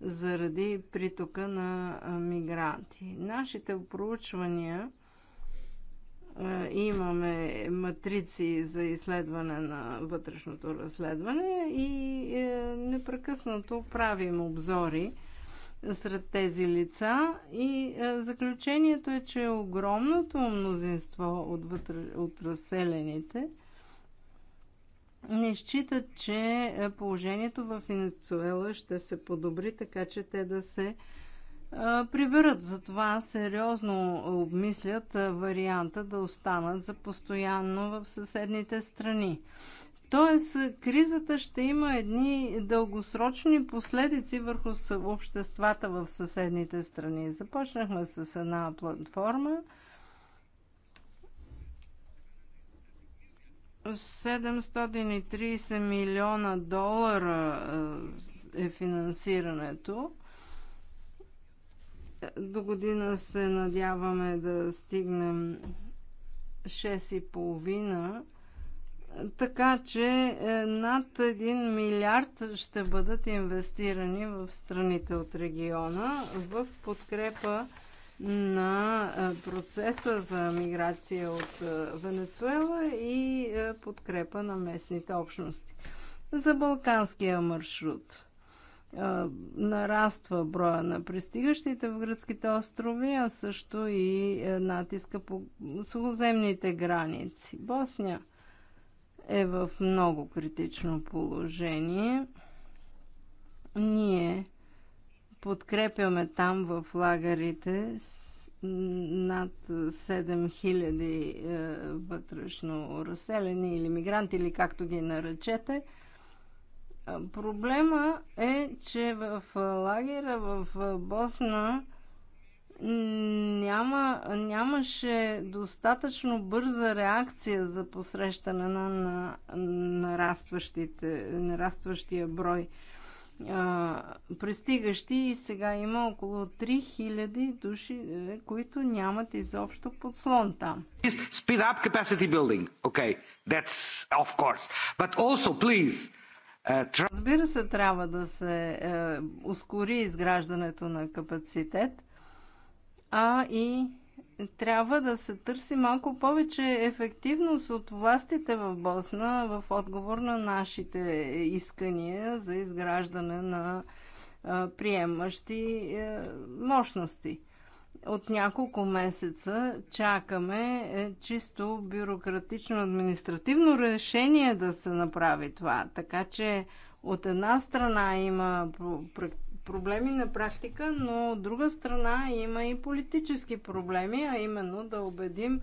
заради притока на е, мигранти. Нашите проучвания имаме матрици за изследване на вътрешното разследване и непрекъснато правим обзори сред тези лица и е, заключението е, че огромното мнозинство от, вътре, от разселените не считат, че е, положението в Венецуела ще се подобри, така че те да се е, приберат. Затова сериозно обмислят варианта да останат за постоянно в съседните страни. Тоест, кризата ще има едни дългосрочни последици върху обществата в съседните страни. Започнахме с една платформа. 730 милиона долара е, е финансирането. До година се надяваме да стигнем 6,5 така че е, над 1 милиард ще бъдат инвестирани в страните от региона в подкрепа на е, процеса за миграция от е, Венецуела и подкрепа на местните общности. За балканския маршрут нараства броя на пристигащите в гръцките острови, а също и натиска по сухоземните граници. Босния – е в много критично положение. Ние подкрепяме там в лагерите над 7000 е, вътрешно разселени или мигранти, или както ги наречете. Е, проблема е, че в лагера в Босна няма, нямаше достатъчно бърза реакция за посрещане на, на нарастващите, нарастващия брой а, пристигащи и сега има около 3000 души, е, които нямат изобщо подслон там. Speed up capacity building. Okay, that's of course. But also please, uh, Разбира се, трябва да се е, ускори изграждането на капацитет – а и трябва да се търси малко повече ефективност от властите в Босна в отговор на нашите искания за изграждане на приемащи е, мощности. От няколко месеца чакаме е, чисто бюрократично-административно решение да се направи това. Така че от една страна има проблеми на практика, но от друга страна има и политически проблеми, а именно да убедим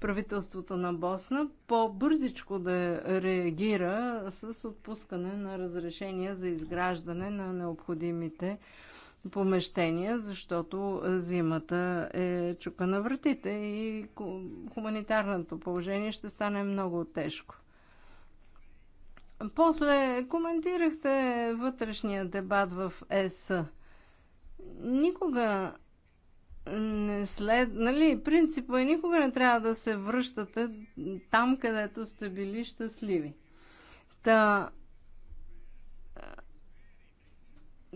правителството на Босна по-бързичко да реагира с отпускане на разрешения за изграждане на необходимите помещения, защото зимата е чука на вратите и хуманитарното положение ще стане много тежко. После коментирахте вътрешния дебат в ЕС. Никога не след... Нали, принципа е никога не трябва да се връщате там, където сте били щастливи. Та...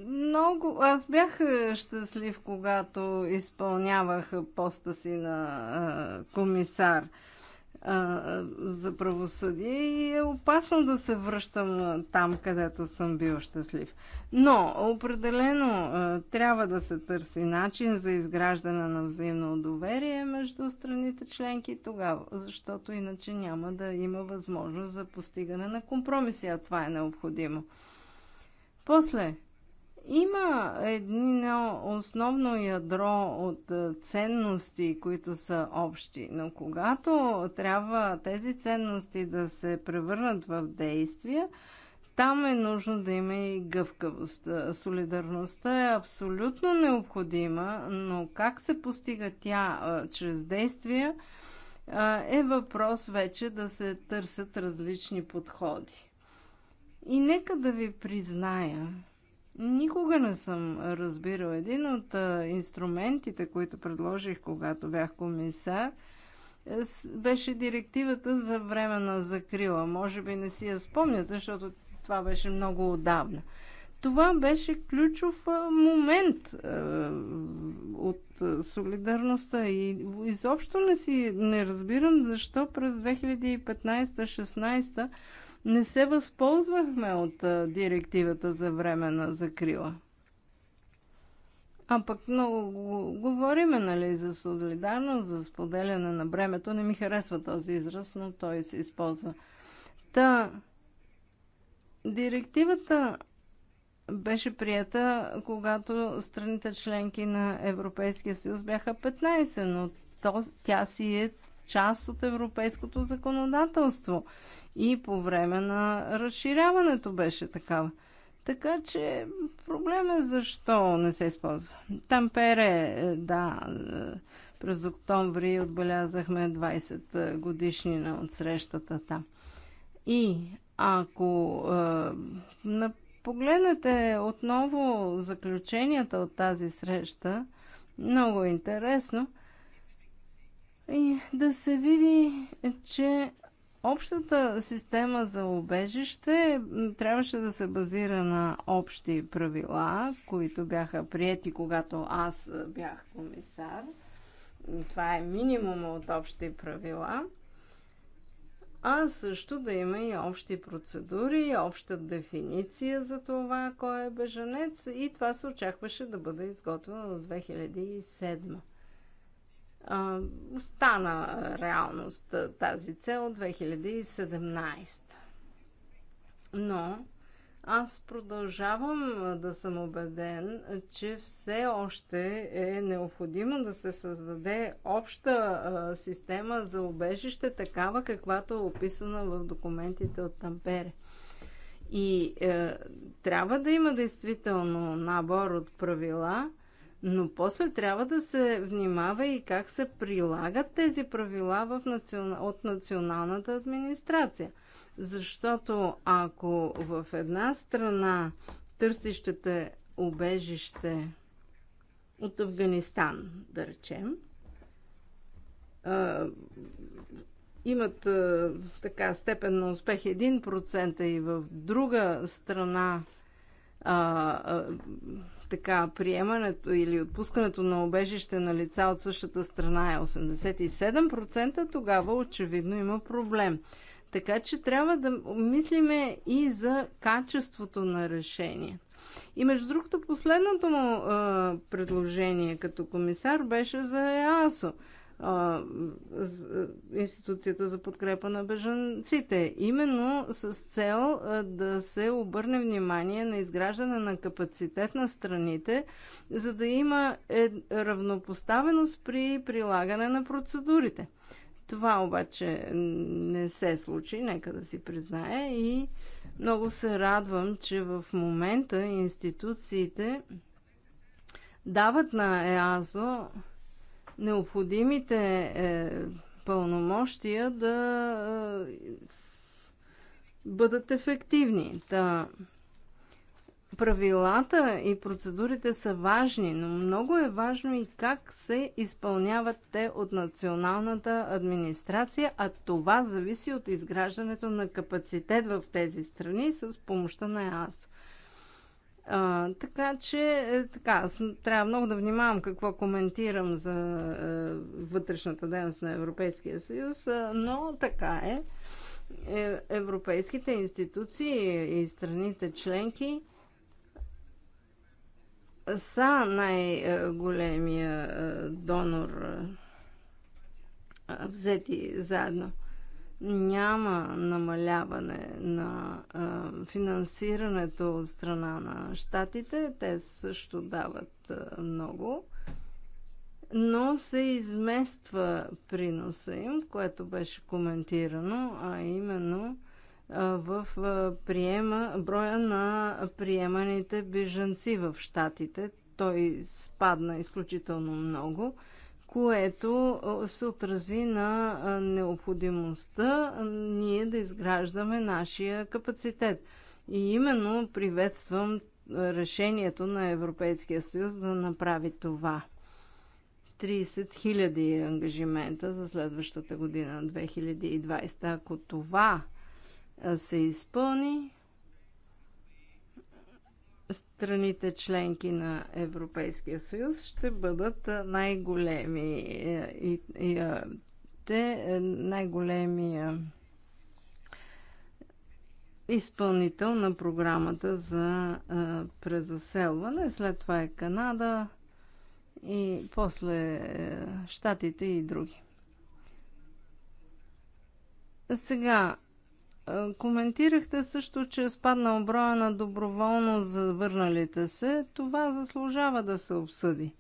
Много... Аз бях щастлив, когато изпълнявах поста си на комисар за правосъдие и е опасно да се връщам там, където съм бил щастлив. Но определено трябва да се търси начин за изграждане на взаимно доверие между страните членки тогава, защото иначе няма да има възможност за постигане на компромиси, а това е необходимо. После, има едно основно ядро от е, ценности, които са общи, но когато трябва тези ценности да се превърнат в действия, там е нужно да има и гъвкавост. Е, солидарността е абсолютно необходима, но как се постига тя е, чрез действия, е въпрос вече да се търсят различни подходи. И нека да ви призная, Никога не съм разбирал един от инструментите, които предложих, когато бях комисар, е, беше директивата за време на закрила. Може би не си я спомняте, защото това беше много отдавна. Това беше ключов момент от солидарността и изобщо не си не разбирам защо през 2015-16 не се възползвахме от директивата за време на закрила. А пък много говориме, нали, за солидарност, за споделяне на бремето. Не ми харесва този израз, но той се използва. Та, директивата беше прията, когато страните членки на Европейския съюз бяха 15, но то, тя си е част от европейското законодателство. И по време на разширяването беше такава. Така че проблем е защо не се използва. Тампере, е, да, е, през октомври отбелязахме 20 е, годишнина от срещата там. И ако е, погледнете отново заключенията от тази среща, много е интересно – и да се види, че общата система за обежище трябваше да се базира на общи правила, които бяха прияти, когато аз бях комисар. Това е минимума от общи правила. А също да има и общи процедури, и обща дефиниция за това кой е бежанец. И това се очакваше да бъде изготвено до 2007 стана реалност тази цел 2017. Но аз продължавам да съм убеден, че все още е необходимо да се създаде обща система за обежище, такава каквато е описана в документите от Тампере. И е, трябва да има действително набор от правила – но после трябва да се внимава и как се прилагат тези правила в национ... от националната администрация. Защото ако в една страна търсищете обежище от Афганистан, да речем, а, имат а, така степен на успех 1% и в друга страна а, а, така приемането или отпускането на обежище на лица от същата страна е 87%, тогава очевидно има проблем. Така че трябва да мислиме и за качеството на решение. И между другото, последното му е, предложение като комисар беше за ЕАСО институцията за подкрепа на бежанците. Именно с цел да се обърне внимание на изграждане на капацитет на страните, за да има е, равнопоставеност при прилагане на процедурите. Това обаче не се случи, нека да си призная и много се радвам, че в момента институциите дават на ЕАЗО необходимите е, пълномощия да е, бъдат ефективни. Та, правилата и процедурите са важни, но много е важно и как се изпълняват те от националната администрация, а това зависи от изграждането на капацитет в тези страни с помощта на ЕАСО. А, така че, е, така, трябва много да внимавам какво коментирам за е, вътрешната дейност на Европейския съюз, е, но така е. е. Европейските институции и страните членки са най-големия е, донор взети заедно няма намаляване на а, финансирането от страна на щатите. Те също дават а, много. Но се измества приноса им, което беше коментирано, а именно в приема, броя на приеманите бежанци в щатите. Той спадна изключително много което се отрази на необходимостта ние да изграждаме нашия капацитет. И именно приветствам решението на Европейския съюз да направи това. 30 000 е ангажимента за следващата година, 2020. Ако това се изпълни, страните членки на Европейския съюз ще бъдат най-големи е, и, и те е, най-големия изпълнител на програмата за а, презаселване. След това е Канада и после Штатите е, и други. Сега е, коментирахте също, че е спаднал броя на доброволно завърналите се. Това заслужава да се обсъди.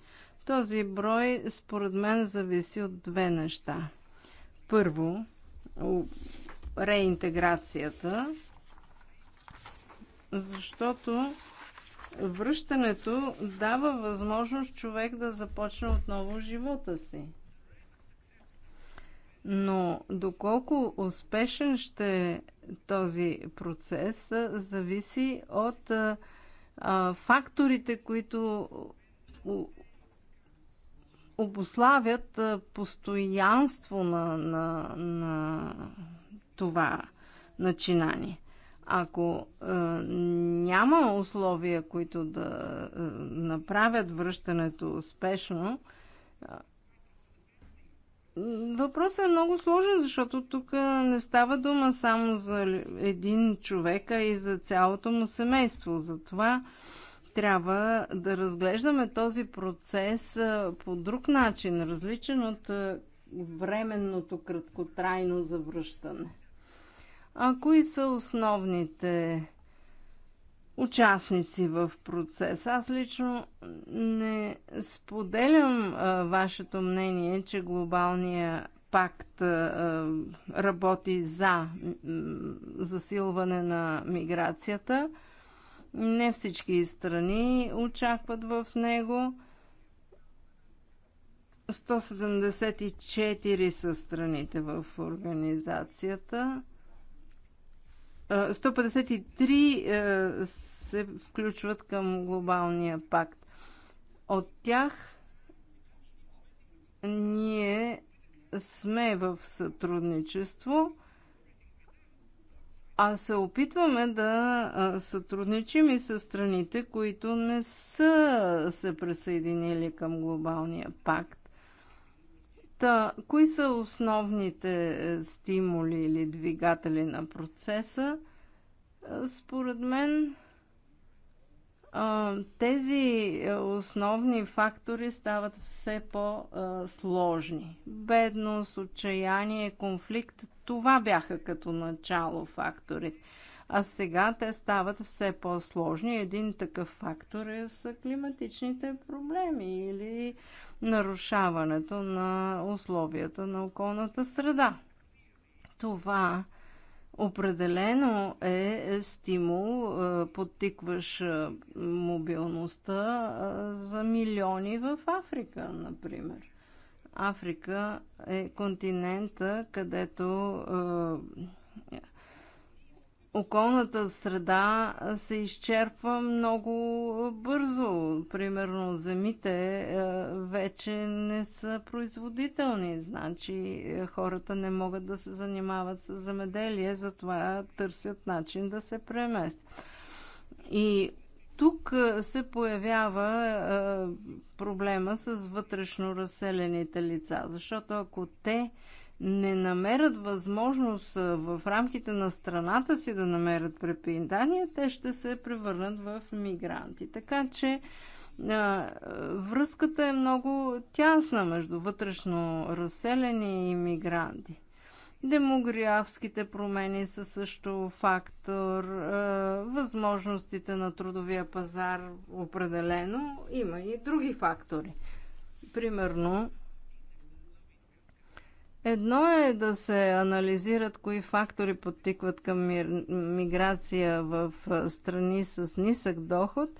Този брой, според мен, зависи от две неща. Първо, реинтеграцията, защото връщането дава възможност човек да започне отново живота си но доколко успешен ще е този процес, зависи от а, факторите, които обославят постоянство на, на, на това начинание. Ако е, няма условия, които да е, направят връщането успешно, Въпросът е много сложен, защото тук не става дума само за един човек, а и за цялото му семейство. Затова трябва да разглеждаме този процес по друг начин, различен от временното краткотрайно завръщане. А кои са основните участници в процеса. Аз лично не споделям а, вашето мнение, че глобалния пакт а, работи за засилване на миграцията. Не всички страни очакват в него. 174 са страните в организацията. 153 е, се включват към глобалния пакт. От тях ние сме в сътрудничество, а се опитваме да сътрудничим и с страните, които не са се присъединили към глобалния пакт. Та, кои са основните е, стимули или двигатели на процеса? Е, според мен тези е, основни фактори стават все по-сложни. Бедност, отчаяние, конфликт това бяха като начало факторите а сега те стават все по-сложни. Един такъв фактор е са климатичните проблеми или нарушаването на условията на околната среда. Това определено е стимул, е, подтикваш е, мобилността е, за милиони в Африка, например. Африка е континента, където околната среда се изчерпва много бързо. Примерно земите вече не са производителни, значи хората не могат да се занимават с земеделие, затова търсят начин да се преместят. И тук се появява проблема с вътрешно разселените лица, защото ако те не намерят възможност в рамките на страната си да намерят препитание, те ще се превърнат в мигранти. Така че връзката е много тясна между вътрешно разселени и мигранти. Демографските промени са също фактор, възможностите на трудовия пазар определено има и други фактори. Примерно, Едно е да се анализират кои фактори подтикват към миграция в страни с нисък доход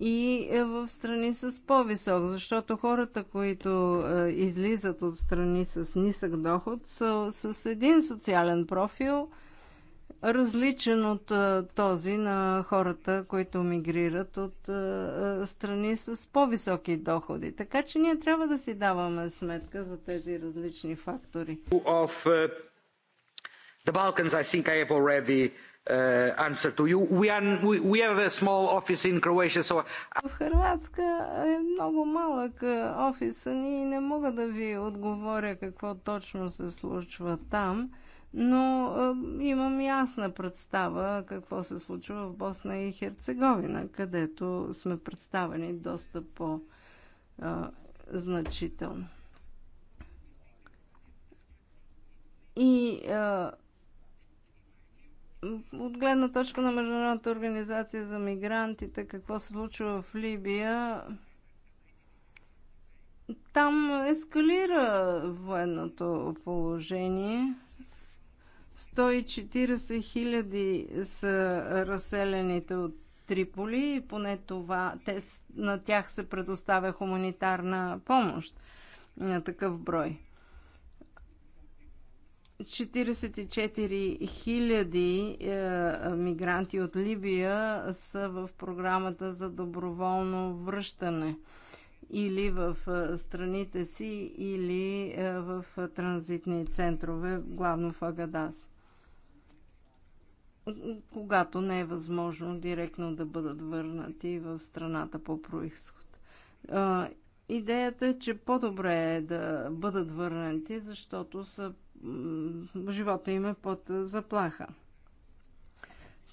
и е, в страни с по-висок, защото хората, които е, излизат от страни с нисък доход, са с един социален профил – различен от този на хората, които мигрират от страни с по-високи доходи. Така че ние трябва да си даваме сметка за тези различни фактори. Of, uh, the Balkans, I think I have already uh, answer to you. We, are, we, we have a small office in Croatia, so... В Хрватска е много малък офиса ни и не мога да ви отговоря какво точно се случва там но имам ясна представа какво се случва в Босна и Херцеговина, където сме представени доста по-значително. И а, от гледна точка на Международната организация за мигрантите, какво се случва в Либия, там ескалира военното положение – 140 хиляди са разселените от Триполи и поне това, те, на тях се предоставя хуманитарна помощ на такъв брой. 44 хиляди е, мигранти от Либия са в програмата за доброволно връщане – или в страните си, или в транзитни центрове, главно в Агадас. Когато не е възможно директно да бъдат върнати в страната по происход. Идеята е, че по-добре е да бъдат върнати, защото са, живота им е под заплаха.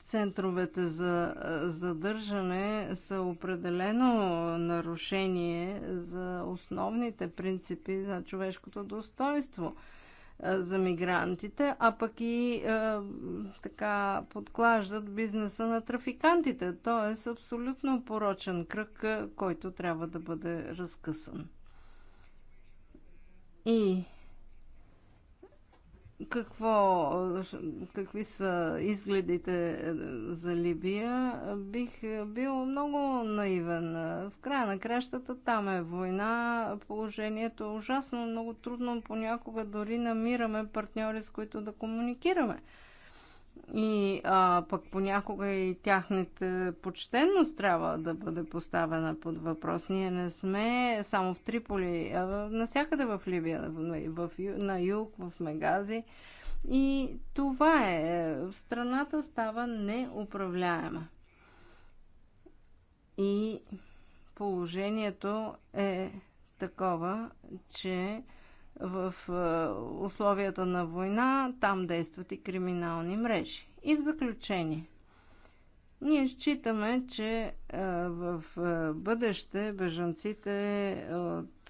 Центровете за задържане са определено нарушение за основните принципи на човешкото достоинство за мигрантите, а пък и е, така подклаждат бизнеса на трафикантите. Тоест абсолютно порочен кръг, който трябва да бъде разкъсан. И какво, какви са изгледите е, за Либия, бих бил много наивен. В края на кращата там е война, положението е ужасно, много трудно, понякога дори намираме партньори, с които да комуникираме. И а, пък понякога и тяхната почтенност трябва да бъде поставена под въпрос. Ние не сме само в Триполи, а насякъде в Либия, в, в, на юг, в Мегази. И това е. Страната става неуправляема. И положението е такова, че в условията на война, там действат и криминални мрежи. И в заключение, ние считаме, че в бъдеще бежанците от.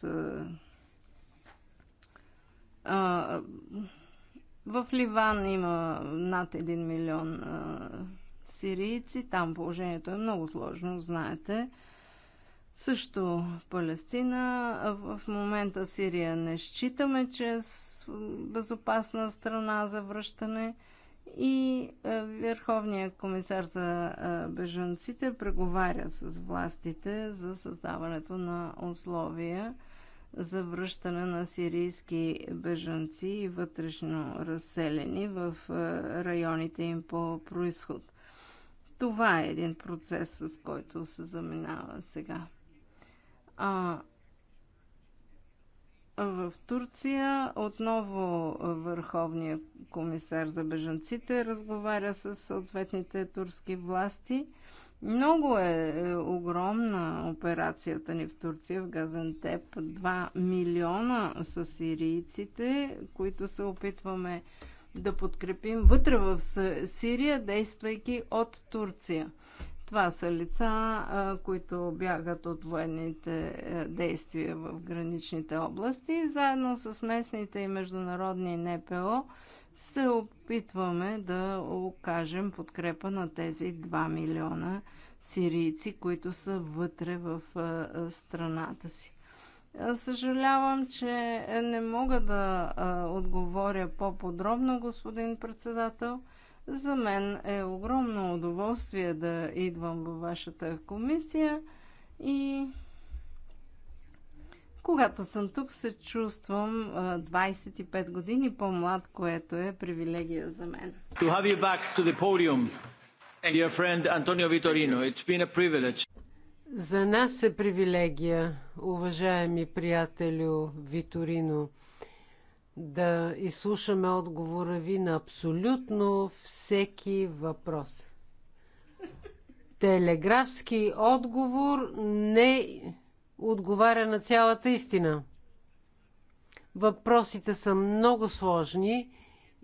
В Ливан има над 1 милион сирийци. Там положението е много сложно, знаете. Също Палестина, в момента Сирия не считаме, че е безопасна страна за връщане и е, Върховният комисар за е, бежанците преговаря с властите за създаването на условия за връщане на сирийски бежанци и вътрешно разселени в е, районите им по происход. Това е един процес, с който се заминава сега. А, в Турция отново Върховният комисар за бежанците разговаря с съответните турски власти. Много е, е огромна операцията ни в Турция, в Газентеп. 2 милиона са сирийците, които се опитваме да подкрепим вътре в Сирия, действайки от Турция. Това са лица, които бягат от военните е, действия в граничните области. Заедно с местните и международни НПО се опитваме да окажем подкрепа на тези 2 милиона сирийци, които са вътре в е, страната си. Е, съжалявам, че не мога да отговоря по-подробно, господин председател – за мен е огромно удоволствие да идвам във вашата комисия и когато съм тук се чувствам 25 години по-млад, което е привилегия за мен. To have you back to the podium, dear friend Antonio Vitorino, it's been a privilege. За нас е привилегия, уважаеми приятелю Виторино да изслушаме отговора ви на абсолютно всеки въпрос. Телеграфски отговор не отговаря на цялата истина. Въпросите са много сложни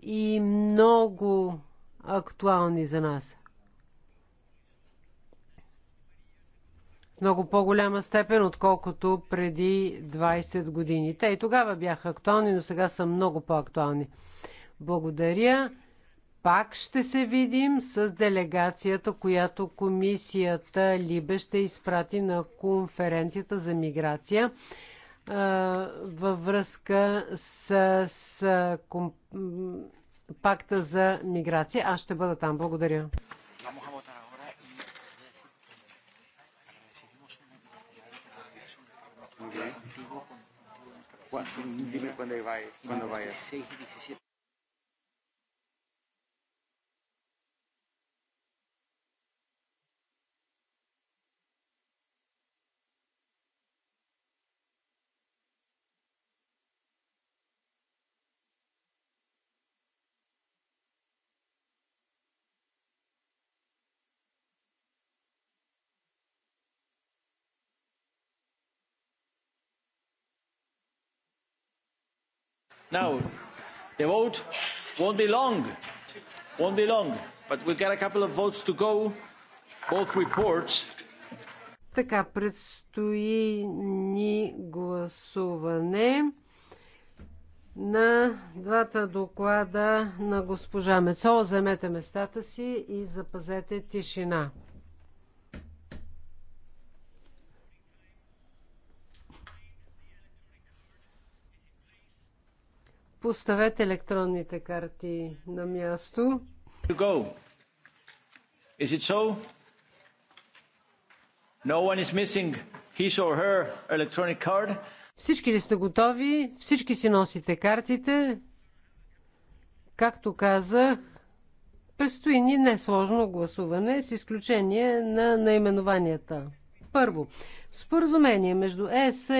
и много актуални за нас. много по-голяма степен, отколкото преди 20 години. Те и тогава бяха актуални, но сега са много по-актуални. Благодаря. Пак ще се видим с делегацията, която комисията Либе ще изпрати на конференцията за миграция във връзка с, с комп... пакта за миграция. Аз ще бъда там. Благодаря. cuándo, dime cuándo, va, Cuando vaya. 16 y 17. Now, the vote won't be long, won't be long, but we've got a couple of votes to go, both reports. Така, предстои ни гласуване на двата доклада на госпожа Мецола. Замете местата си и запазете тишина. Поставете електронните карти на място. Is it so? No one is missing his or her electronic card. Всички ли сте готови? Всички си носите картите. Както казах, предстои ни несложно гласуване с изключение на наименованията. Първо, споразумение между ЕС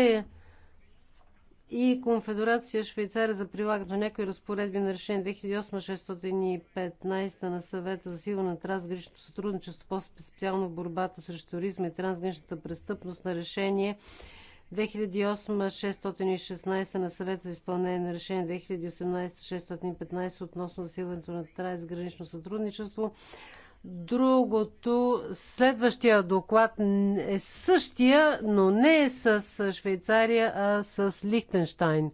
и Конфедерация Швейцария за прилагането на някои разпоредби на решение 2008-615 на съвета за сигурно на трансграничното сътрудничество, по-специално в борбата срещу туризма и трансграничната престъпност на решение 2008-616 на съвета за изпълнение на решение 2018-615 относно засилването на трансгранично сътрудничество Другото, следващия доклад е същия, но не е с Швейцария, а с Лихтенштайн.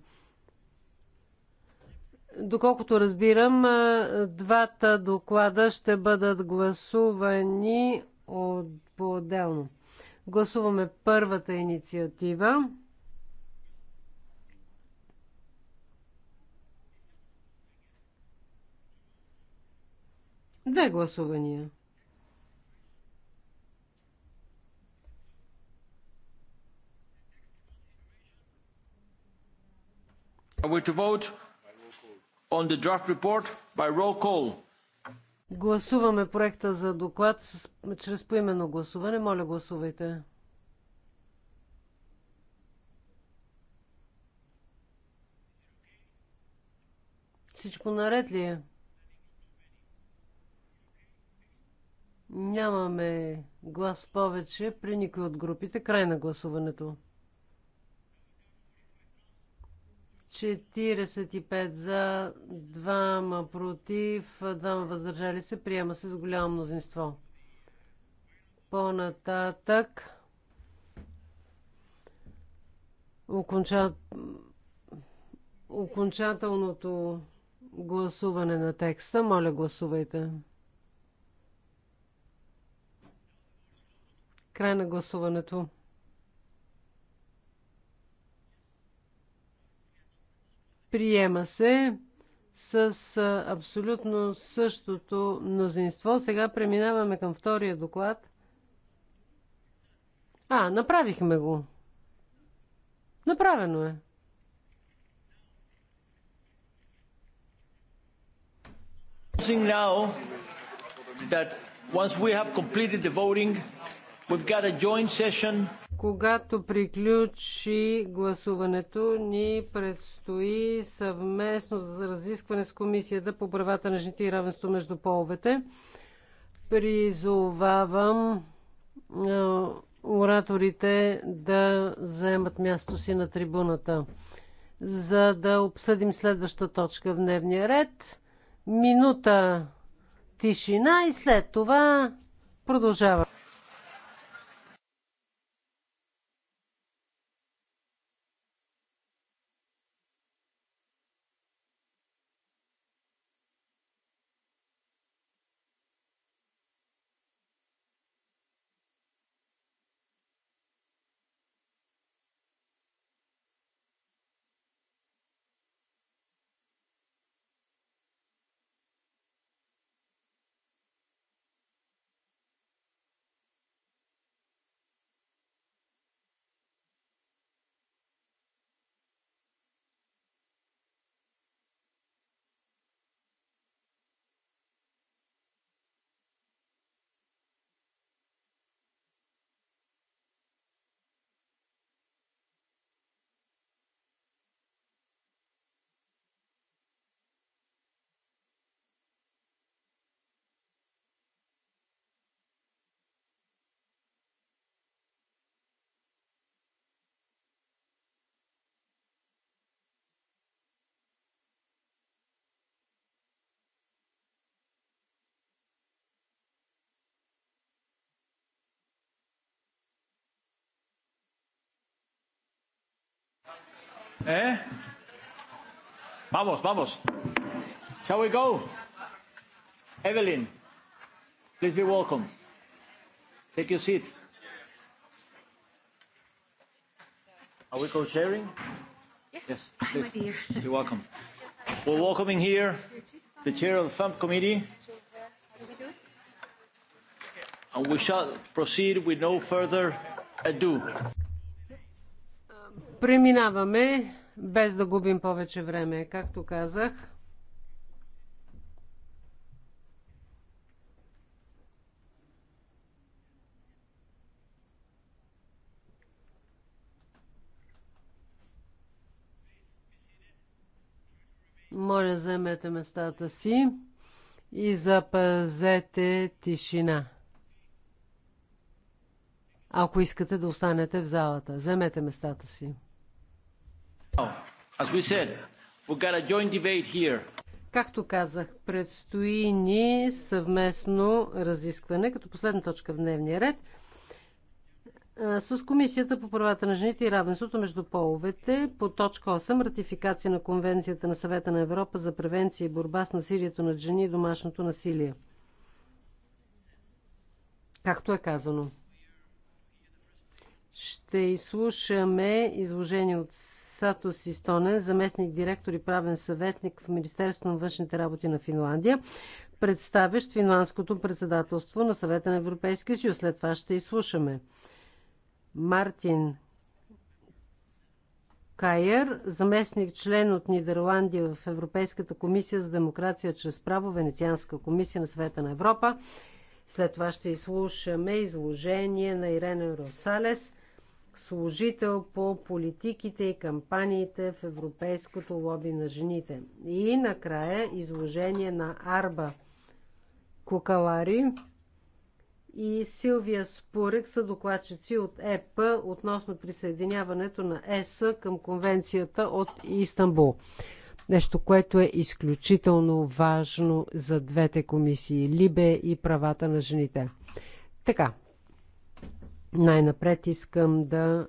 Доколкото разбирам, двата доклада ще бъдат гласувани от, по-отделно. Гласуваме първата инициатива. Две гласувания. to vote on the draft report by roll call? Гласуваме проекта за доклад с, чрез поименно гласуване. Моля, гласувайте. Всичко наред ли е? Нямаме глас повече при никой от групите. Край на гласуването. 45 за, 2 против, 2 въздържали се. Приема се с голямо мнозинство. По-нататък. Окончателното гласуване на текста. Моля, гласувайте. Край на гласуването. Приема се с абсолютно същото мнозинство. Сега преминаваме към втория доклад. А, направихме го. Направено е. Now that once we have completed the voting, когато приключи гласуването, ни предстои съвместно за разискване с Комисията по правата на жените и равенство между половете. Призовавам ораторите да заемат място си на трибуната, за да обсъдим следваща точка в дневния ред. Минута тишина и след това продължаваме. ¿Eh? Vamos, vamos. Shall we go? Evelyn, please be welcome. Take your seat. Are we co-chairing? Yes. yes Hi, my dear. You're welcome. We're welcoming here the chair of the FAMP committee. And we shall proceed with no further ado. Преминаваме, без да губим повече време, както казах. Моля, заемете местата си и запазете тишина. Ако искате да останете в залата, заемете местата си. Както казах, предстои ни съвместно разискване, като последна точка в дневния ред, с Комисията по правата на жените и равенството между половете по точка 8 ратификация на Конвенцията на съвета на Европа за превенция и борба с насилието над жени и домашното насилие. Както е казано. Ще изслушаме изложение от Сатос Истонен, заместник директор и правен съветник в Министерството на външните работи на Финландия, представящ финландското председателство на съвета на Европейския съюз. След това ще изслушаме Мартин Кайер, заместник член от Нидерландия в Европейската комисия за демокрация чрез право, Венецианска комисия на съвета на Европа. След това ще изслушаме изложение на Ирена Росалес, служител по политиките и кампаниите в Европейското лоби на жените. И накрая изложение на Арба Кукалари и Силвия Спурек са докладчици от ЕП относно присъединяването на ЕС към конвенцията от Истанбул. Нещо, което е изключително важно за двете комисии Либе и правата на жените. Така, най-напред искам да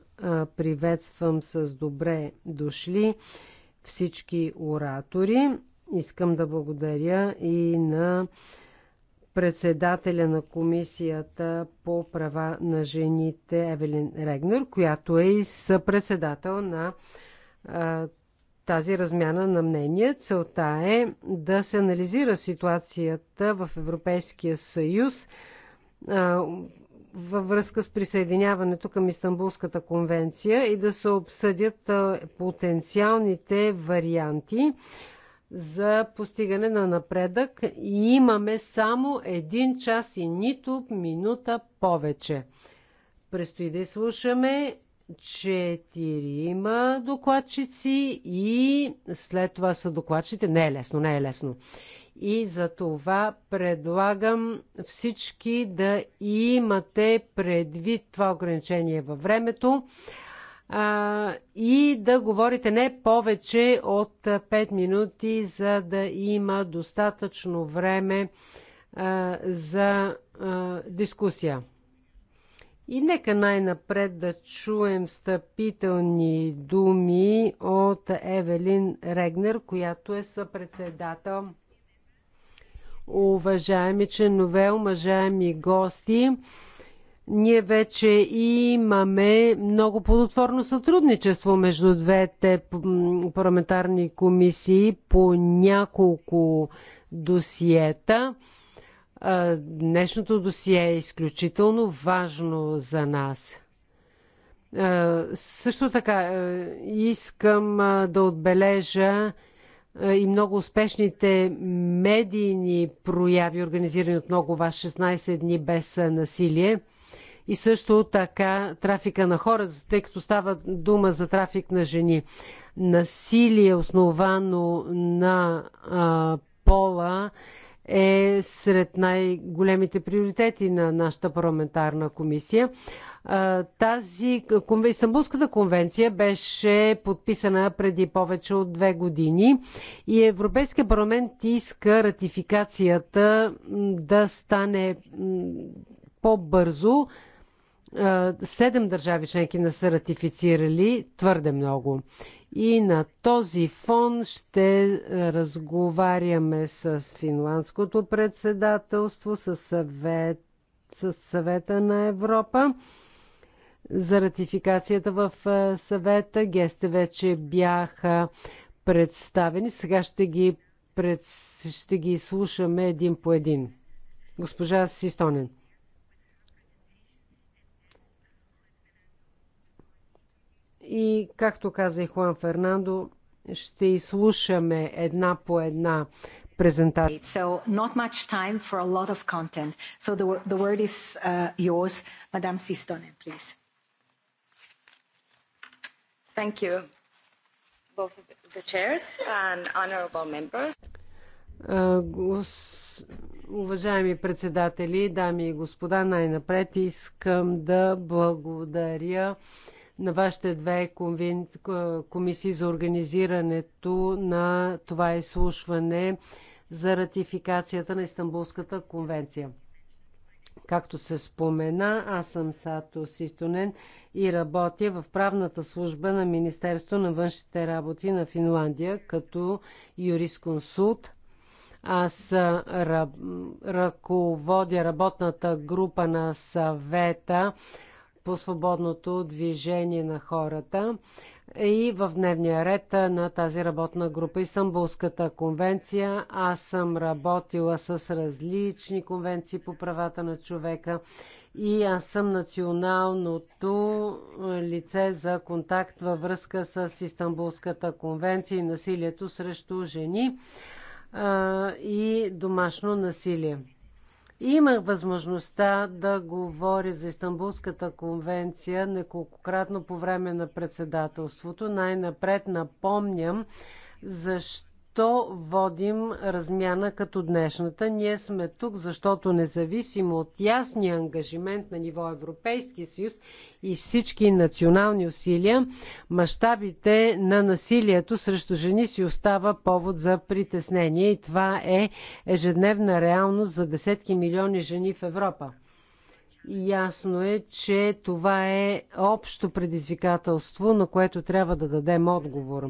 приветствам с добре дошли всички оратори. Искам да благодаря и на председателя на комисията по права на жените Евелин Регнер, която е и съпредседател на а, тази размяна на мнение. Целта е да се анализира ситуацията в Европейския съюз, а, във връзка с присъединяването към Истанбулската конвенция и да се обсъдят потенциалните варианти за постигане на напредък. И имаме само един час и нито минута повече. Престои да изслушаме четирима докладчици и след това са докладчите. Не е лесно, не е лесно. И за това предлагам всички да имате предвид това ограничение във времето а, и да говорите не повече от 5 минути, за да има достатъчно време а, за а, дискусия. И нека най-напред да чуем встъпителни думи от Евелин Регнер, която е съпредседател уважаеми членове, уважаеми гости. Ние вече имаме много плодотворно сътрудничество между двете парламентарни комисии по няколко досиета. Днешното досие е изключително важно за нас. Също така искам да отбележа е, и много успешните медийни прояви, организирани от много вас 16 дни без е, насилие. И също така трафика на хора, тъй като става дума за трафик на жени. Насилие, основано на а, пола, е сред най-големите приоритети на нашата парламентарна комисия. Тази Истанбулската конвенция беше подписана преди повече от две години и Европейския парламент иска ратификацията да стане по-бързо. Седем държави членки не са ратифицирали твърде много. И на този фон ще е, разговаряме с финландското председателство, с, съвет, с съвета на Европа за ратификацията в съвета. Гесте вече бяха представени. Сега ще ги, пред... ще ги слушаме един по един. Госпожа Систонен. И, както каза и Хуан Фернандо, ще изслушаме една по една презентация. So not much time for a lot of Thank you, both the chairs and honorable members. Уважаеми председатели, дами и господа, най-напред искам да благодаря на вашите две комисии за организирането на това изслушване за ратификацията на Истанбулската конвенция. Както се спомена, аз съм Сато Систонен и работя в правната служба на Министерство на външните работи на Финландия като юрисконсулт. Аз ръководя работната група на съвета по свободното движение на хората. Е и в дневния ред на тази работна група Истанбулската конвенция. Аз съм работила с различни конвенции по правата на човека и аз съм националното лице за контакт във връзка с Истанбулската конвенция и насилието срещу жени и домашно насилие. Имах възможността да говоря за Истанбулската конвенция неколкократно по време на председателството. Най-напред напомням защо защо водим размяна като днешната. Ние сме тук, защото независимо от ясния ангажимент на ниво Европейски съюз и всички национални усилия, мащабите на насилието срещу жени си остава повод за притеснение и това е ежедневна реалност за десетки милиони жени в Европа. Ясно е, че това е общо предизвикателство, на което трябва да дадем отговор.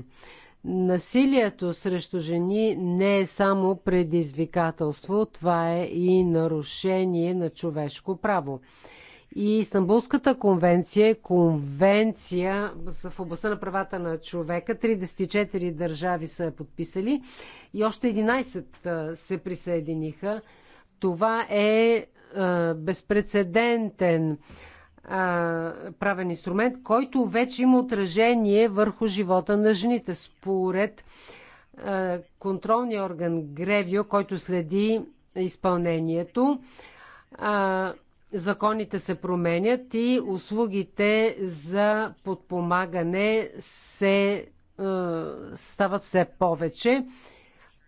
Насилието срещу жени не е само предизвикателство, това е и нарушение на човешко право. И Истанбулската конвенция е конвенция в областта на правата на човека. 34 държави са я подписали и още 11 се присъединиха. Това е безпредседентен правен инструмент, който вече има отражение върху живота на жените. Според контролния орган Гревио, който следи изпълнението, законите се променят и услугите за подпомагане се стават все повече.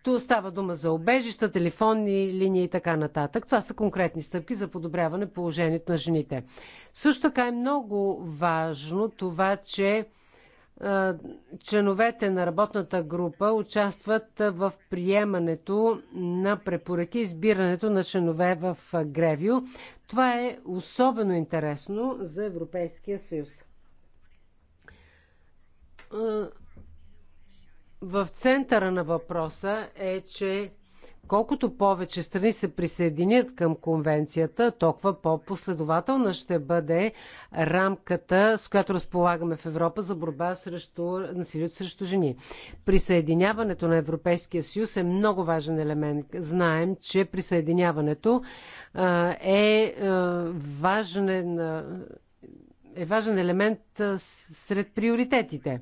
Ту става дума за обежища, телефонни линии и така нататък. Това са конкретни стъпки за подобряване положението на жените. Също така е много важно това, че членовете на работната група участват в приемането на препоръки, избирането на членове в Гревио. Това е особено интересно за Европейския съюз в центъра на въпроса е, че колкото повече страни се присъединят към конвенцията, толкова по-последователна ще бъде рамката, с която разполагаме в Европа за борба срещу насилието срещу жени. Присъединяването на Европейския съюз е много важен елемент. Знаем, че присъединяването е важен, е, е важен елемент сред приоритетите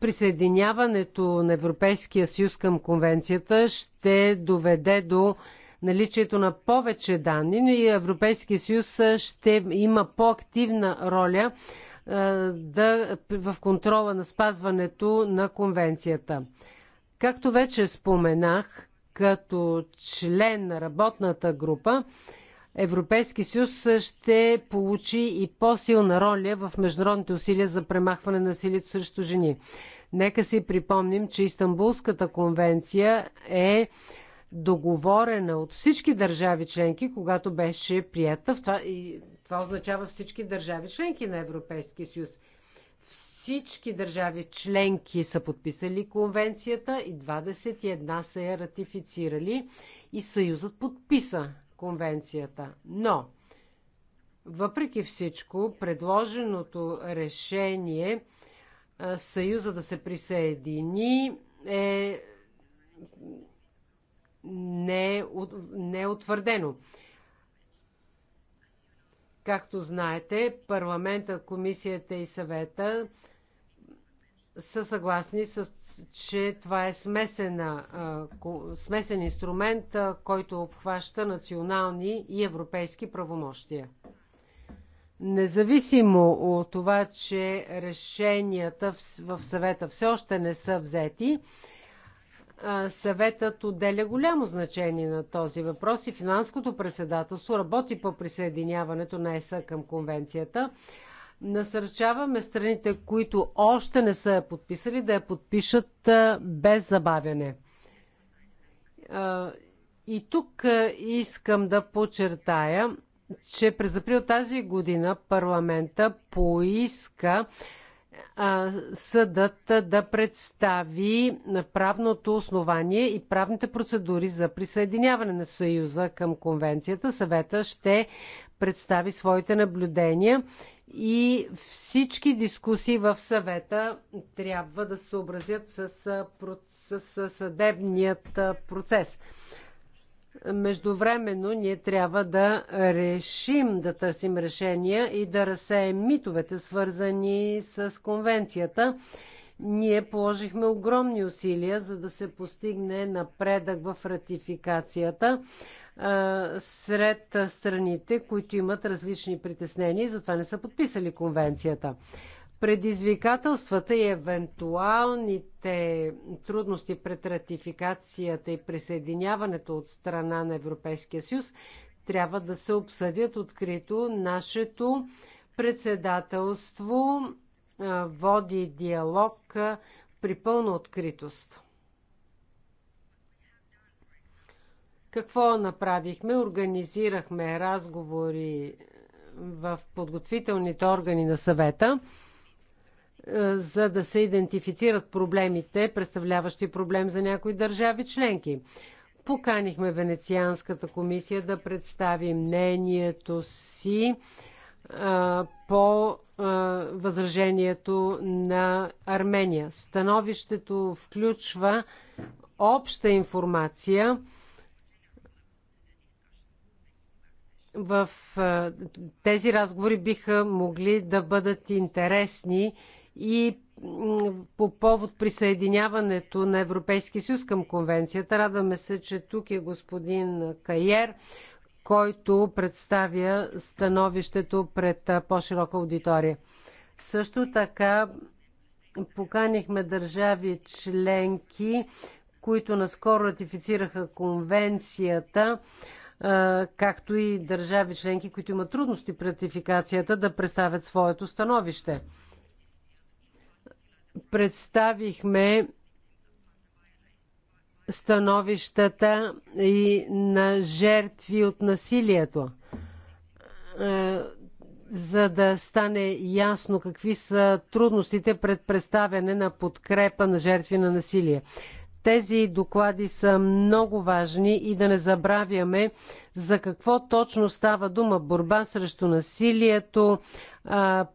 Присъединяването на Европейския съюз към конвенцията ще доведе до наличието на повече данни, но и Европейския съюз ще има по-активна роля да, в контрола на спазването на конвенцията. Както вече споменах, като член на работната група, Европейски съюз ще получи и по-силна роля в международните усилия за премахване на насилието срещу жени. Нека си припомним, че Истанбулската конвенция е договорена от всички държави членки, когато беше прията. Това, и това означава всички държави членки на Европейския съюз. Всички държави членки са подписали конвенцията и 21 са я ратифицирали и Съюзът подписа конвенцията. Но, въпреки всичко, предложеното решение Съюза да се присъедини е неутвърдено. Както знаете, парламента, комисията и съвета са съгласни с, че това е смесена, смесен инструмент, който обхваща национални и европейски правомощия. Независимо от това, че решенията в съвета все още не са взети, съветът отделя голямо значение на този въпрос и финанското председателство работи по присъединяването на ЕСА към конвенцията. Насърчаваме страните, които още не са я подписали, да я подпишат без забавяне. И тук искам да подчертая, че през април тази година парламента поиска съдът да представи правното основание и правните процедури за присъединяване на Съюза към конвенцията. Съвета ще представи своите наблюдения и всички дискусии в съвета трябва да се образят с, с, с съдебният процес. Междувременно ние трябва да решим да търсим решения и да разсеем митовете, свързани с конвенцията. Ние положихме огромни усилия, за да се постигне напредък в ратификацията сред страните, които имат различни притеснения и затова не са подписали конвенцията. Предизвикателствата и евентуалните трудности пред ратификацията и присъединяването от страна на Европейския съюз трябва да се обсъдят открито. Нашето председателство води диалог при пълна откритост. Какво направихме? Организирахме разговори е, в подготвителните органи на съвета, е, за да се идентифицират проблемите, представляващи проблем за някои държави членки. Поканихме Венецианската комисия да представи мнението си е, по възражението на Армения. Становището включва обща информация в тези разговори биха могли да бъдат интересни и по повод присъединяването на Европейския съюз към конвенцията. Радваме се, че тук е господин Кайер, който представя становището пред по-широка аудитория. Също така поканихме държави членки, които наскоро ратифицираха конвенцията както и държави членки, които имат трудности при ратификацията, да представят своето становище. Представихме становищата и на жертви от насилието, за да стане ясно какви са трудностите пред представяне на подкрепа на жертви на насилие. Тези доклади са много важни и да не забравяме за какво точно става дума. Борба срещу насилието,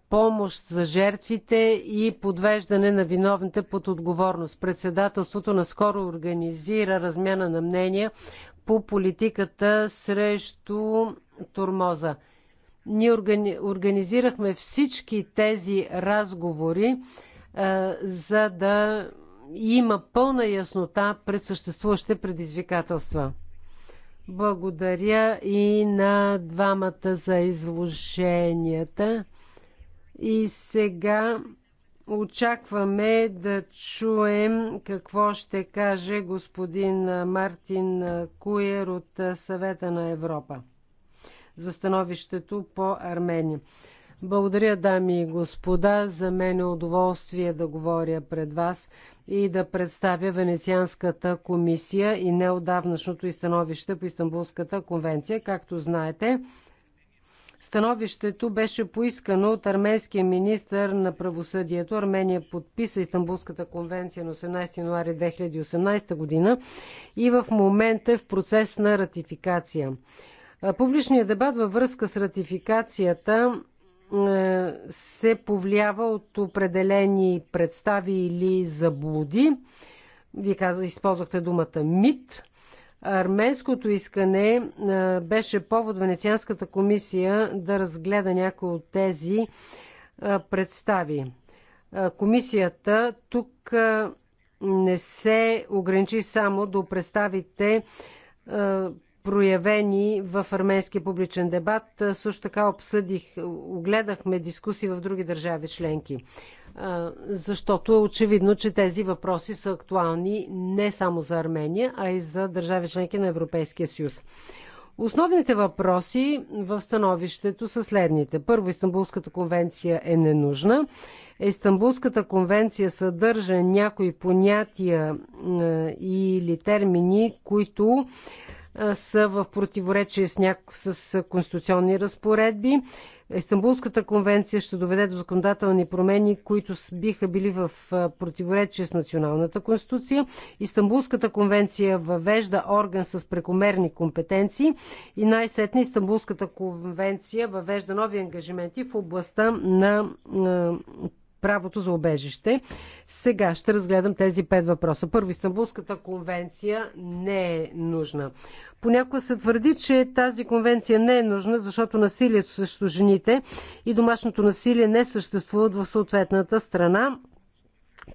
помощ за жертвите и подвеждане на виновните под отговорност. Председателството наскоро организира размяна на мнения по политиката срещу турмоза. Ние органи... организирахме всички тези разговори, за да и има пълна яснота пред съществуващите предизвикателства. Благодаря и на двамата за изложенията. И сега очакваме да чуем какво ще каже господин Мартин Куер от Съвета на Европа за становището по Армения. Благодаря, дами и господа. За мен е удоволствие да говоря пред вас и да представя Венецианската комисия и неодавнашното изстановище по Истанбулската конвенция. Както знаете, Становището беше поискано от арменския министр на правосъдието. Армения подписа Истанбулската конвенция на 18 януари 2018 година и в момента е в процес на ратификация. Публичният дебат във връзка с ратификацията е, се повлиява от определени представи или заблуди. Вие казах, използвахте думата мит. Арменското искане е, беше повод Венецианската комисия да разгледа някои от тези е, представи. Комисията тук не се ограничи само до представите проявени в арменския публичен дебат. Също така обсъдих, огледахме дискусии в други държави членки, защото е очевидно, че тези въпроси са актуални не само за Армения, а и за държави членки на Европейския съюз. Основните въпроси в становището са следните. Първо, Истанбулската конвенция е ненужна. Истанбулската конвенция съдържа някои понятия или термини, които са в противоречие с, няко... с конституционни разпоредби. Истанбулската конвенция ще доведе до законодателни промени, които биха били в противоречие с националната конституция. Истанбулската конвенция въвежда орган с прекомерни компетенции и най-сетне Истанбулската конвенция въвежда нови ангажименти в областта на правото за обежище. Сега ще разгледам тези пет въпроса. Първо, Истанбулската конвенция не е нужна. Понякога се твърди, че тази конвенция не е нужна, защото насилието срещу жените и домашното насилие не съществуват в съответната страна.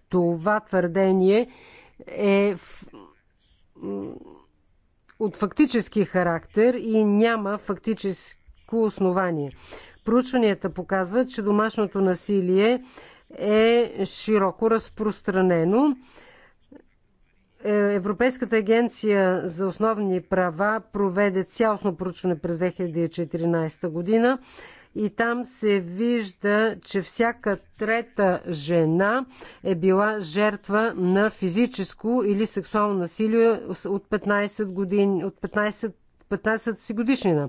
Това твърдение е от фактически характер и няма фактическо основание. Проучванията показват, че домашното насилие е широко разпространено. Е, Европейската агенция за основни права проведе цялостно проучване през 2014 година и там се вижда, че всяка трета жена е била жертва на физическо или сексуално насилие от 15 години, от 15 15 годишнина.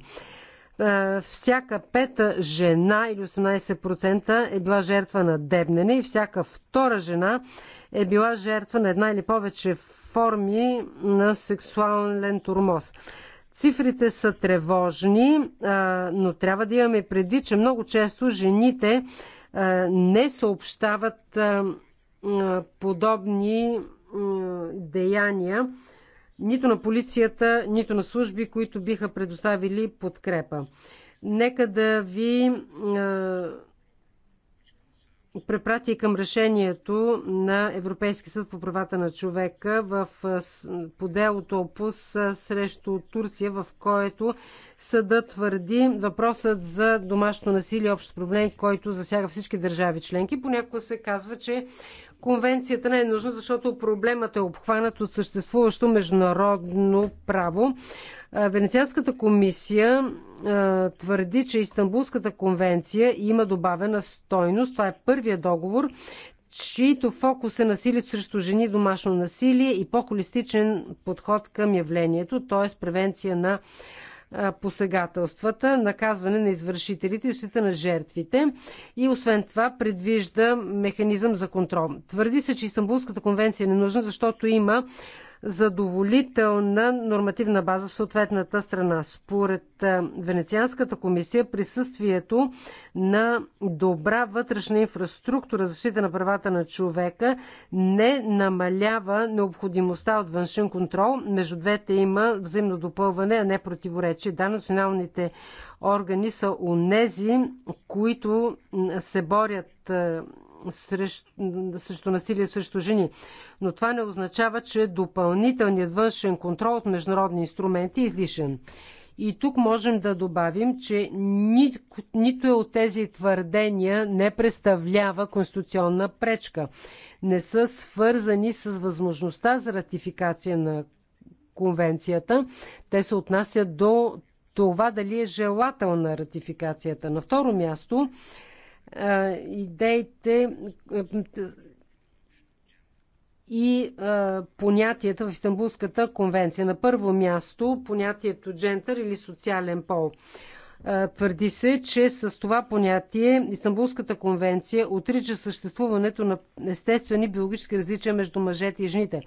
Е, всяка пета жена или 18% е била жертва на дебнене и всяка втора жена е била жертва на една или повече форми на сексуален турмоз. Цифрите са тревожни, е, но трябва да имаме предвид, че много често жените е, не съобщават подобни деяния нито на полицията, нито на служби, които биха предоставили подкрепа. Нека да ви е, препрати към решението на Европейски съд по правата на човека в поделото ОПУС срещу Турция, в което съда твърди въпросът за домашно насилие, общ проблем, който засяга всички държави членки. Понякога се казва, че Конвенцията не е нужна, защото проблемът е обхванат от съществуващо международно право. Венецианската комисия а, твърди, че Истанбулската конвенция има добавена стойност. Това е първия договор, чието фокус е насилие срещу жени, домашно насилие и по-холистичен подход към явлението, т.е. превенция на посегателствата, наказване на извършителите и защита на жертвите. И освен това предвижда механизъм за контрол. Твърди се, че Истанбулската конвенция е ненужна, защото има задоволителна нормативна база в съответната страна. Според е, Венецианската комисия, присъствието на добра вътрешна инфраструктура за защита на правата на човека не намалява необходимостта от външен контрол. Между двете има взаимно допълване, а не противоречие. Да, националните органи са унези, които се борят е, срещу, срещу насилие срещу жени. Но това не означава, че допълнителният външен контрол от международни инструменти е излишен. И тук можем да добавим, че ни, нито е от тези твърдения не представлява конституционна пречка. Не са свързани с възможността за ратификация на конвенцията. Те се отнасят до това дали е желателна ратификацията. На второ място, идеите и понятията в Истанбулската конвенция. На първо място понятието джентър или социален пол. Твърди се, че с това понятие Истанбулската конвенция отрича съществуването на естествени биологически различия между мъжете и жените.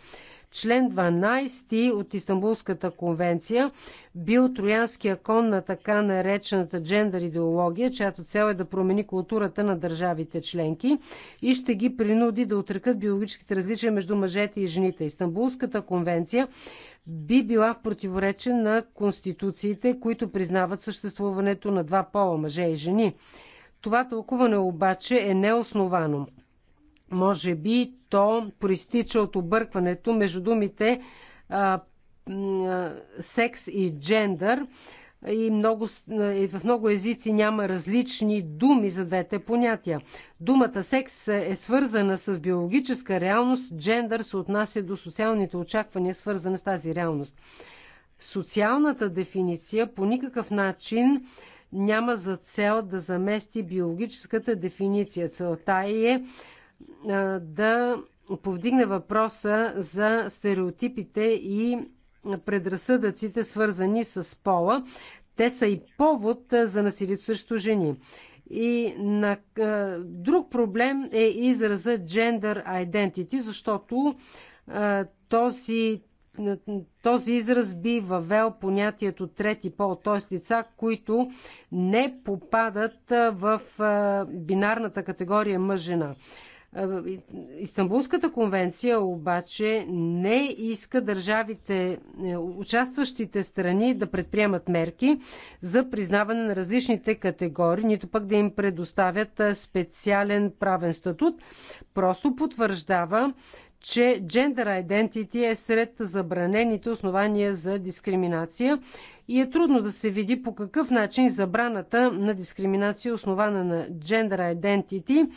Член 12 от Истанбулската конвенция бил троянския кон на така наречената джендър идеология, чиято цел е да промени културата на държавите членки и ще ги принуди да отрекат биологическите различия между мъжете и жените. Истанбулската конвенция би била в противоречие на конституциите, които признават съществуването на два пола мъже и жени. Това тълкуване обаче е неосновано. Може би то проистича от объркването между думите а, секс и джендър. И, много, и в много езици няма различни думи за двете понятия. Думата секс е свързана с биологическа реалност, джендър се отнася до социалните очаквания, свързани с тази реалност. Социалната дефиниция по никакъв начин няма за цел да замести биологическата дефиниция. Целта е да повдигне въпроса за стереотипите и предразсъдъците, свързани с пола. Те са и повод за насилието срещу жени. И на, а, друг проблем е израза gender identity, защото а, този, този израз би въвел понятието трети пол, т.е. лица, които не попадат в а, бинарната категория мъж-жена. Истанбулската конвенция обаче не иска държавите, е, участващите страни да предприемат мерки за признаване на различните категории, нито пък да им предоставят е, специален правен статут. Просто потвърждава, че gender identity е сред забранените основания за дискриминация и е трудно да се види по какъв начин забраната на дискриминация, основана на gender identity,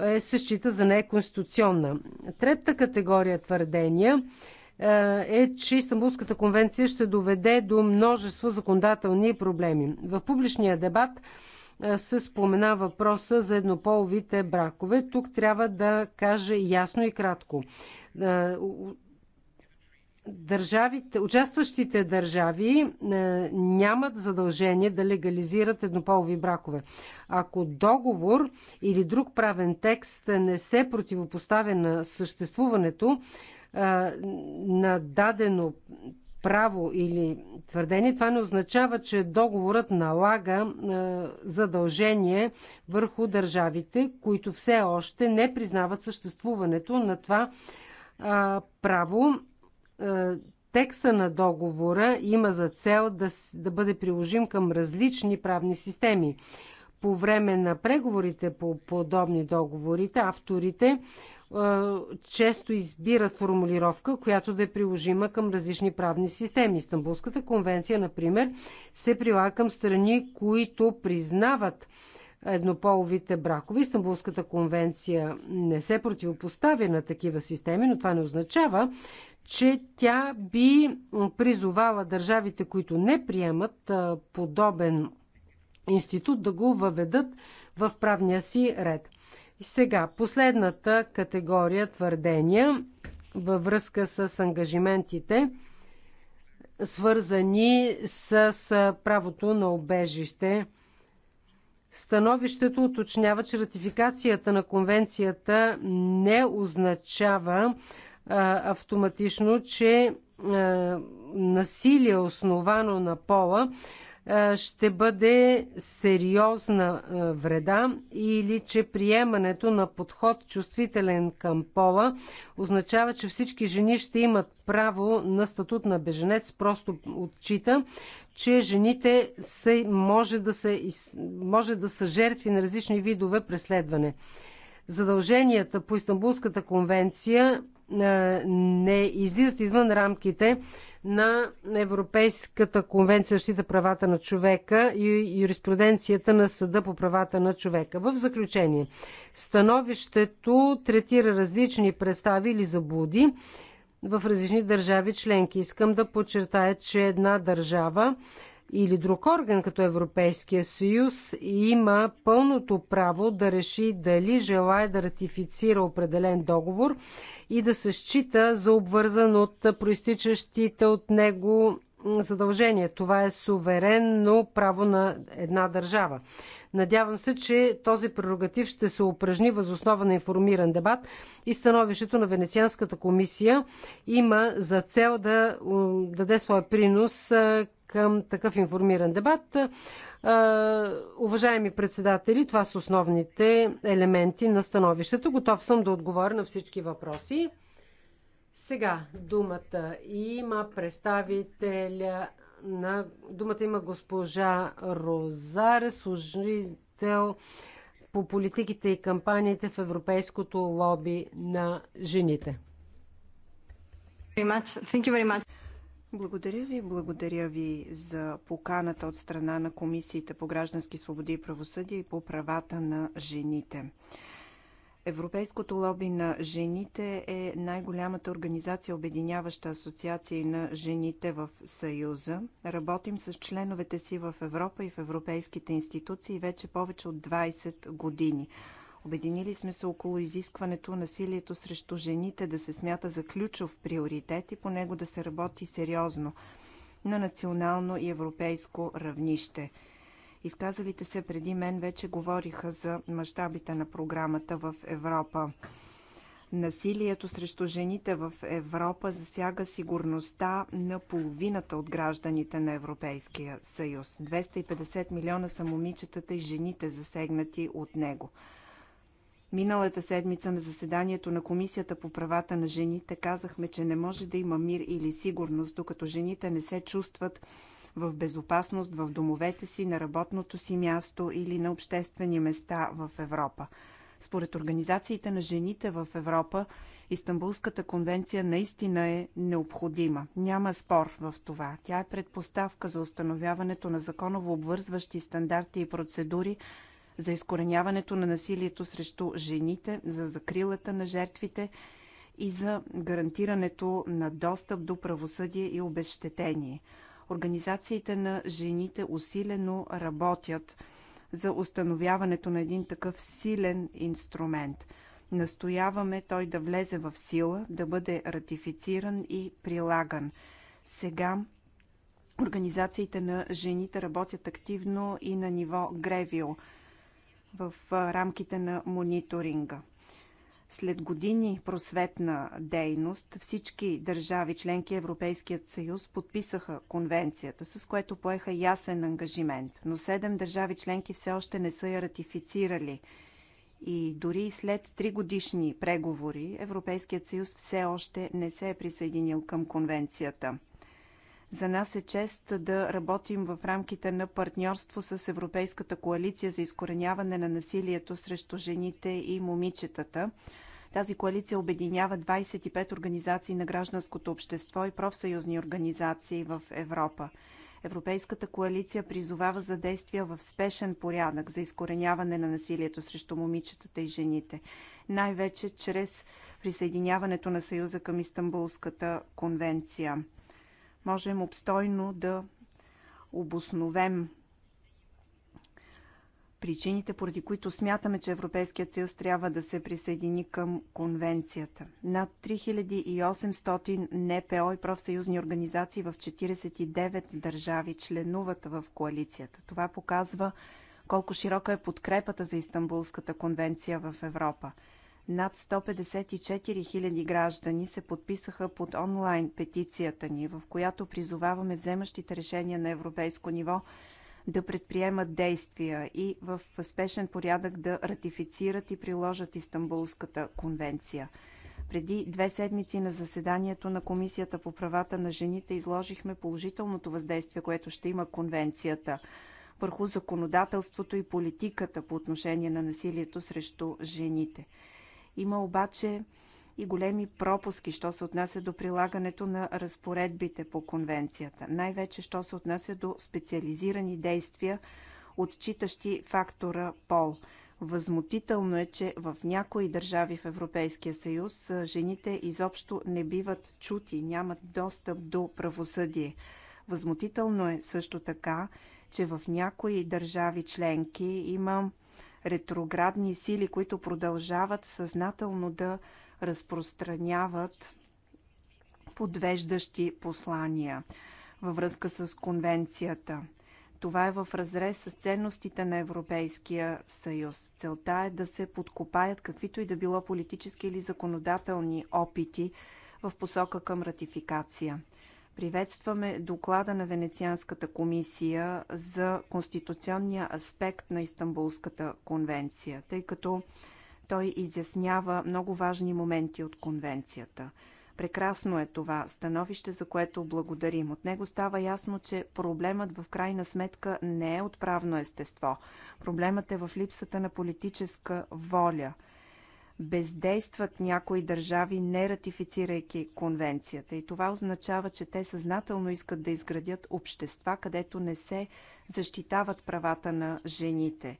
е, същита за неконституционна. Третата категория твърдения е, е, че Истанбулската конвенция ще доведе до множество законодателни проблеми. В публичния дебат е, се спомена въпроса за еднополовите бракове. Тук трябва да каже ясно и кратко. Е, държавите, участващите държави е, нямат задължение да легализират еднополови бракове. Ако договор или друг правен текст не се противопоставя на съществуването е, на дадено право или твърдение, това не означава, че договорът налага е, задължение върху държавите, които все още не признават съществуването на това право е, текста на договора има за цел да, да бъде приложим към различни правни системи. По време на преговорите по подобни договорите, авторите е, често избират формулировка, която да е приложима към различни правни системи. Истанбулската конвенция, например, се прилага към страни, които признават еднополовите бракове. Истанбулската конвенция не се противопоставя на такива системи, но това не означава, че тя би призовала държавите, които не приемат подобен институт, да го въведат в правния си ред. сега, последната категория твърдения във връзка с ангажиментите, свързани с правото на обежище. Становището уточнява, че ратификацията на конвенцията не означава автоматично, че насилие, основано на пола, ще бъде сериозна вреда или че приемането на подход чувствителен към пола означава, че всички жени ще имат право на статут на беженец, просто отчита, че жените са, може, да са, може да са жертви на различни видове преследване. Задълженията по Истанбулската конвенция е, не излизат извън рамките на Европейската конвенция защита правата на човека и юриспруденцията на Съда по правата на човека. В заключение, становището третира различни представи или заблуди в различни държави членки. Искам да подчертая, че една държава или друг орган като Европейския съюз има пълното право да реши дали желая да ратифицира определен договор и да се счита за обвързан от проистичащите от него задължение. Това е суверенно право на една държава. Надявам се, че този прерогатив ще се упражни възоснова на информиран дебат и становището на Венецианската комисия има за цел да даде своя принос към такъв информиран дебат. Уважаеми председатели, това са основните елементи на становището. Готов съм да отговоря на всички въпроси. Сега думата има представителя на... Думата има госпожа Розаре, служител по политиките и кампаниите в Европейското лоби на жените. Благодаря ви, благодаря ви за поканата от страна на комисиите по граждански свободи и правосъдие и по правата на жените. Европейското лоби на жените е най-голямата организация, обединяваща асоциации на жените в Съюза. Работим с членовете си в Европа и в европейските институции вече повече от 20 години. Обединили сме се около изискването насилието срещу жените да се смята за ключов приоритет и по него да се работи сериозно на национално и европейско равнище – Изказалите се преди мен вече говориха за мащабите на програмата в Европа. Насилието срещу жените в Европа засяга сигурността на половината от гражданите на Европейския съюз. 250 милиона са момичетата и жените засегнати от него. Миналата седмица на заседанието на Комисията по правата на жените казахме, че не може да има мир или сигурност, докато жените не се чувстват в безопасност в домовете си, на работното си място или на обществени места в Европа. Според организациите на жените в Европа, Истанбулската конвенция наистина е необходима. Няма спор в това. Тя е предпоставка за установяването на законово обвързващи стандарти и процедури за изкореняването на насилието срещу жените, за закрилата на жертвите и за гарантирането на достъп до правосъдие и обещетение. Организациите на жените усилено работят за установяването на един такъв силен инструмент. Настояваме той да влезе в сила, да бъде ратифициран и прилаган. Сега организациите на жените работят активно и на ниво Гревио в рамките на мониторинга. След години просветна дейност всички държави членки Европейският съюз подписаха конвенцията, с което поеха ясен ангажимент, но седем държави членки все още не са я ратифицирали. И дори след три годишни преговори Европейският съюз все още не се е присъединил към конвенцията. За нас е чест да работим в рамките на партньорство с Европейската коалиция за изкореняване на насилието срещу жените и момичетата. Тази коалиция обединява 25 организации на гражданското общество и профсъюзни организации в Европа. Европейската коалиция призовава за действия в спешен порядък за изкореняване на насилието срещу момичетата и жените, най-вече чрез присъединяването на Съюза към Истанбулската конвенция можем обстойно да обосновем причините, поради които смятаме, че Европейският съюз трябва да се присъедини към конвенцията. Над 3800 НПО и профсъюзни организации в 49 държави членуват в коалицията. Това показва колко широка е подкрепата за Истанбулската конвенция в Европа. Над 154 000 граждани се подписаха под онлайн петицията ни, в която призоваваме вземащите решения на европейско ниво да предприемат действия и в спешен порядък да ратифицират и приложат Истанбулската конвенция. Преди две седмици на заседанието на Комисията по правата на жените изложихме положителното въздействие, което ще има конвенцията върху законодателството и политиката по отношение на насилието срещу жените. Има обаче и големи пропуски, що се отнася до прилагането на разпоредбите по конвенцията. Най-вече, що се отнася до специализирани действия, отчитащи фактора пол. Възмутително е, че в някои държави в Европейския съюз жените изобщо не биват чути, нямат достъп до правосъдие. Възмутително е също така, че в някои държави членки има ретроградни сили, които продължават съзнателно да разпространяват подвеждащи послания във връзка с конвенцията. Това е в разрез с ценностите на Европейския съюз. Целта е да се подкопаят каквито и да било политически или законодателни опити в посока към ратификация. Приветстваме доклада на Венецианската комисия за конституционния аспект на Истанбулската конвенция, тъй като той изяснява много важни моменти от конвенцията. Прекрасно е това становище, за което благодарим. От него става ясно, че проблемът в крайна сметка не е от правно естество. Проблемът е в липсата на политическа воля – бездействат някои държави, не ратифицирайки конвенцията. И това означава, че те съзнателно искат да изградят общества, където не се защитават правата на жените.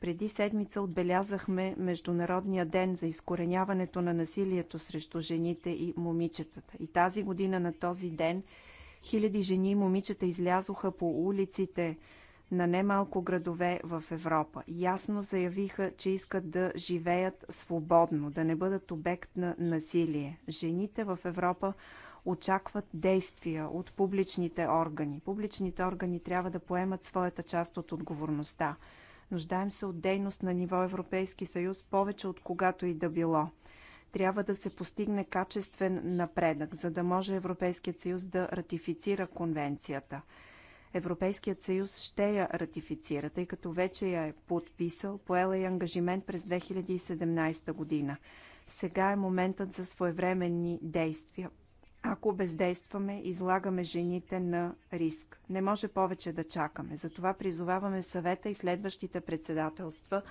Преди седмица отбелязахме Международния ден за изкореняването на насилието срещу жените и момичетата. И тази година на този ден хиляди жени и момичета излязоха по улиците на немалко градове в Европа ясно заявиха, че искат да живеят свободно, да не бъдат обект на насилие. Жените в Европа очакват действия от публичните органи. Публичните органи трябва да поемат своята част от отговорността. Нуждаем се от дейност на ниво Европейски съюз повече от когато и да било. Трябва да се постигне качествен напредък, за да може Европейският съюз да ратифицира конвенцията. Европейският съюз ще я ратифицира, тъй като вече я е подписал, поела и ангажимент през 2017 година. Сега е моментът за своевременни действия. Ако бездействаме, излагаме жените на риск. Не може повече да чакаме. Затова призоваваме съвета и следващите председателства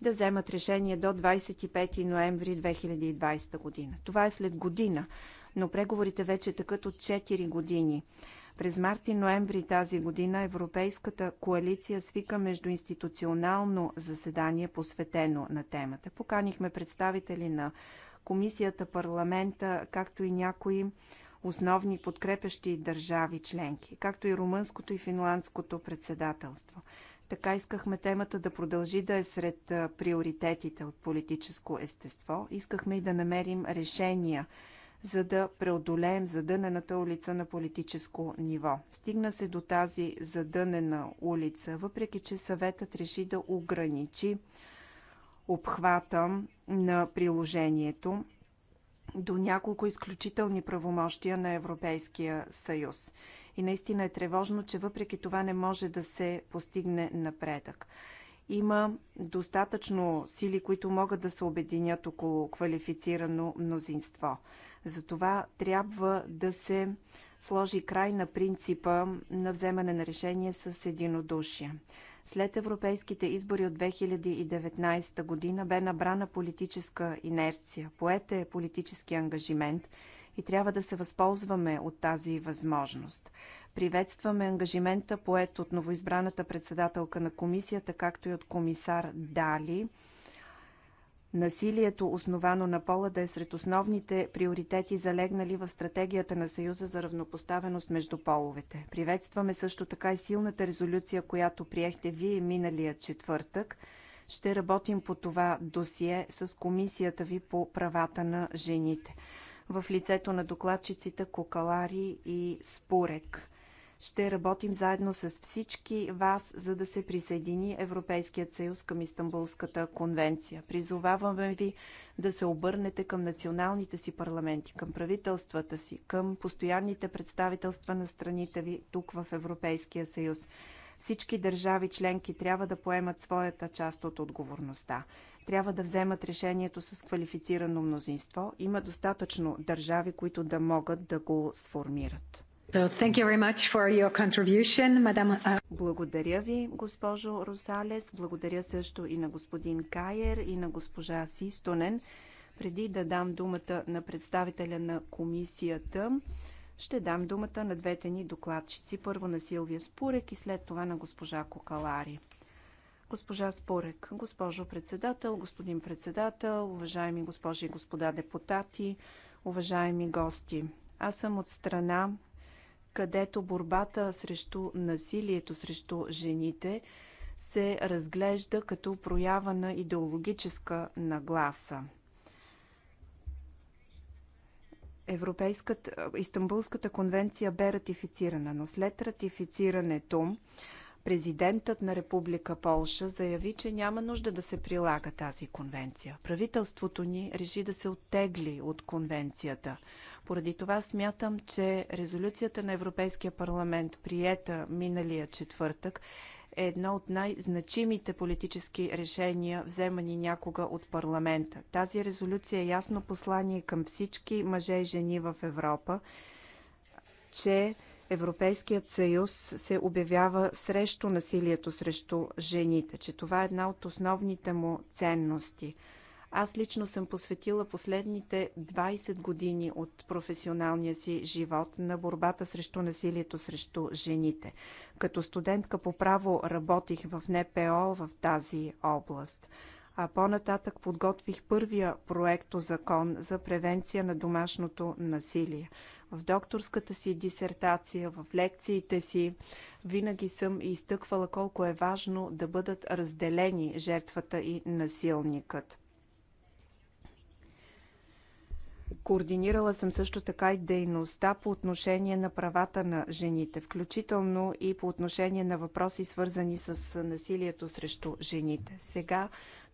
да вземат решение до 25 ноември 2020 година. Това е след година, но преговорите вече тъкат от 4 години. През март и ноември тази година Европейската коалиция свика междуинституционално заседание, посветено на темата. Поканихме представители на комисията, парламента, както и някои основни подкрепящи държави членки, както и румънското и финландското председателство. Така искахме темата да продължи да е сред приоритетите от политическо естество. Искахме и да намерим решения за да преодолеем задънената улица на политическо ниво. Стигна се до тази задънена улица, въпреки че съветът реши да ограничи обхвата на приложението до няколко изключителни правомощия на Европейския съюз. И наистина е тревожно, че въпреки това не може да се постигне напредък. Има достатъчно сили, които могат да се обединят около квалифицирано мнозинство. Затова трябва да се сложи край на принципа на вземане на решение с единодушие. След европейските избори от 2019 година бе набрана политическа инерция, поете политически ангажимент и трябва да се възползваме от тази възможност. Приветстваме ангажимента поет от новоизбраната председателка на комисията, както и от комисар Дали. Насилието, основано на пола, да е сред основните приоритети, залегнали в стратегията на Съюза за равнопоставеност между половете. Приветстваме също така и силната резолюция, която приехте вие миналия четвъртък. Ще работим по това досие с комисията ви по правата на жените в лицето на докладчиците Кокалари и Спурек. Ще работим заедно с всички вас, за да се присъедини Европейският съюз към Истанбулската конвенция. Призоваваме ви да се обърнете към националните си парламенти, към правителствата си, към постоянните представителства на страните ви тук в Европейския съюз всички държави членки трябва да поемат своята част от отговорността. Трябва да вземат решението с квалифицирано мнозинство. Има достатъчно държави, които да могат да го сформират. Uh, Благодаря ви, госпожо Росалес. Благодаря също и на господин Кайер и на госпожа Систонен. Преди да дам думата на представителя на комисията, ще дам думата на двете ни докладчици. Първо на Силвия Спурек и след това на госпожа Кокалари. Госпожа Спорек, госпожо председател, господин председател, уважаеми госпожи и господа депутати, уважаеми гости. Аз съм от страна където борбата срещу насилието срещу жените се разглежда като проява на идеологическа нагласа. Европейската, Истанбулската конвенция бе ратифицирана, но след ратифицирането президентът на Република Полша заяви, че няма нужда да се прилага тази конвенция. Правителството ни реши да се оттегли от конвенцията. Поради това смятам, че резолюцията на Европейския парламент, приета миналия четвъртък, е едно от най-значимите политически решения, вземани някога от парламента. Тази резолюция е ясно послание към всички мъже и жени в Европа, че Европейският съюз се обявява срещу насилието срещу жените, че това е една от основните му ценности – аз лично съм посветила последните 20 години от професионалния си живот на борбата срещу насилието срещу жените. Като студентка по право работих в НПО в тази област а по-нататък подготвих първия проекто закон за превенция на домашното насилие. В докторската си дисертация, в лекциите си, винаги съм изтъквала колко е важно да бъдат разделени жертвата и насилникът. Координирала съм също така и дейността по отношение на правата на жените, включително и по отношение на въпроси, свързани с насилието срещу жените. Сега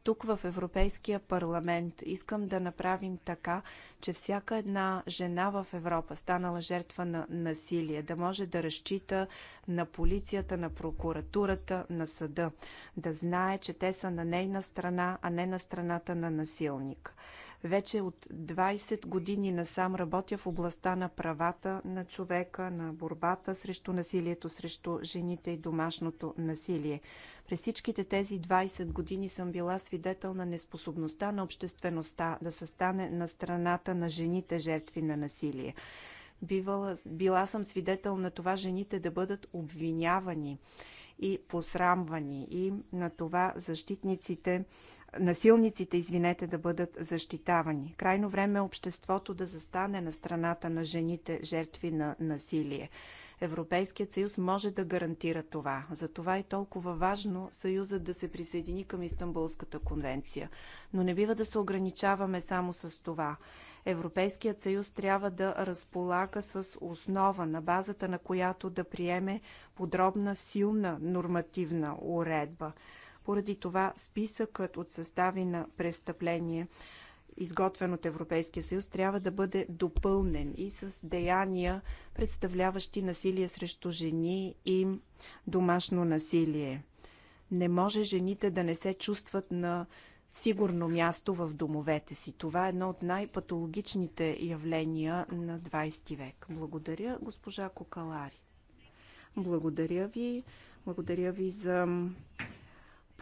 тук в Европейския парламент искам да направим така, че всяка една жена в Европа, станала жертва на насилие, да може да разчита на полицията, на прокуратурата, на съда, да знае, че те са на нейна страна, а не на страната на насилник. Вече от 20 години насам работя в областта на правата на човека, на борбата срещу насилието, срещу жените и домашното насилие. През всичките тези 20 години съм била свидетел на неспособността на обществеността да се стане на страната на жените жертви на насилие. Бивала, била съм свидетел на това жените да бъдат обвинявани и посрамвани и на това защитниците насилниците, извинете, да бъдат защитавани. Крайно време е обществото да застане на страната на жените, жертви на насилие. Европейският съюз може да гарантира това. Затова е толкова важно съюзът да се присъедини към Истанбулската конвенция. Но не бива да се ограничаваме само с това. Европейският съюз трябва да разполага с основа, на базата на която да приеме подробна, силна нормативна уредба – поради това списъкът от състави на престъпление, изготвен от Европейския съюз, трябва да бъде допълнен и с деяния, представляващи насилие срещу жени и домашно насилие. Не може жените да не се чувстват на сигурно място в домовете си. Това е едно от най-патологичните явления на 20 век. Благодаря, госпожа Кокалари. Благодаря ви. Благодаря ви за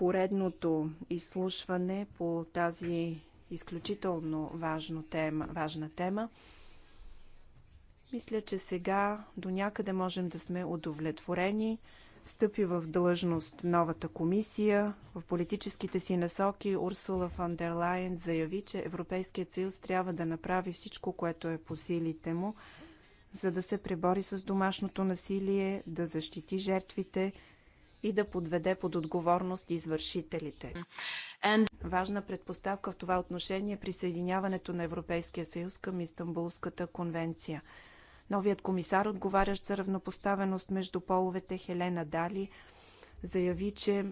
поредното изслушване по тази изключително важна тема. Важна тема. Мисля, че сега до някъде можем да сме удовлетворени. Стъпи в длъжност новата комисия. В политическите си насоки Урсула фон дер Лайен заяви, че Европейският съюз трябва да направи всичко, което е по силите му, за да се пребори с домашното насилие, да защити жертвите, и да подведе под отговорност извършителите. And... Важна предпоставка в това отношение е присъединяването на Европейския съюз към Истанбулската конвенция. Новият комисар, отговарящ за равнопоставеност между половете Хелена Дали, заяви, че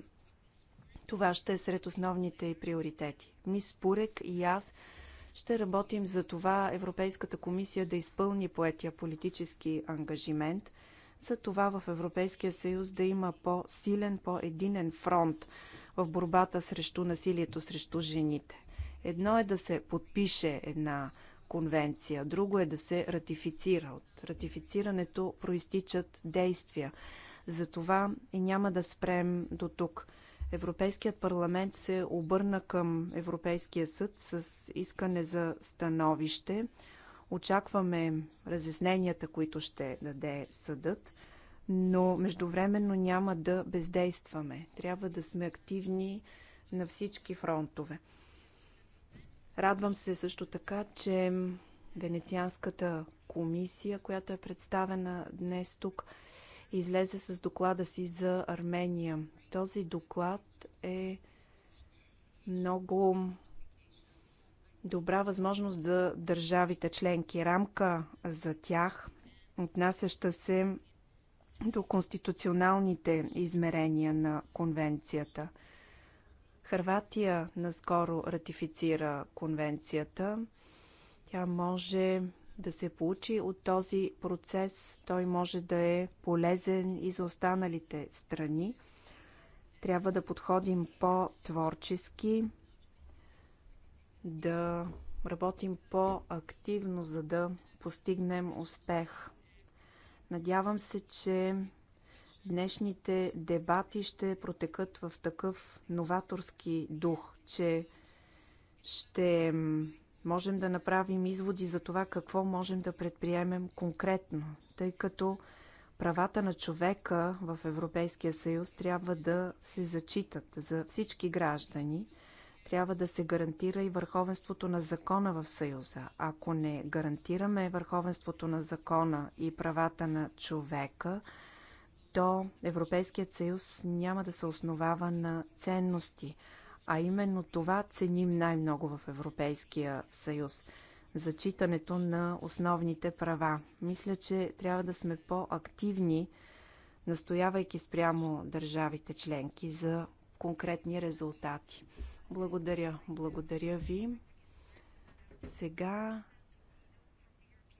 това ще е сред основните и приоритети. Мис Пурек и аз ще работим за това Европейската комисия да изпълни поетия политически ангажимент – за това в Европейския съюз да има по-силен, по-единен фронт в борбата срещу насилието срещу жените. Едно е да се подпише една конвенция, друго е да се ратифицира. От ратифицирането проистичат действия. Затова и няма да спрем до тук. Европейският парламент се обърна към Европейския съд с искане за становище Очакваме разясненията, които ще даде съдът, но междувременно няма да бездействаме. Трябва да сме активни на всички фронтове. Радвам се също така, че Венецианската комисия, която е представена днес тук, излезе с доклада си за Армения. Този доклад е много добра възможност за държавите членки, рамка за тях, отнасяща се до конституционалните измерения на конвенцията. Харватия наскоро ратифицира конвенцията. Тя може да се получи от този процес. Той може да е полезен и за останалите страни. Трябва да подходим по-творчески, да работим по-активно, за да постигнем успех. Надявам се, че днешните дебати ще протекат в такъв новаторски дух, че ще можем да направим изводи за това какво можем да предприемем конкретно, тъй като правата на човека в Европейския съюз трябва да се зачитат за всички граждани – трябва да се гарантира и върховенството на закона в Съюза. Ако не гарантираме върховенството на закона и правата на човека, то Европейският съюз няма да се основава на ценности. А именно това ценим най-много в Европейския съюз зачитането на основните права. Мисля, че трябва да сме по-активни, настоявайки спрямо държавите членки за конкретни резултати. Благодаря. Благодаря ви. Сега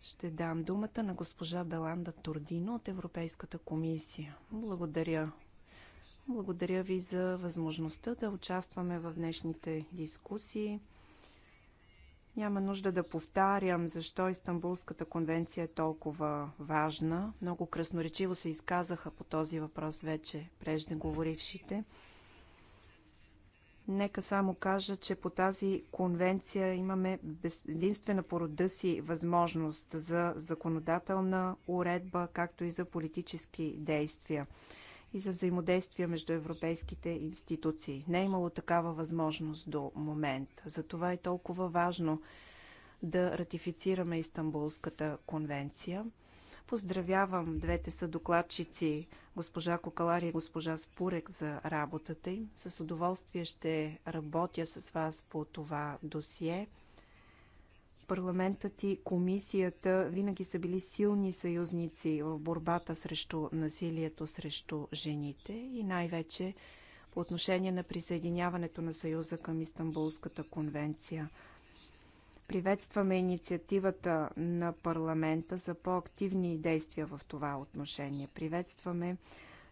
ще дам думата на госпожа Беланда Турдино от Европейската комисия. Благодаря. Благодаря ви за възможността да участваме в днешните дискусии. Няма нужда да повтарям защо Истанбулската конвенция е толкова важна. Много красноречиво се изказаха по този въпрос вече преждеговорившите. говорившите. Нека само кажа, че по тази конвенция имаме единствена по рода си възможност за законодателна уредба, както и за политически действия и за взаимодействие между европейските институции. Не е имало такава възможност до момент. Затова е толкова важно да ратифицираме Истанбулската конвенция. Поздравявам двете съдокладчици госпожа Кокалари и госпожа Спурек за работата им. С удоволствие ще работя с вас по това досие. Парламентът и комисията винаги са били силни съюзници в борбата срещу насилието срещу жените и най-вече по отношение на присъединяването на Съюза към Истанбулската конвенция – Приветстваме инициативата на парламента за по-активни действия в това отношение. Приветстваме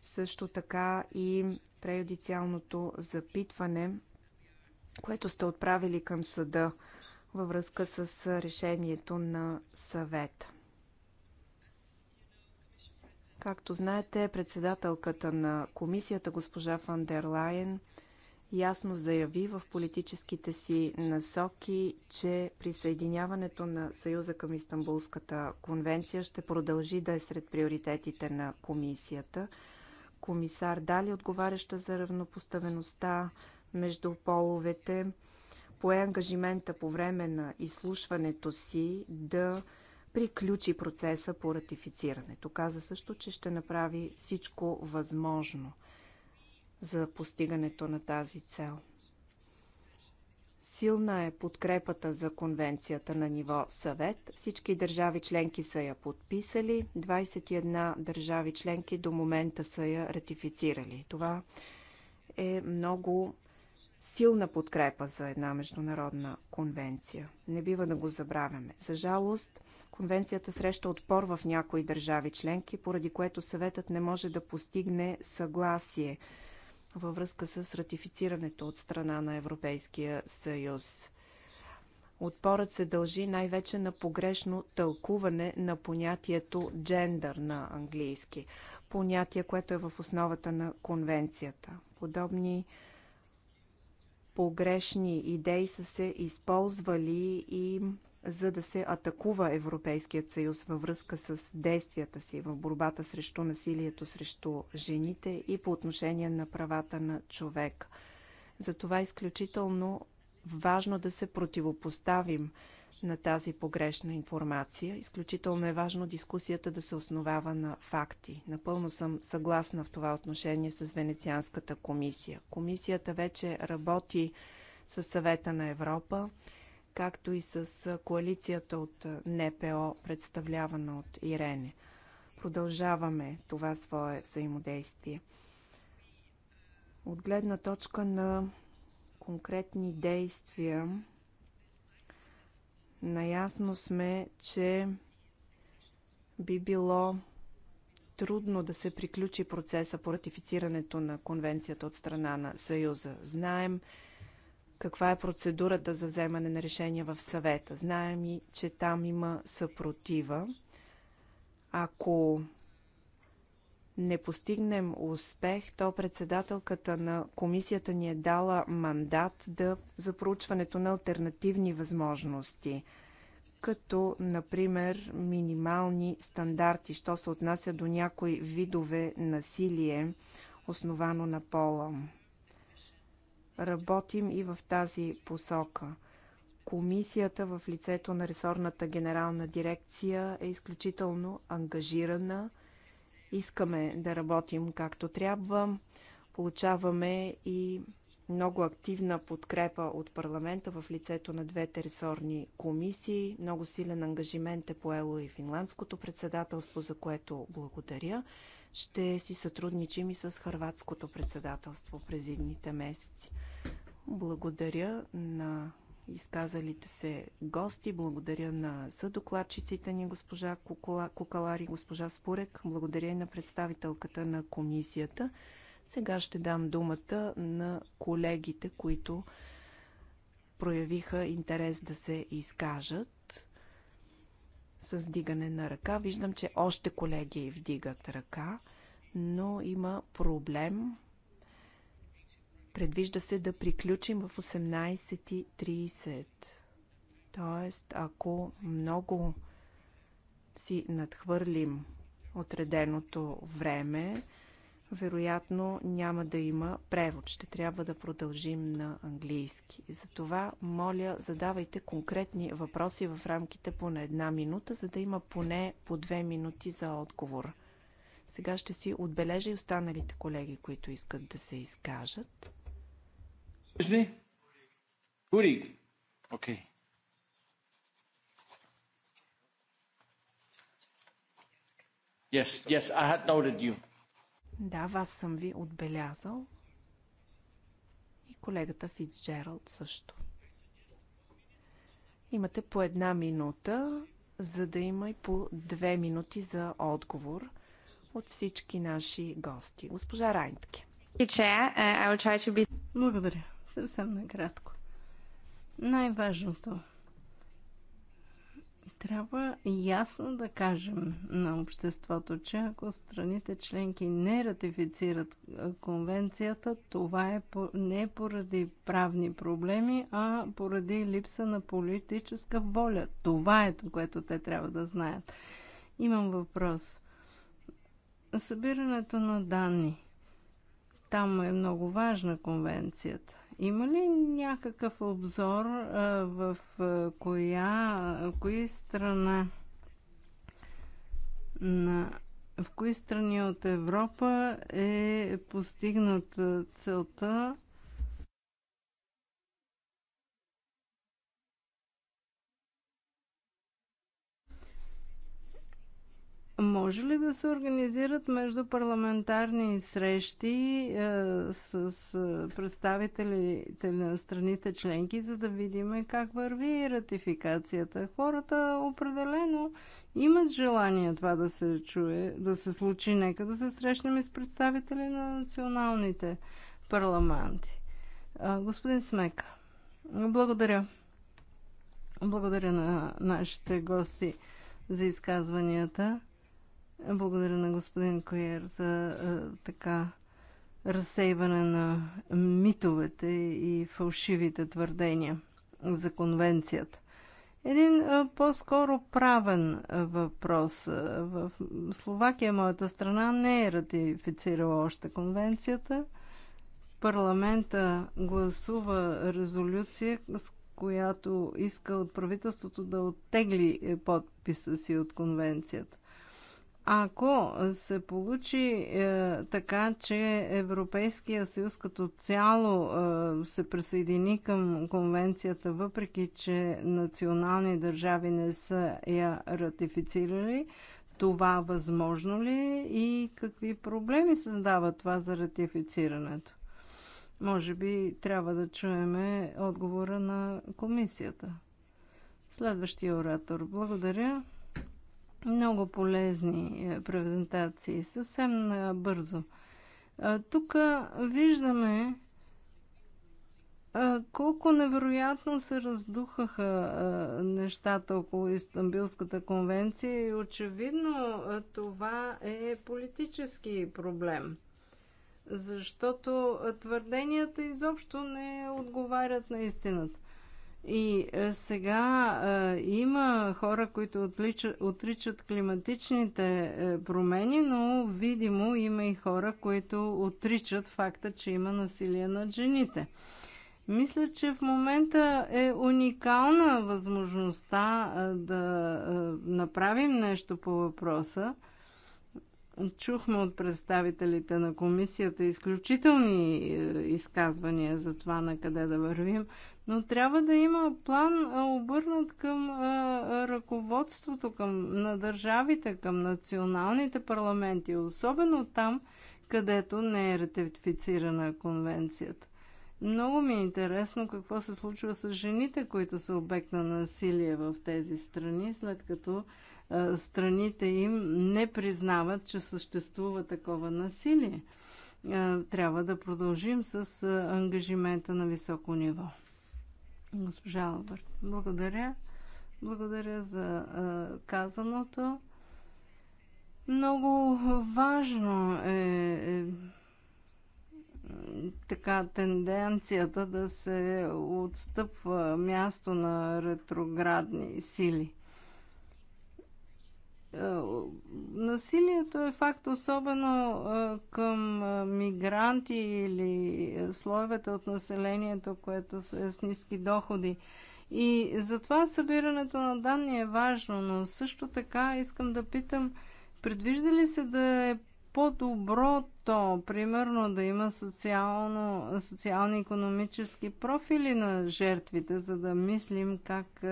също така и преюдициалното запитване, което сте отправили към съда във връзка с решението на съвета. Както знаете, председателката на комисията, госпожа Фандер Лайен, ясно заяви в политическите си насоки, че присъединяването на Съюза към Истанбулската конвенция ще продължи да е сред приоритетите на комисията. Комисар Дали, отговаряща за равнопоставеността между половете, пое ангажимента по време на изслушването си да приключи процеса по ратифицирането. Каза също, че ще направи всичко възможно – за постигането на тази цел. Силна е подкрепата за конвенцията на ниво съвет. Всички държави членки са я подписали. 21 държави членки до момента са я ратифицирали. Това е много силна подкрепа за една международна конвенция. Не бива да го забравяме. За жалост, конвенцията среща отпор в някои държави членки, поради което съветът не може да постигне съгласие – във връзка с ратифицирането от страна на Европейския съюз. Отпорът се дължи най-вече на погрешно тълкуване на понятието джендър на английски, понятие, което е в основата на конвенцията. Подобни погрешни идеи са се използвали и за да се атакува Европейският съюз във връзка с действията си в борбата срещу насилието срещу жените и по отношение на правата на човек. Затова е изключително важно да се противопоставим на тази погрешна информация. Изключително е важно дискусията да се основава на факти. Напълно съм съгласна в това отношение с Венецианската комисия. Комисията вече работи с съвета на Европа както и с коалицията от НПО, представлявана от Ирене. Продължаваме това свое взаимодействие. От гледна точка на конкретни действия, наясно сме, че би било трудно да се приключи процеса по ратифицирането на конвенцията от страна на Съюза. Знаем, каква е процедурата за вземане на решения в съвета. Знаем и, че там има съпротива. Ако не постигнем успех, то председателката на комисията ни е дала мандат да, за проучването на альтернативни възможности, като, например, минимални стандарти, що се отнася до някои видове насилие, основано на пола работим и в тази посока. Комисията в лицето на ресорната генерална дирекция е изключително ангажирана. Искаме да работим както трябва. Получаваме и много активна подкрепа от парламента в лицето на двете ресорни комисии. Много силен ангажимент е поело и финландското председателство, за което благодаря. Ще си сътрудничим и с хърватското председателство през едните месеци. Благодаря на изказалите се гости. Благодаря на съдокладчиците ни, госпожа Кукалари, госпожа Спорек. Благодаря и на представителката на комисията. Сега ще дам думата на колегите, които проявиха интерес да се изкажат с вдигане на ръка. Виждам, че още колеги вдигат ръка, но има проблем. Предвижда се да приключим в 18.30. Тоест, ако много си надхвърлим отреденото време, вероятно няма да има превод. Ще трябва да продължим на английски. Затова, моля, задавайте конкретни въпроси в рамките поне една минута, за да има поне по две минути за отговор. Сега ще си отбележа и останалите колеги, които искат да се изкажат. Окей. Yes, yes, I had noted you. Да, вас съм ви отбелязал. И колегата Фицджералд също. Имате по една минута, за да има и по две минути за отговор от всички наши гости. Госпожа Райнтке. Uh, Благодаря. Съвсем накратко. Най-важното трябва ясно да кажем на обществото, че ако страните членки не ратифицират конвенцията, това е не поради правни проблеми, а поради липса на политическа воля. Това е което те трябва да знаят. Имам въпрос. Събирането на данни. Там е много важна конвенцията. Има ли някакъв обзор в коя, а, кои страна на в кои страни от Европа е постигната целта Може ли да се организират междупарламентарни срещи е, с, с е, представителите на страните членки, за да видим как върви ратификацията? Хората определено имат желание това да се чуе, да се случи. Нека да се срещнем и с представители на националните парламенти. Е, господин Смека, благодаря. Благодаря на нашите гости за изказванията. Благодаря на господин Коер за а, така разсейване на митовете и фалшивите твърдения за конвенцията. Един по-скоро правен въпрос. В Словакия, моята страна, не е ратифицирала още конвенцията. Парламента гласува резолюция, с която иска от правителството да оттегли е, подписа си от конвенцията. Ако се получи е, така, че Европейския съюз като цяло е, се присъедини към конвенцията, въпреки че национални държави не са я ратифицирали, това възможно ли е и какви проблеми създава това за ратифицирането? Може би трябва да чуеме отговора на комисията. Следващия оратор. Благодаря. Много полезни е, презентации, съвсем е, бързо. Тук виждаме колко невероятно се раздухаха нещата около Истанбулската конвенция и очевидно това е политически проблем. Защото твърденията изобщо не отговарят на истината. И е, сега а, е, има хора, които отлича, отричат климатичните е, промени, но видимо има и хора, които отричат факта, че има насилие над жените. Мисля, че в момента е уникална възможността да направим нещо по въпроса. Чухме от представителите на комисията изключителни е, изказвания за това на къде да вървим, но трябва да има план е, обърнат към е, ръководството, към, на държавите, към националните парламенти, особено там, където не е ратифицирана конвенцията. Много ми е интересно какво се случва с жените, които са обект на насилие в тези страни, след като страните им не признават, че съществува такова насилие. Трябва да продължим с ангажимента на високо ниво. Госпожа Албърт, благодаря. Благодаря за казаното. Много важно е, е така тенденцията да се отстъпва място на ретроградни сили. Е, насилието е факт, особено е, към е, мигранти или слоевете от населението, което са с ниски доходи. И затова събирането на данни е важно, но също така искам да питам, предвижда ли се да е по-добро то, примерно да има социално, социални и економически профили на жертвите, за да мислим как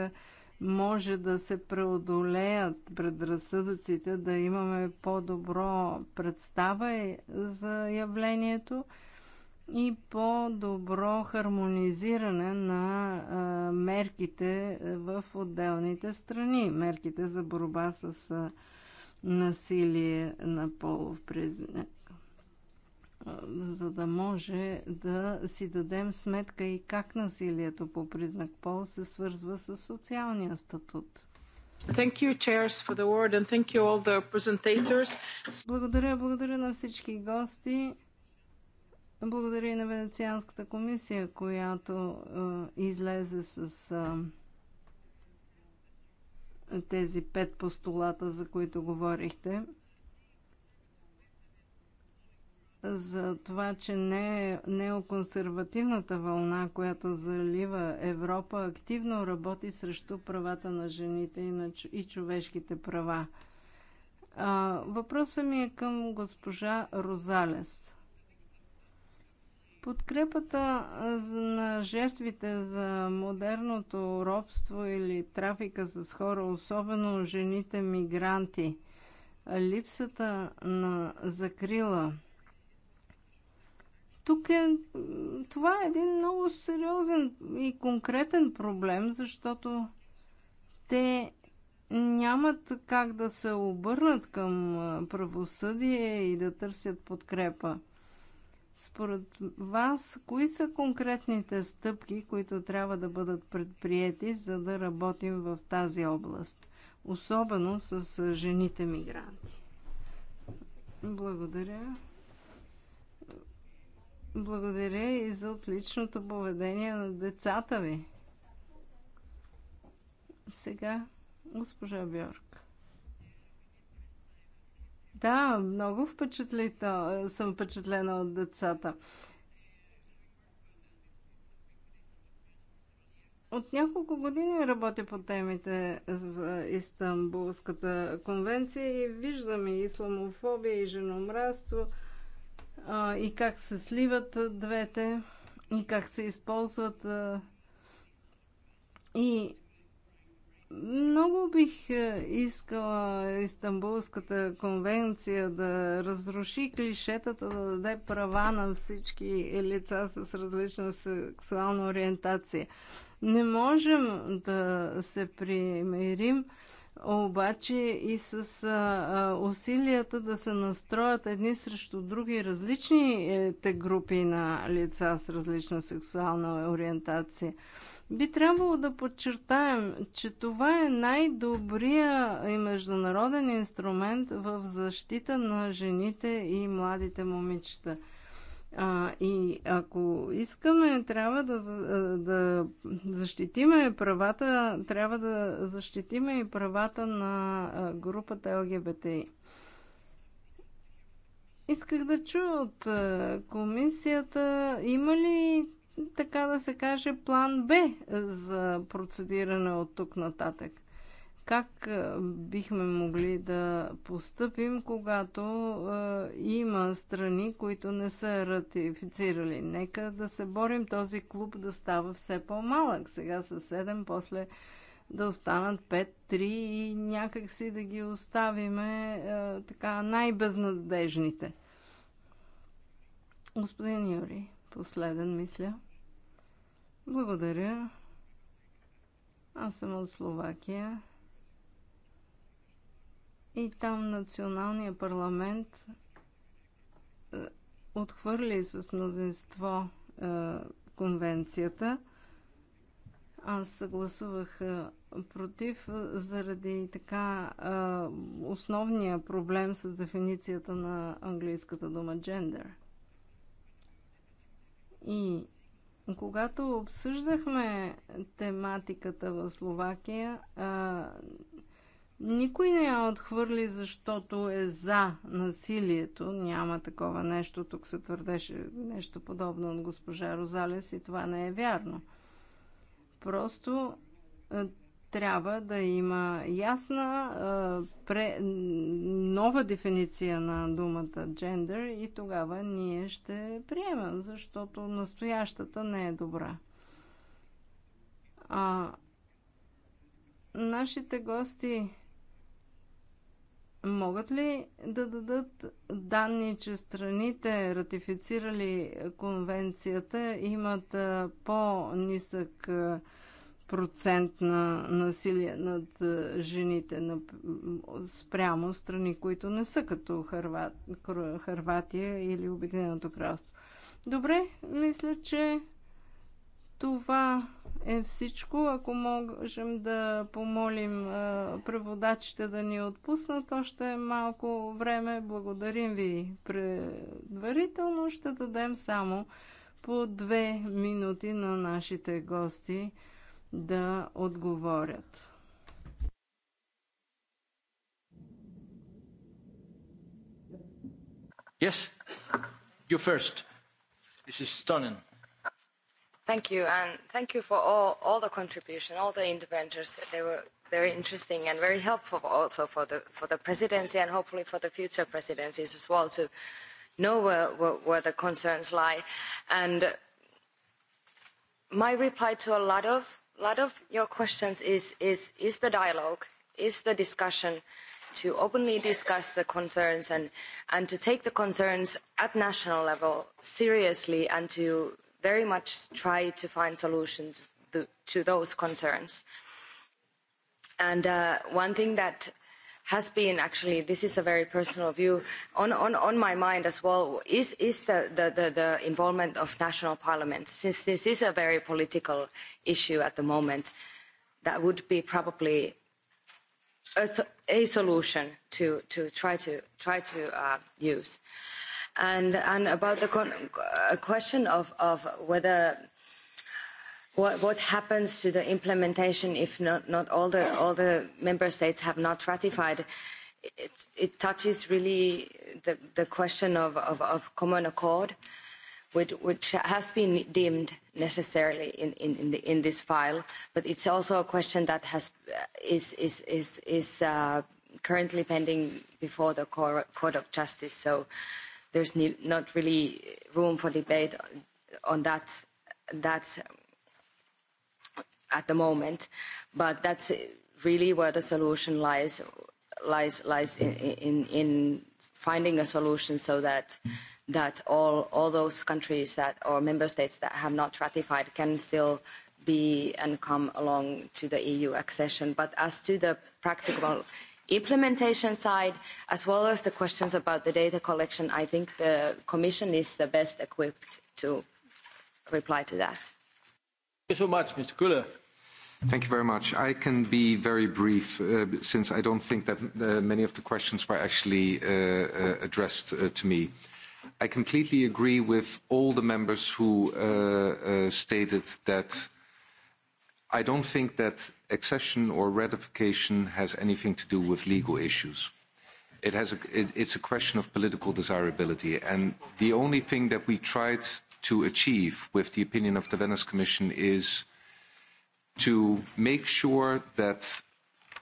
може да се преодолеят предразсъдъците, да имаме по-добро представа за явлението и по-добро хармонизиране на мерките в отделните страни, мерките за борба с насилие на полов признак за да може да си дадем сметка и как насилието по признак пол се свързва с социалния статут. Thank you, chairs, for the word, and thank you all the presentators. Благодаря, благодаря на всички гости. Благодаря и на Венецианската комисия, която uh, излезе с uh, тези пет постулата, за които говорихте за това, че не, е неоконсервативната вълна, която залива Европа, активно работи срещу правата на жените и, на, и човешките права. А, въпросът ми е към госпожа Розалес. Подкрепата на жертвите за модерното робство или трафика с хора, особено жените мигранти, липсата на закрила – тук е, това е един много сериозен и конкретен проблем, защото те нямат как да се обърнат към правосъдие и да търсят подкрепа. Според вас, кои са конкретните стъпки, които трябва да бъдат предприяти, за да работим в тази област, особено с жените мигранти? Благодаря. Благодаря и за отличното поведение на децата ви. Сега госпожа Бьорк. Да, много впечатлително съм впечатлена от децата. От няколко години работя по темите за Истанбулската конвенция и виждаме исламофобия и женомраство – и как се сливат двете и как се използват. И много бих искала Истанбулската конвенция да разруши клишетата, да даде права на всички лица с различна сексуална ориентация. Не можем да се примирим обаче и с а, усилията да се настроят едни срещу други различните е, групи на лица с различна сексуална ориентация. Би трябвало да подчертаем, че това е най-добрия и международен инструмент в защита на жените и младите момичета – а, и ако искаме, трябва да, да защитиме правата, трябва да защитиме и правата на групата ЛГБТИ. Исках да чуя от комисията, има ли, така да се каже, план Б за процедиране от тук нататък? Как е, бихме могли да постъпим, когато е, има страни, които не са ратифицирали? Нека да се борим този клуб да става все по-малък. Сега са 7, после да останат 5-3 и някак си да ги оставиме е, така най-безнадежните. Господин Юри, последен мисля. Благодаря. Аз съм от Словакия и там националния парламент е, отхвърли с мнозинство е, конвенцията. Аз съгласувах е, против заради така основния проблем с дефиницията на английската дума джендър. И когато обсъждахме тематиката в Словакия, никой не я отхвърли, защото е за насилието. Няма такова нещо. Тук се твърдеше нещо подобно от госпожа Розалес и това не е вярно. Просто е, трябва да има ясна е, пре, нова дефиниция на думата джендър и тогава ние ще приемем, защото настоящата не е добра. А, нашите гости могат ли да дадат данни, че страните, ратифицирали конвенцията, имат по-нисък процент на насилие над жените спрямо страни, които не са като Харват, Харватия или Обединеното кралство? Добре, мисля, че това е всичко. Ако можем да помолим преводачите да ни отпуснат още е малко време, благодарим ви предварително. Ще дадем само по две минути на нашите гости да отговорят. Yes, you first. This is stunning. Thank you, and thank you for all, all the contribution, all the interventors. They were very interesting and very helpful also for the, for the presidency and hopefully for the future presidencies as well to know where, where, where the concerns lie. And my reply to a lot of, lot of your questions is, is, is the dialogue, is the discussion to openly discuss the concerns and, and to take the concerns at national level seriously and to very much try to find solutions to, to those concerns. And uh, one thing that has been actually this is a very personal view on, on, on my mind as well is, is the, the, the, the involvement of national parliaments since this is a very political issue at the moment that would be probably a, a solution to, to try to, try to uh, use. And, and about the con- uh question of, of whether what, what happens to the implementation if not, not all, the, all the member states have not ratified, it, it touches really the, the question of, of, of common accord, which, which has been deemed necessarily in, in, in, the, in this file. But it's also a question that has, is, is, is, is uh, currently pending before the Court of Justice. So there's not really room for debate on that that's at the moment but that's really where the solution lies lies lies in in, in finding a solution so that that all all those countries that or member states that have not ratified can still be and come along to the EU accession but as to the practical implementation side, as well as the questions about the data collection, I think the Commission is the best equipped to reply to that. Thank you so much, Mr. Kuller. Thank you very much. I can be very brief uh, since I don't think that uh, many of the questions were actually uh, uh, addressed uh, to me. I completely agree with all the members who uh, uh, stated that I don't think that accession or ratification has anything to do with legal issues. It has a, it, it's a question of political desirability. And the only thing that we tried to achieve with the opinion of the Venice Commission is to make sure that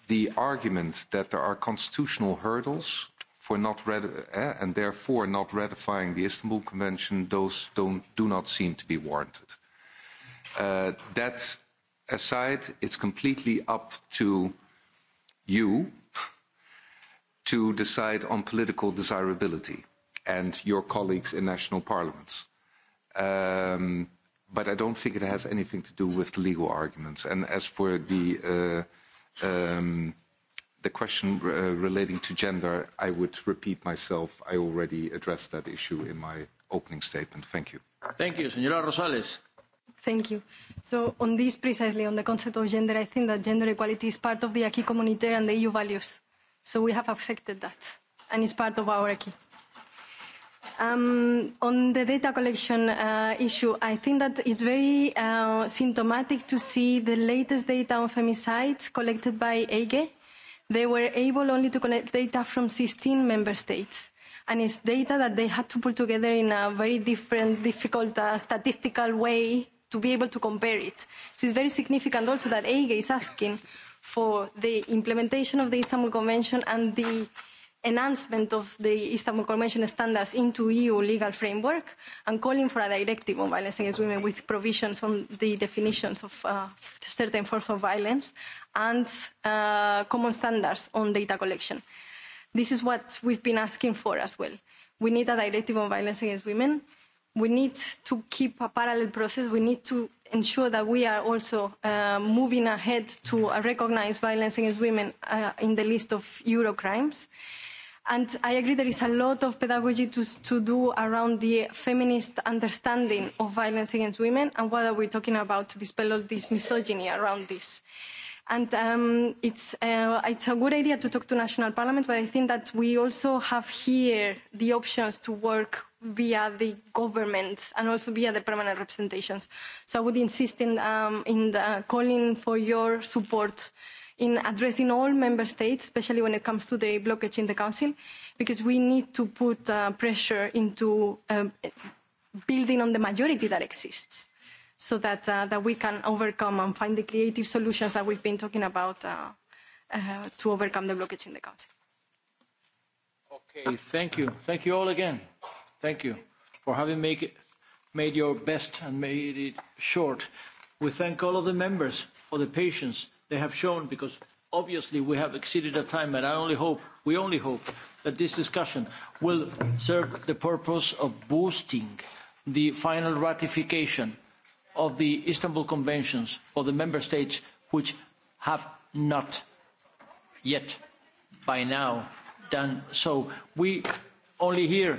the argument that there are constitutional hurdles for not rat- eh, and therefore not ratifying the Istanbul Convention, those don't, do not seem to be warranted. Uh, that aside, it's completely up to you to decide on political desirability and your colleagues in national parliaments. Um, but I don't think it has anything to do with the legal arguments. And as for the uh, um, the question uh, relating to gender, I would repeat myself. I already addressed that issue in my opening statement. Thank you. Thank you, Señora Rosales. Thank you. So on this precisely, on the concept of gender, I think that gender equality is part of the acquis communautaire and the EU values. So we have accepted that, and it's part of our acquis. Um, on the data collection uh, issue, I think that it's very uh, symptomatic to see the latest data on femicides collected by AGE. They were able only to collect data from 16 member states and it's data that they had to pull together in a very different, difficult uh, statistical way to be able to compare it. So it's very significant also that AIGA is asking for the implementation of the Istanbul Convention and the enhancement of the Istanbul Convention standards into EU legal framework and calling for a directive on violence against women with provisions on the definitions of uh, certain forms of violence and uh, common standards on data collection. This is what we've been asking for as well. We need a directive on violence against women we need to keep a parallel process. We need to ensure that we are also uh, moving ahead to uh, recognize violence against women uh, in the list of Euro crimes. And I agree there is a lot of pedagogy to, to do around the feminist understanding of violence against women and what are we talking about to dispel all this misogyny around this. And um, it's, uh, it's a good idea to talk to national parliaments, but I think that we also have here the options to work via the governments and also via the permanent representations. So I would insist in, um, in the calling for your support in addressing all member states, especially when it comes to the blockage in the council, because we need to put uh, pressure into um, building on the majority that exists so that, uh, that we can overcome and find the creative solutions that we've been talking about uh, uh, to overcome the blockage in the council. Okay, thank you. Thank you all again. Thank you for having make it, made your best and made it short. We thank all of the members for the patience they have shown because obviously we have exceeded the time and I only hope, we only hope that this discussion will serve the purpose of boosting the final ratification of the Istanbul Conventions for the member states which have not yet by now done so. We only hear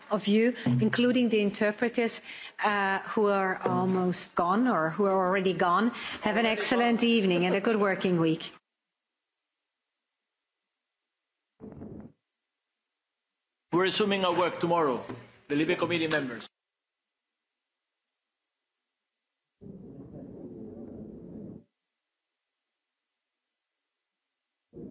of you, including the interpreters uh, who are almost gone or who are already gone. Have an excellent evening and a good working week. We're resuming our work tomorrow, the Libe Committee members.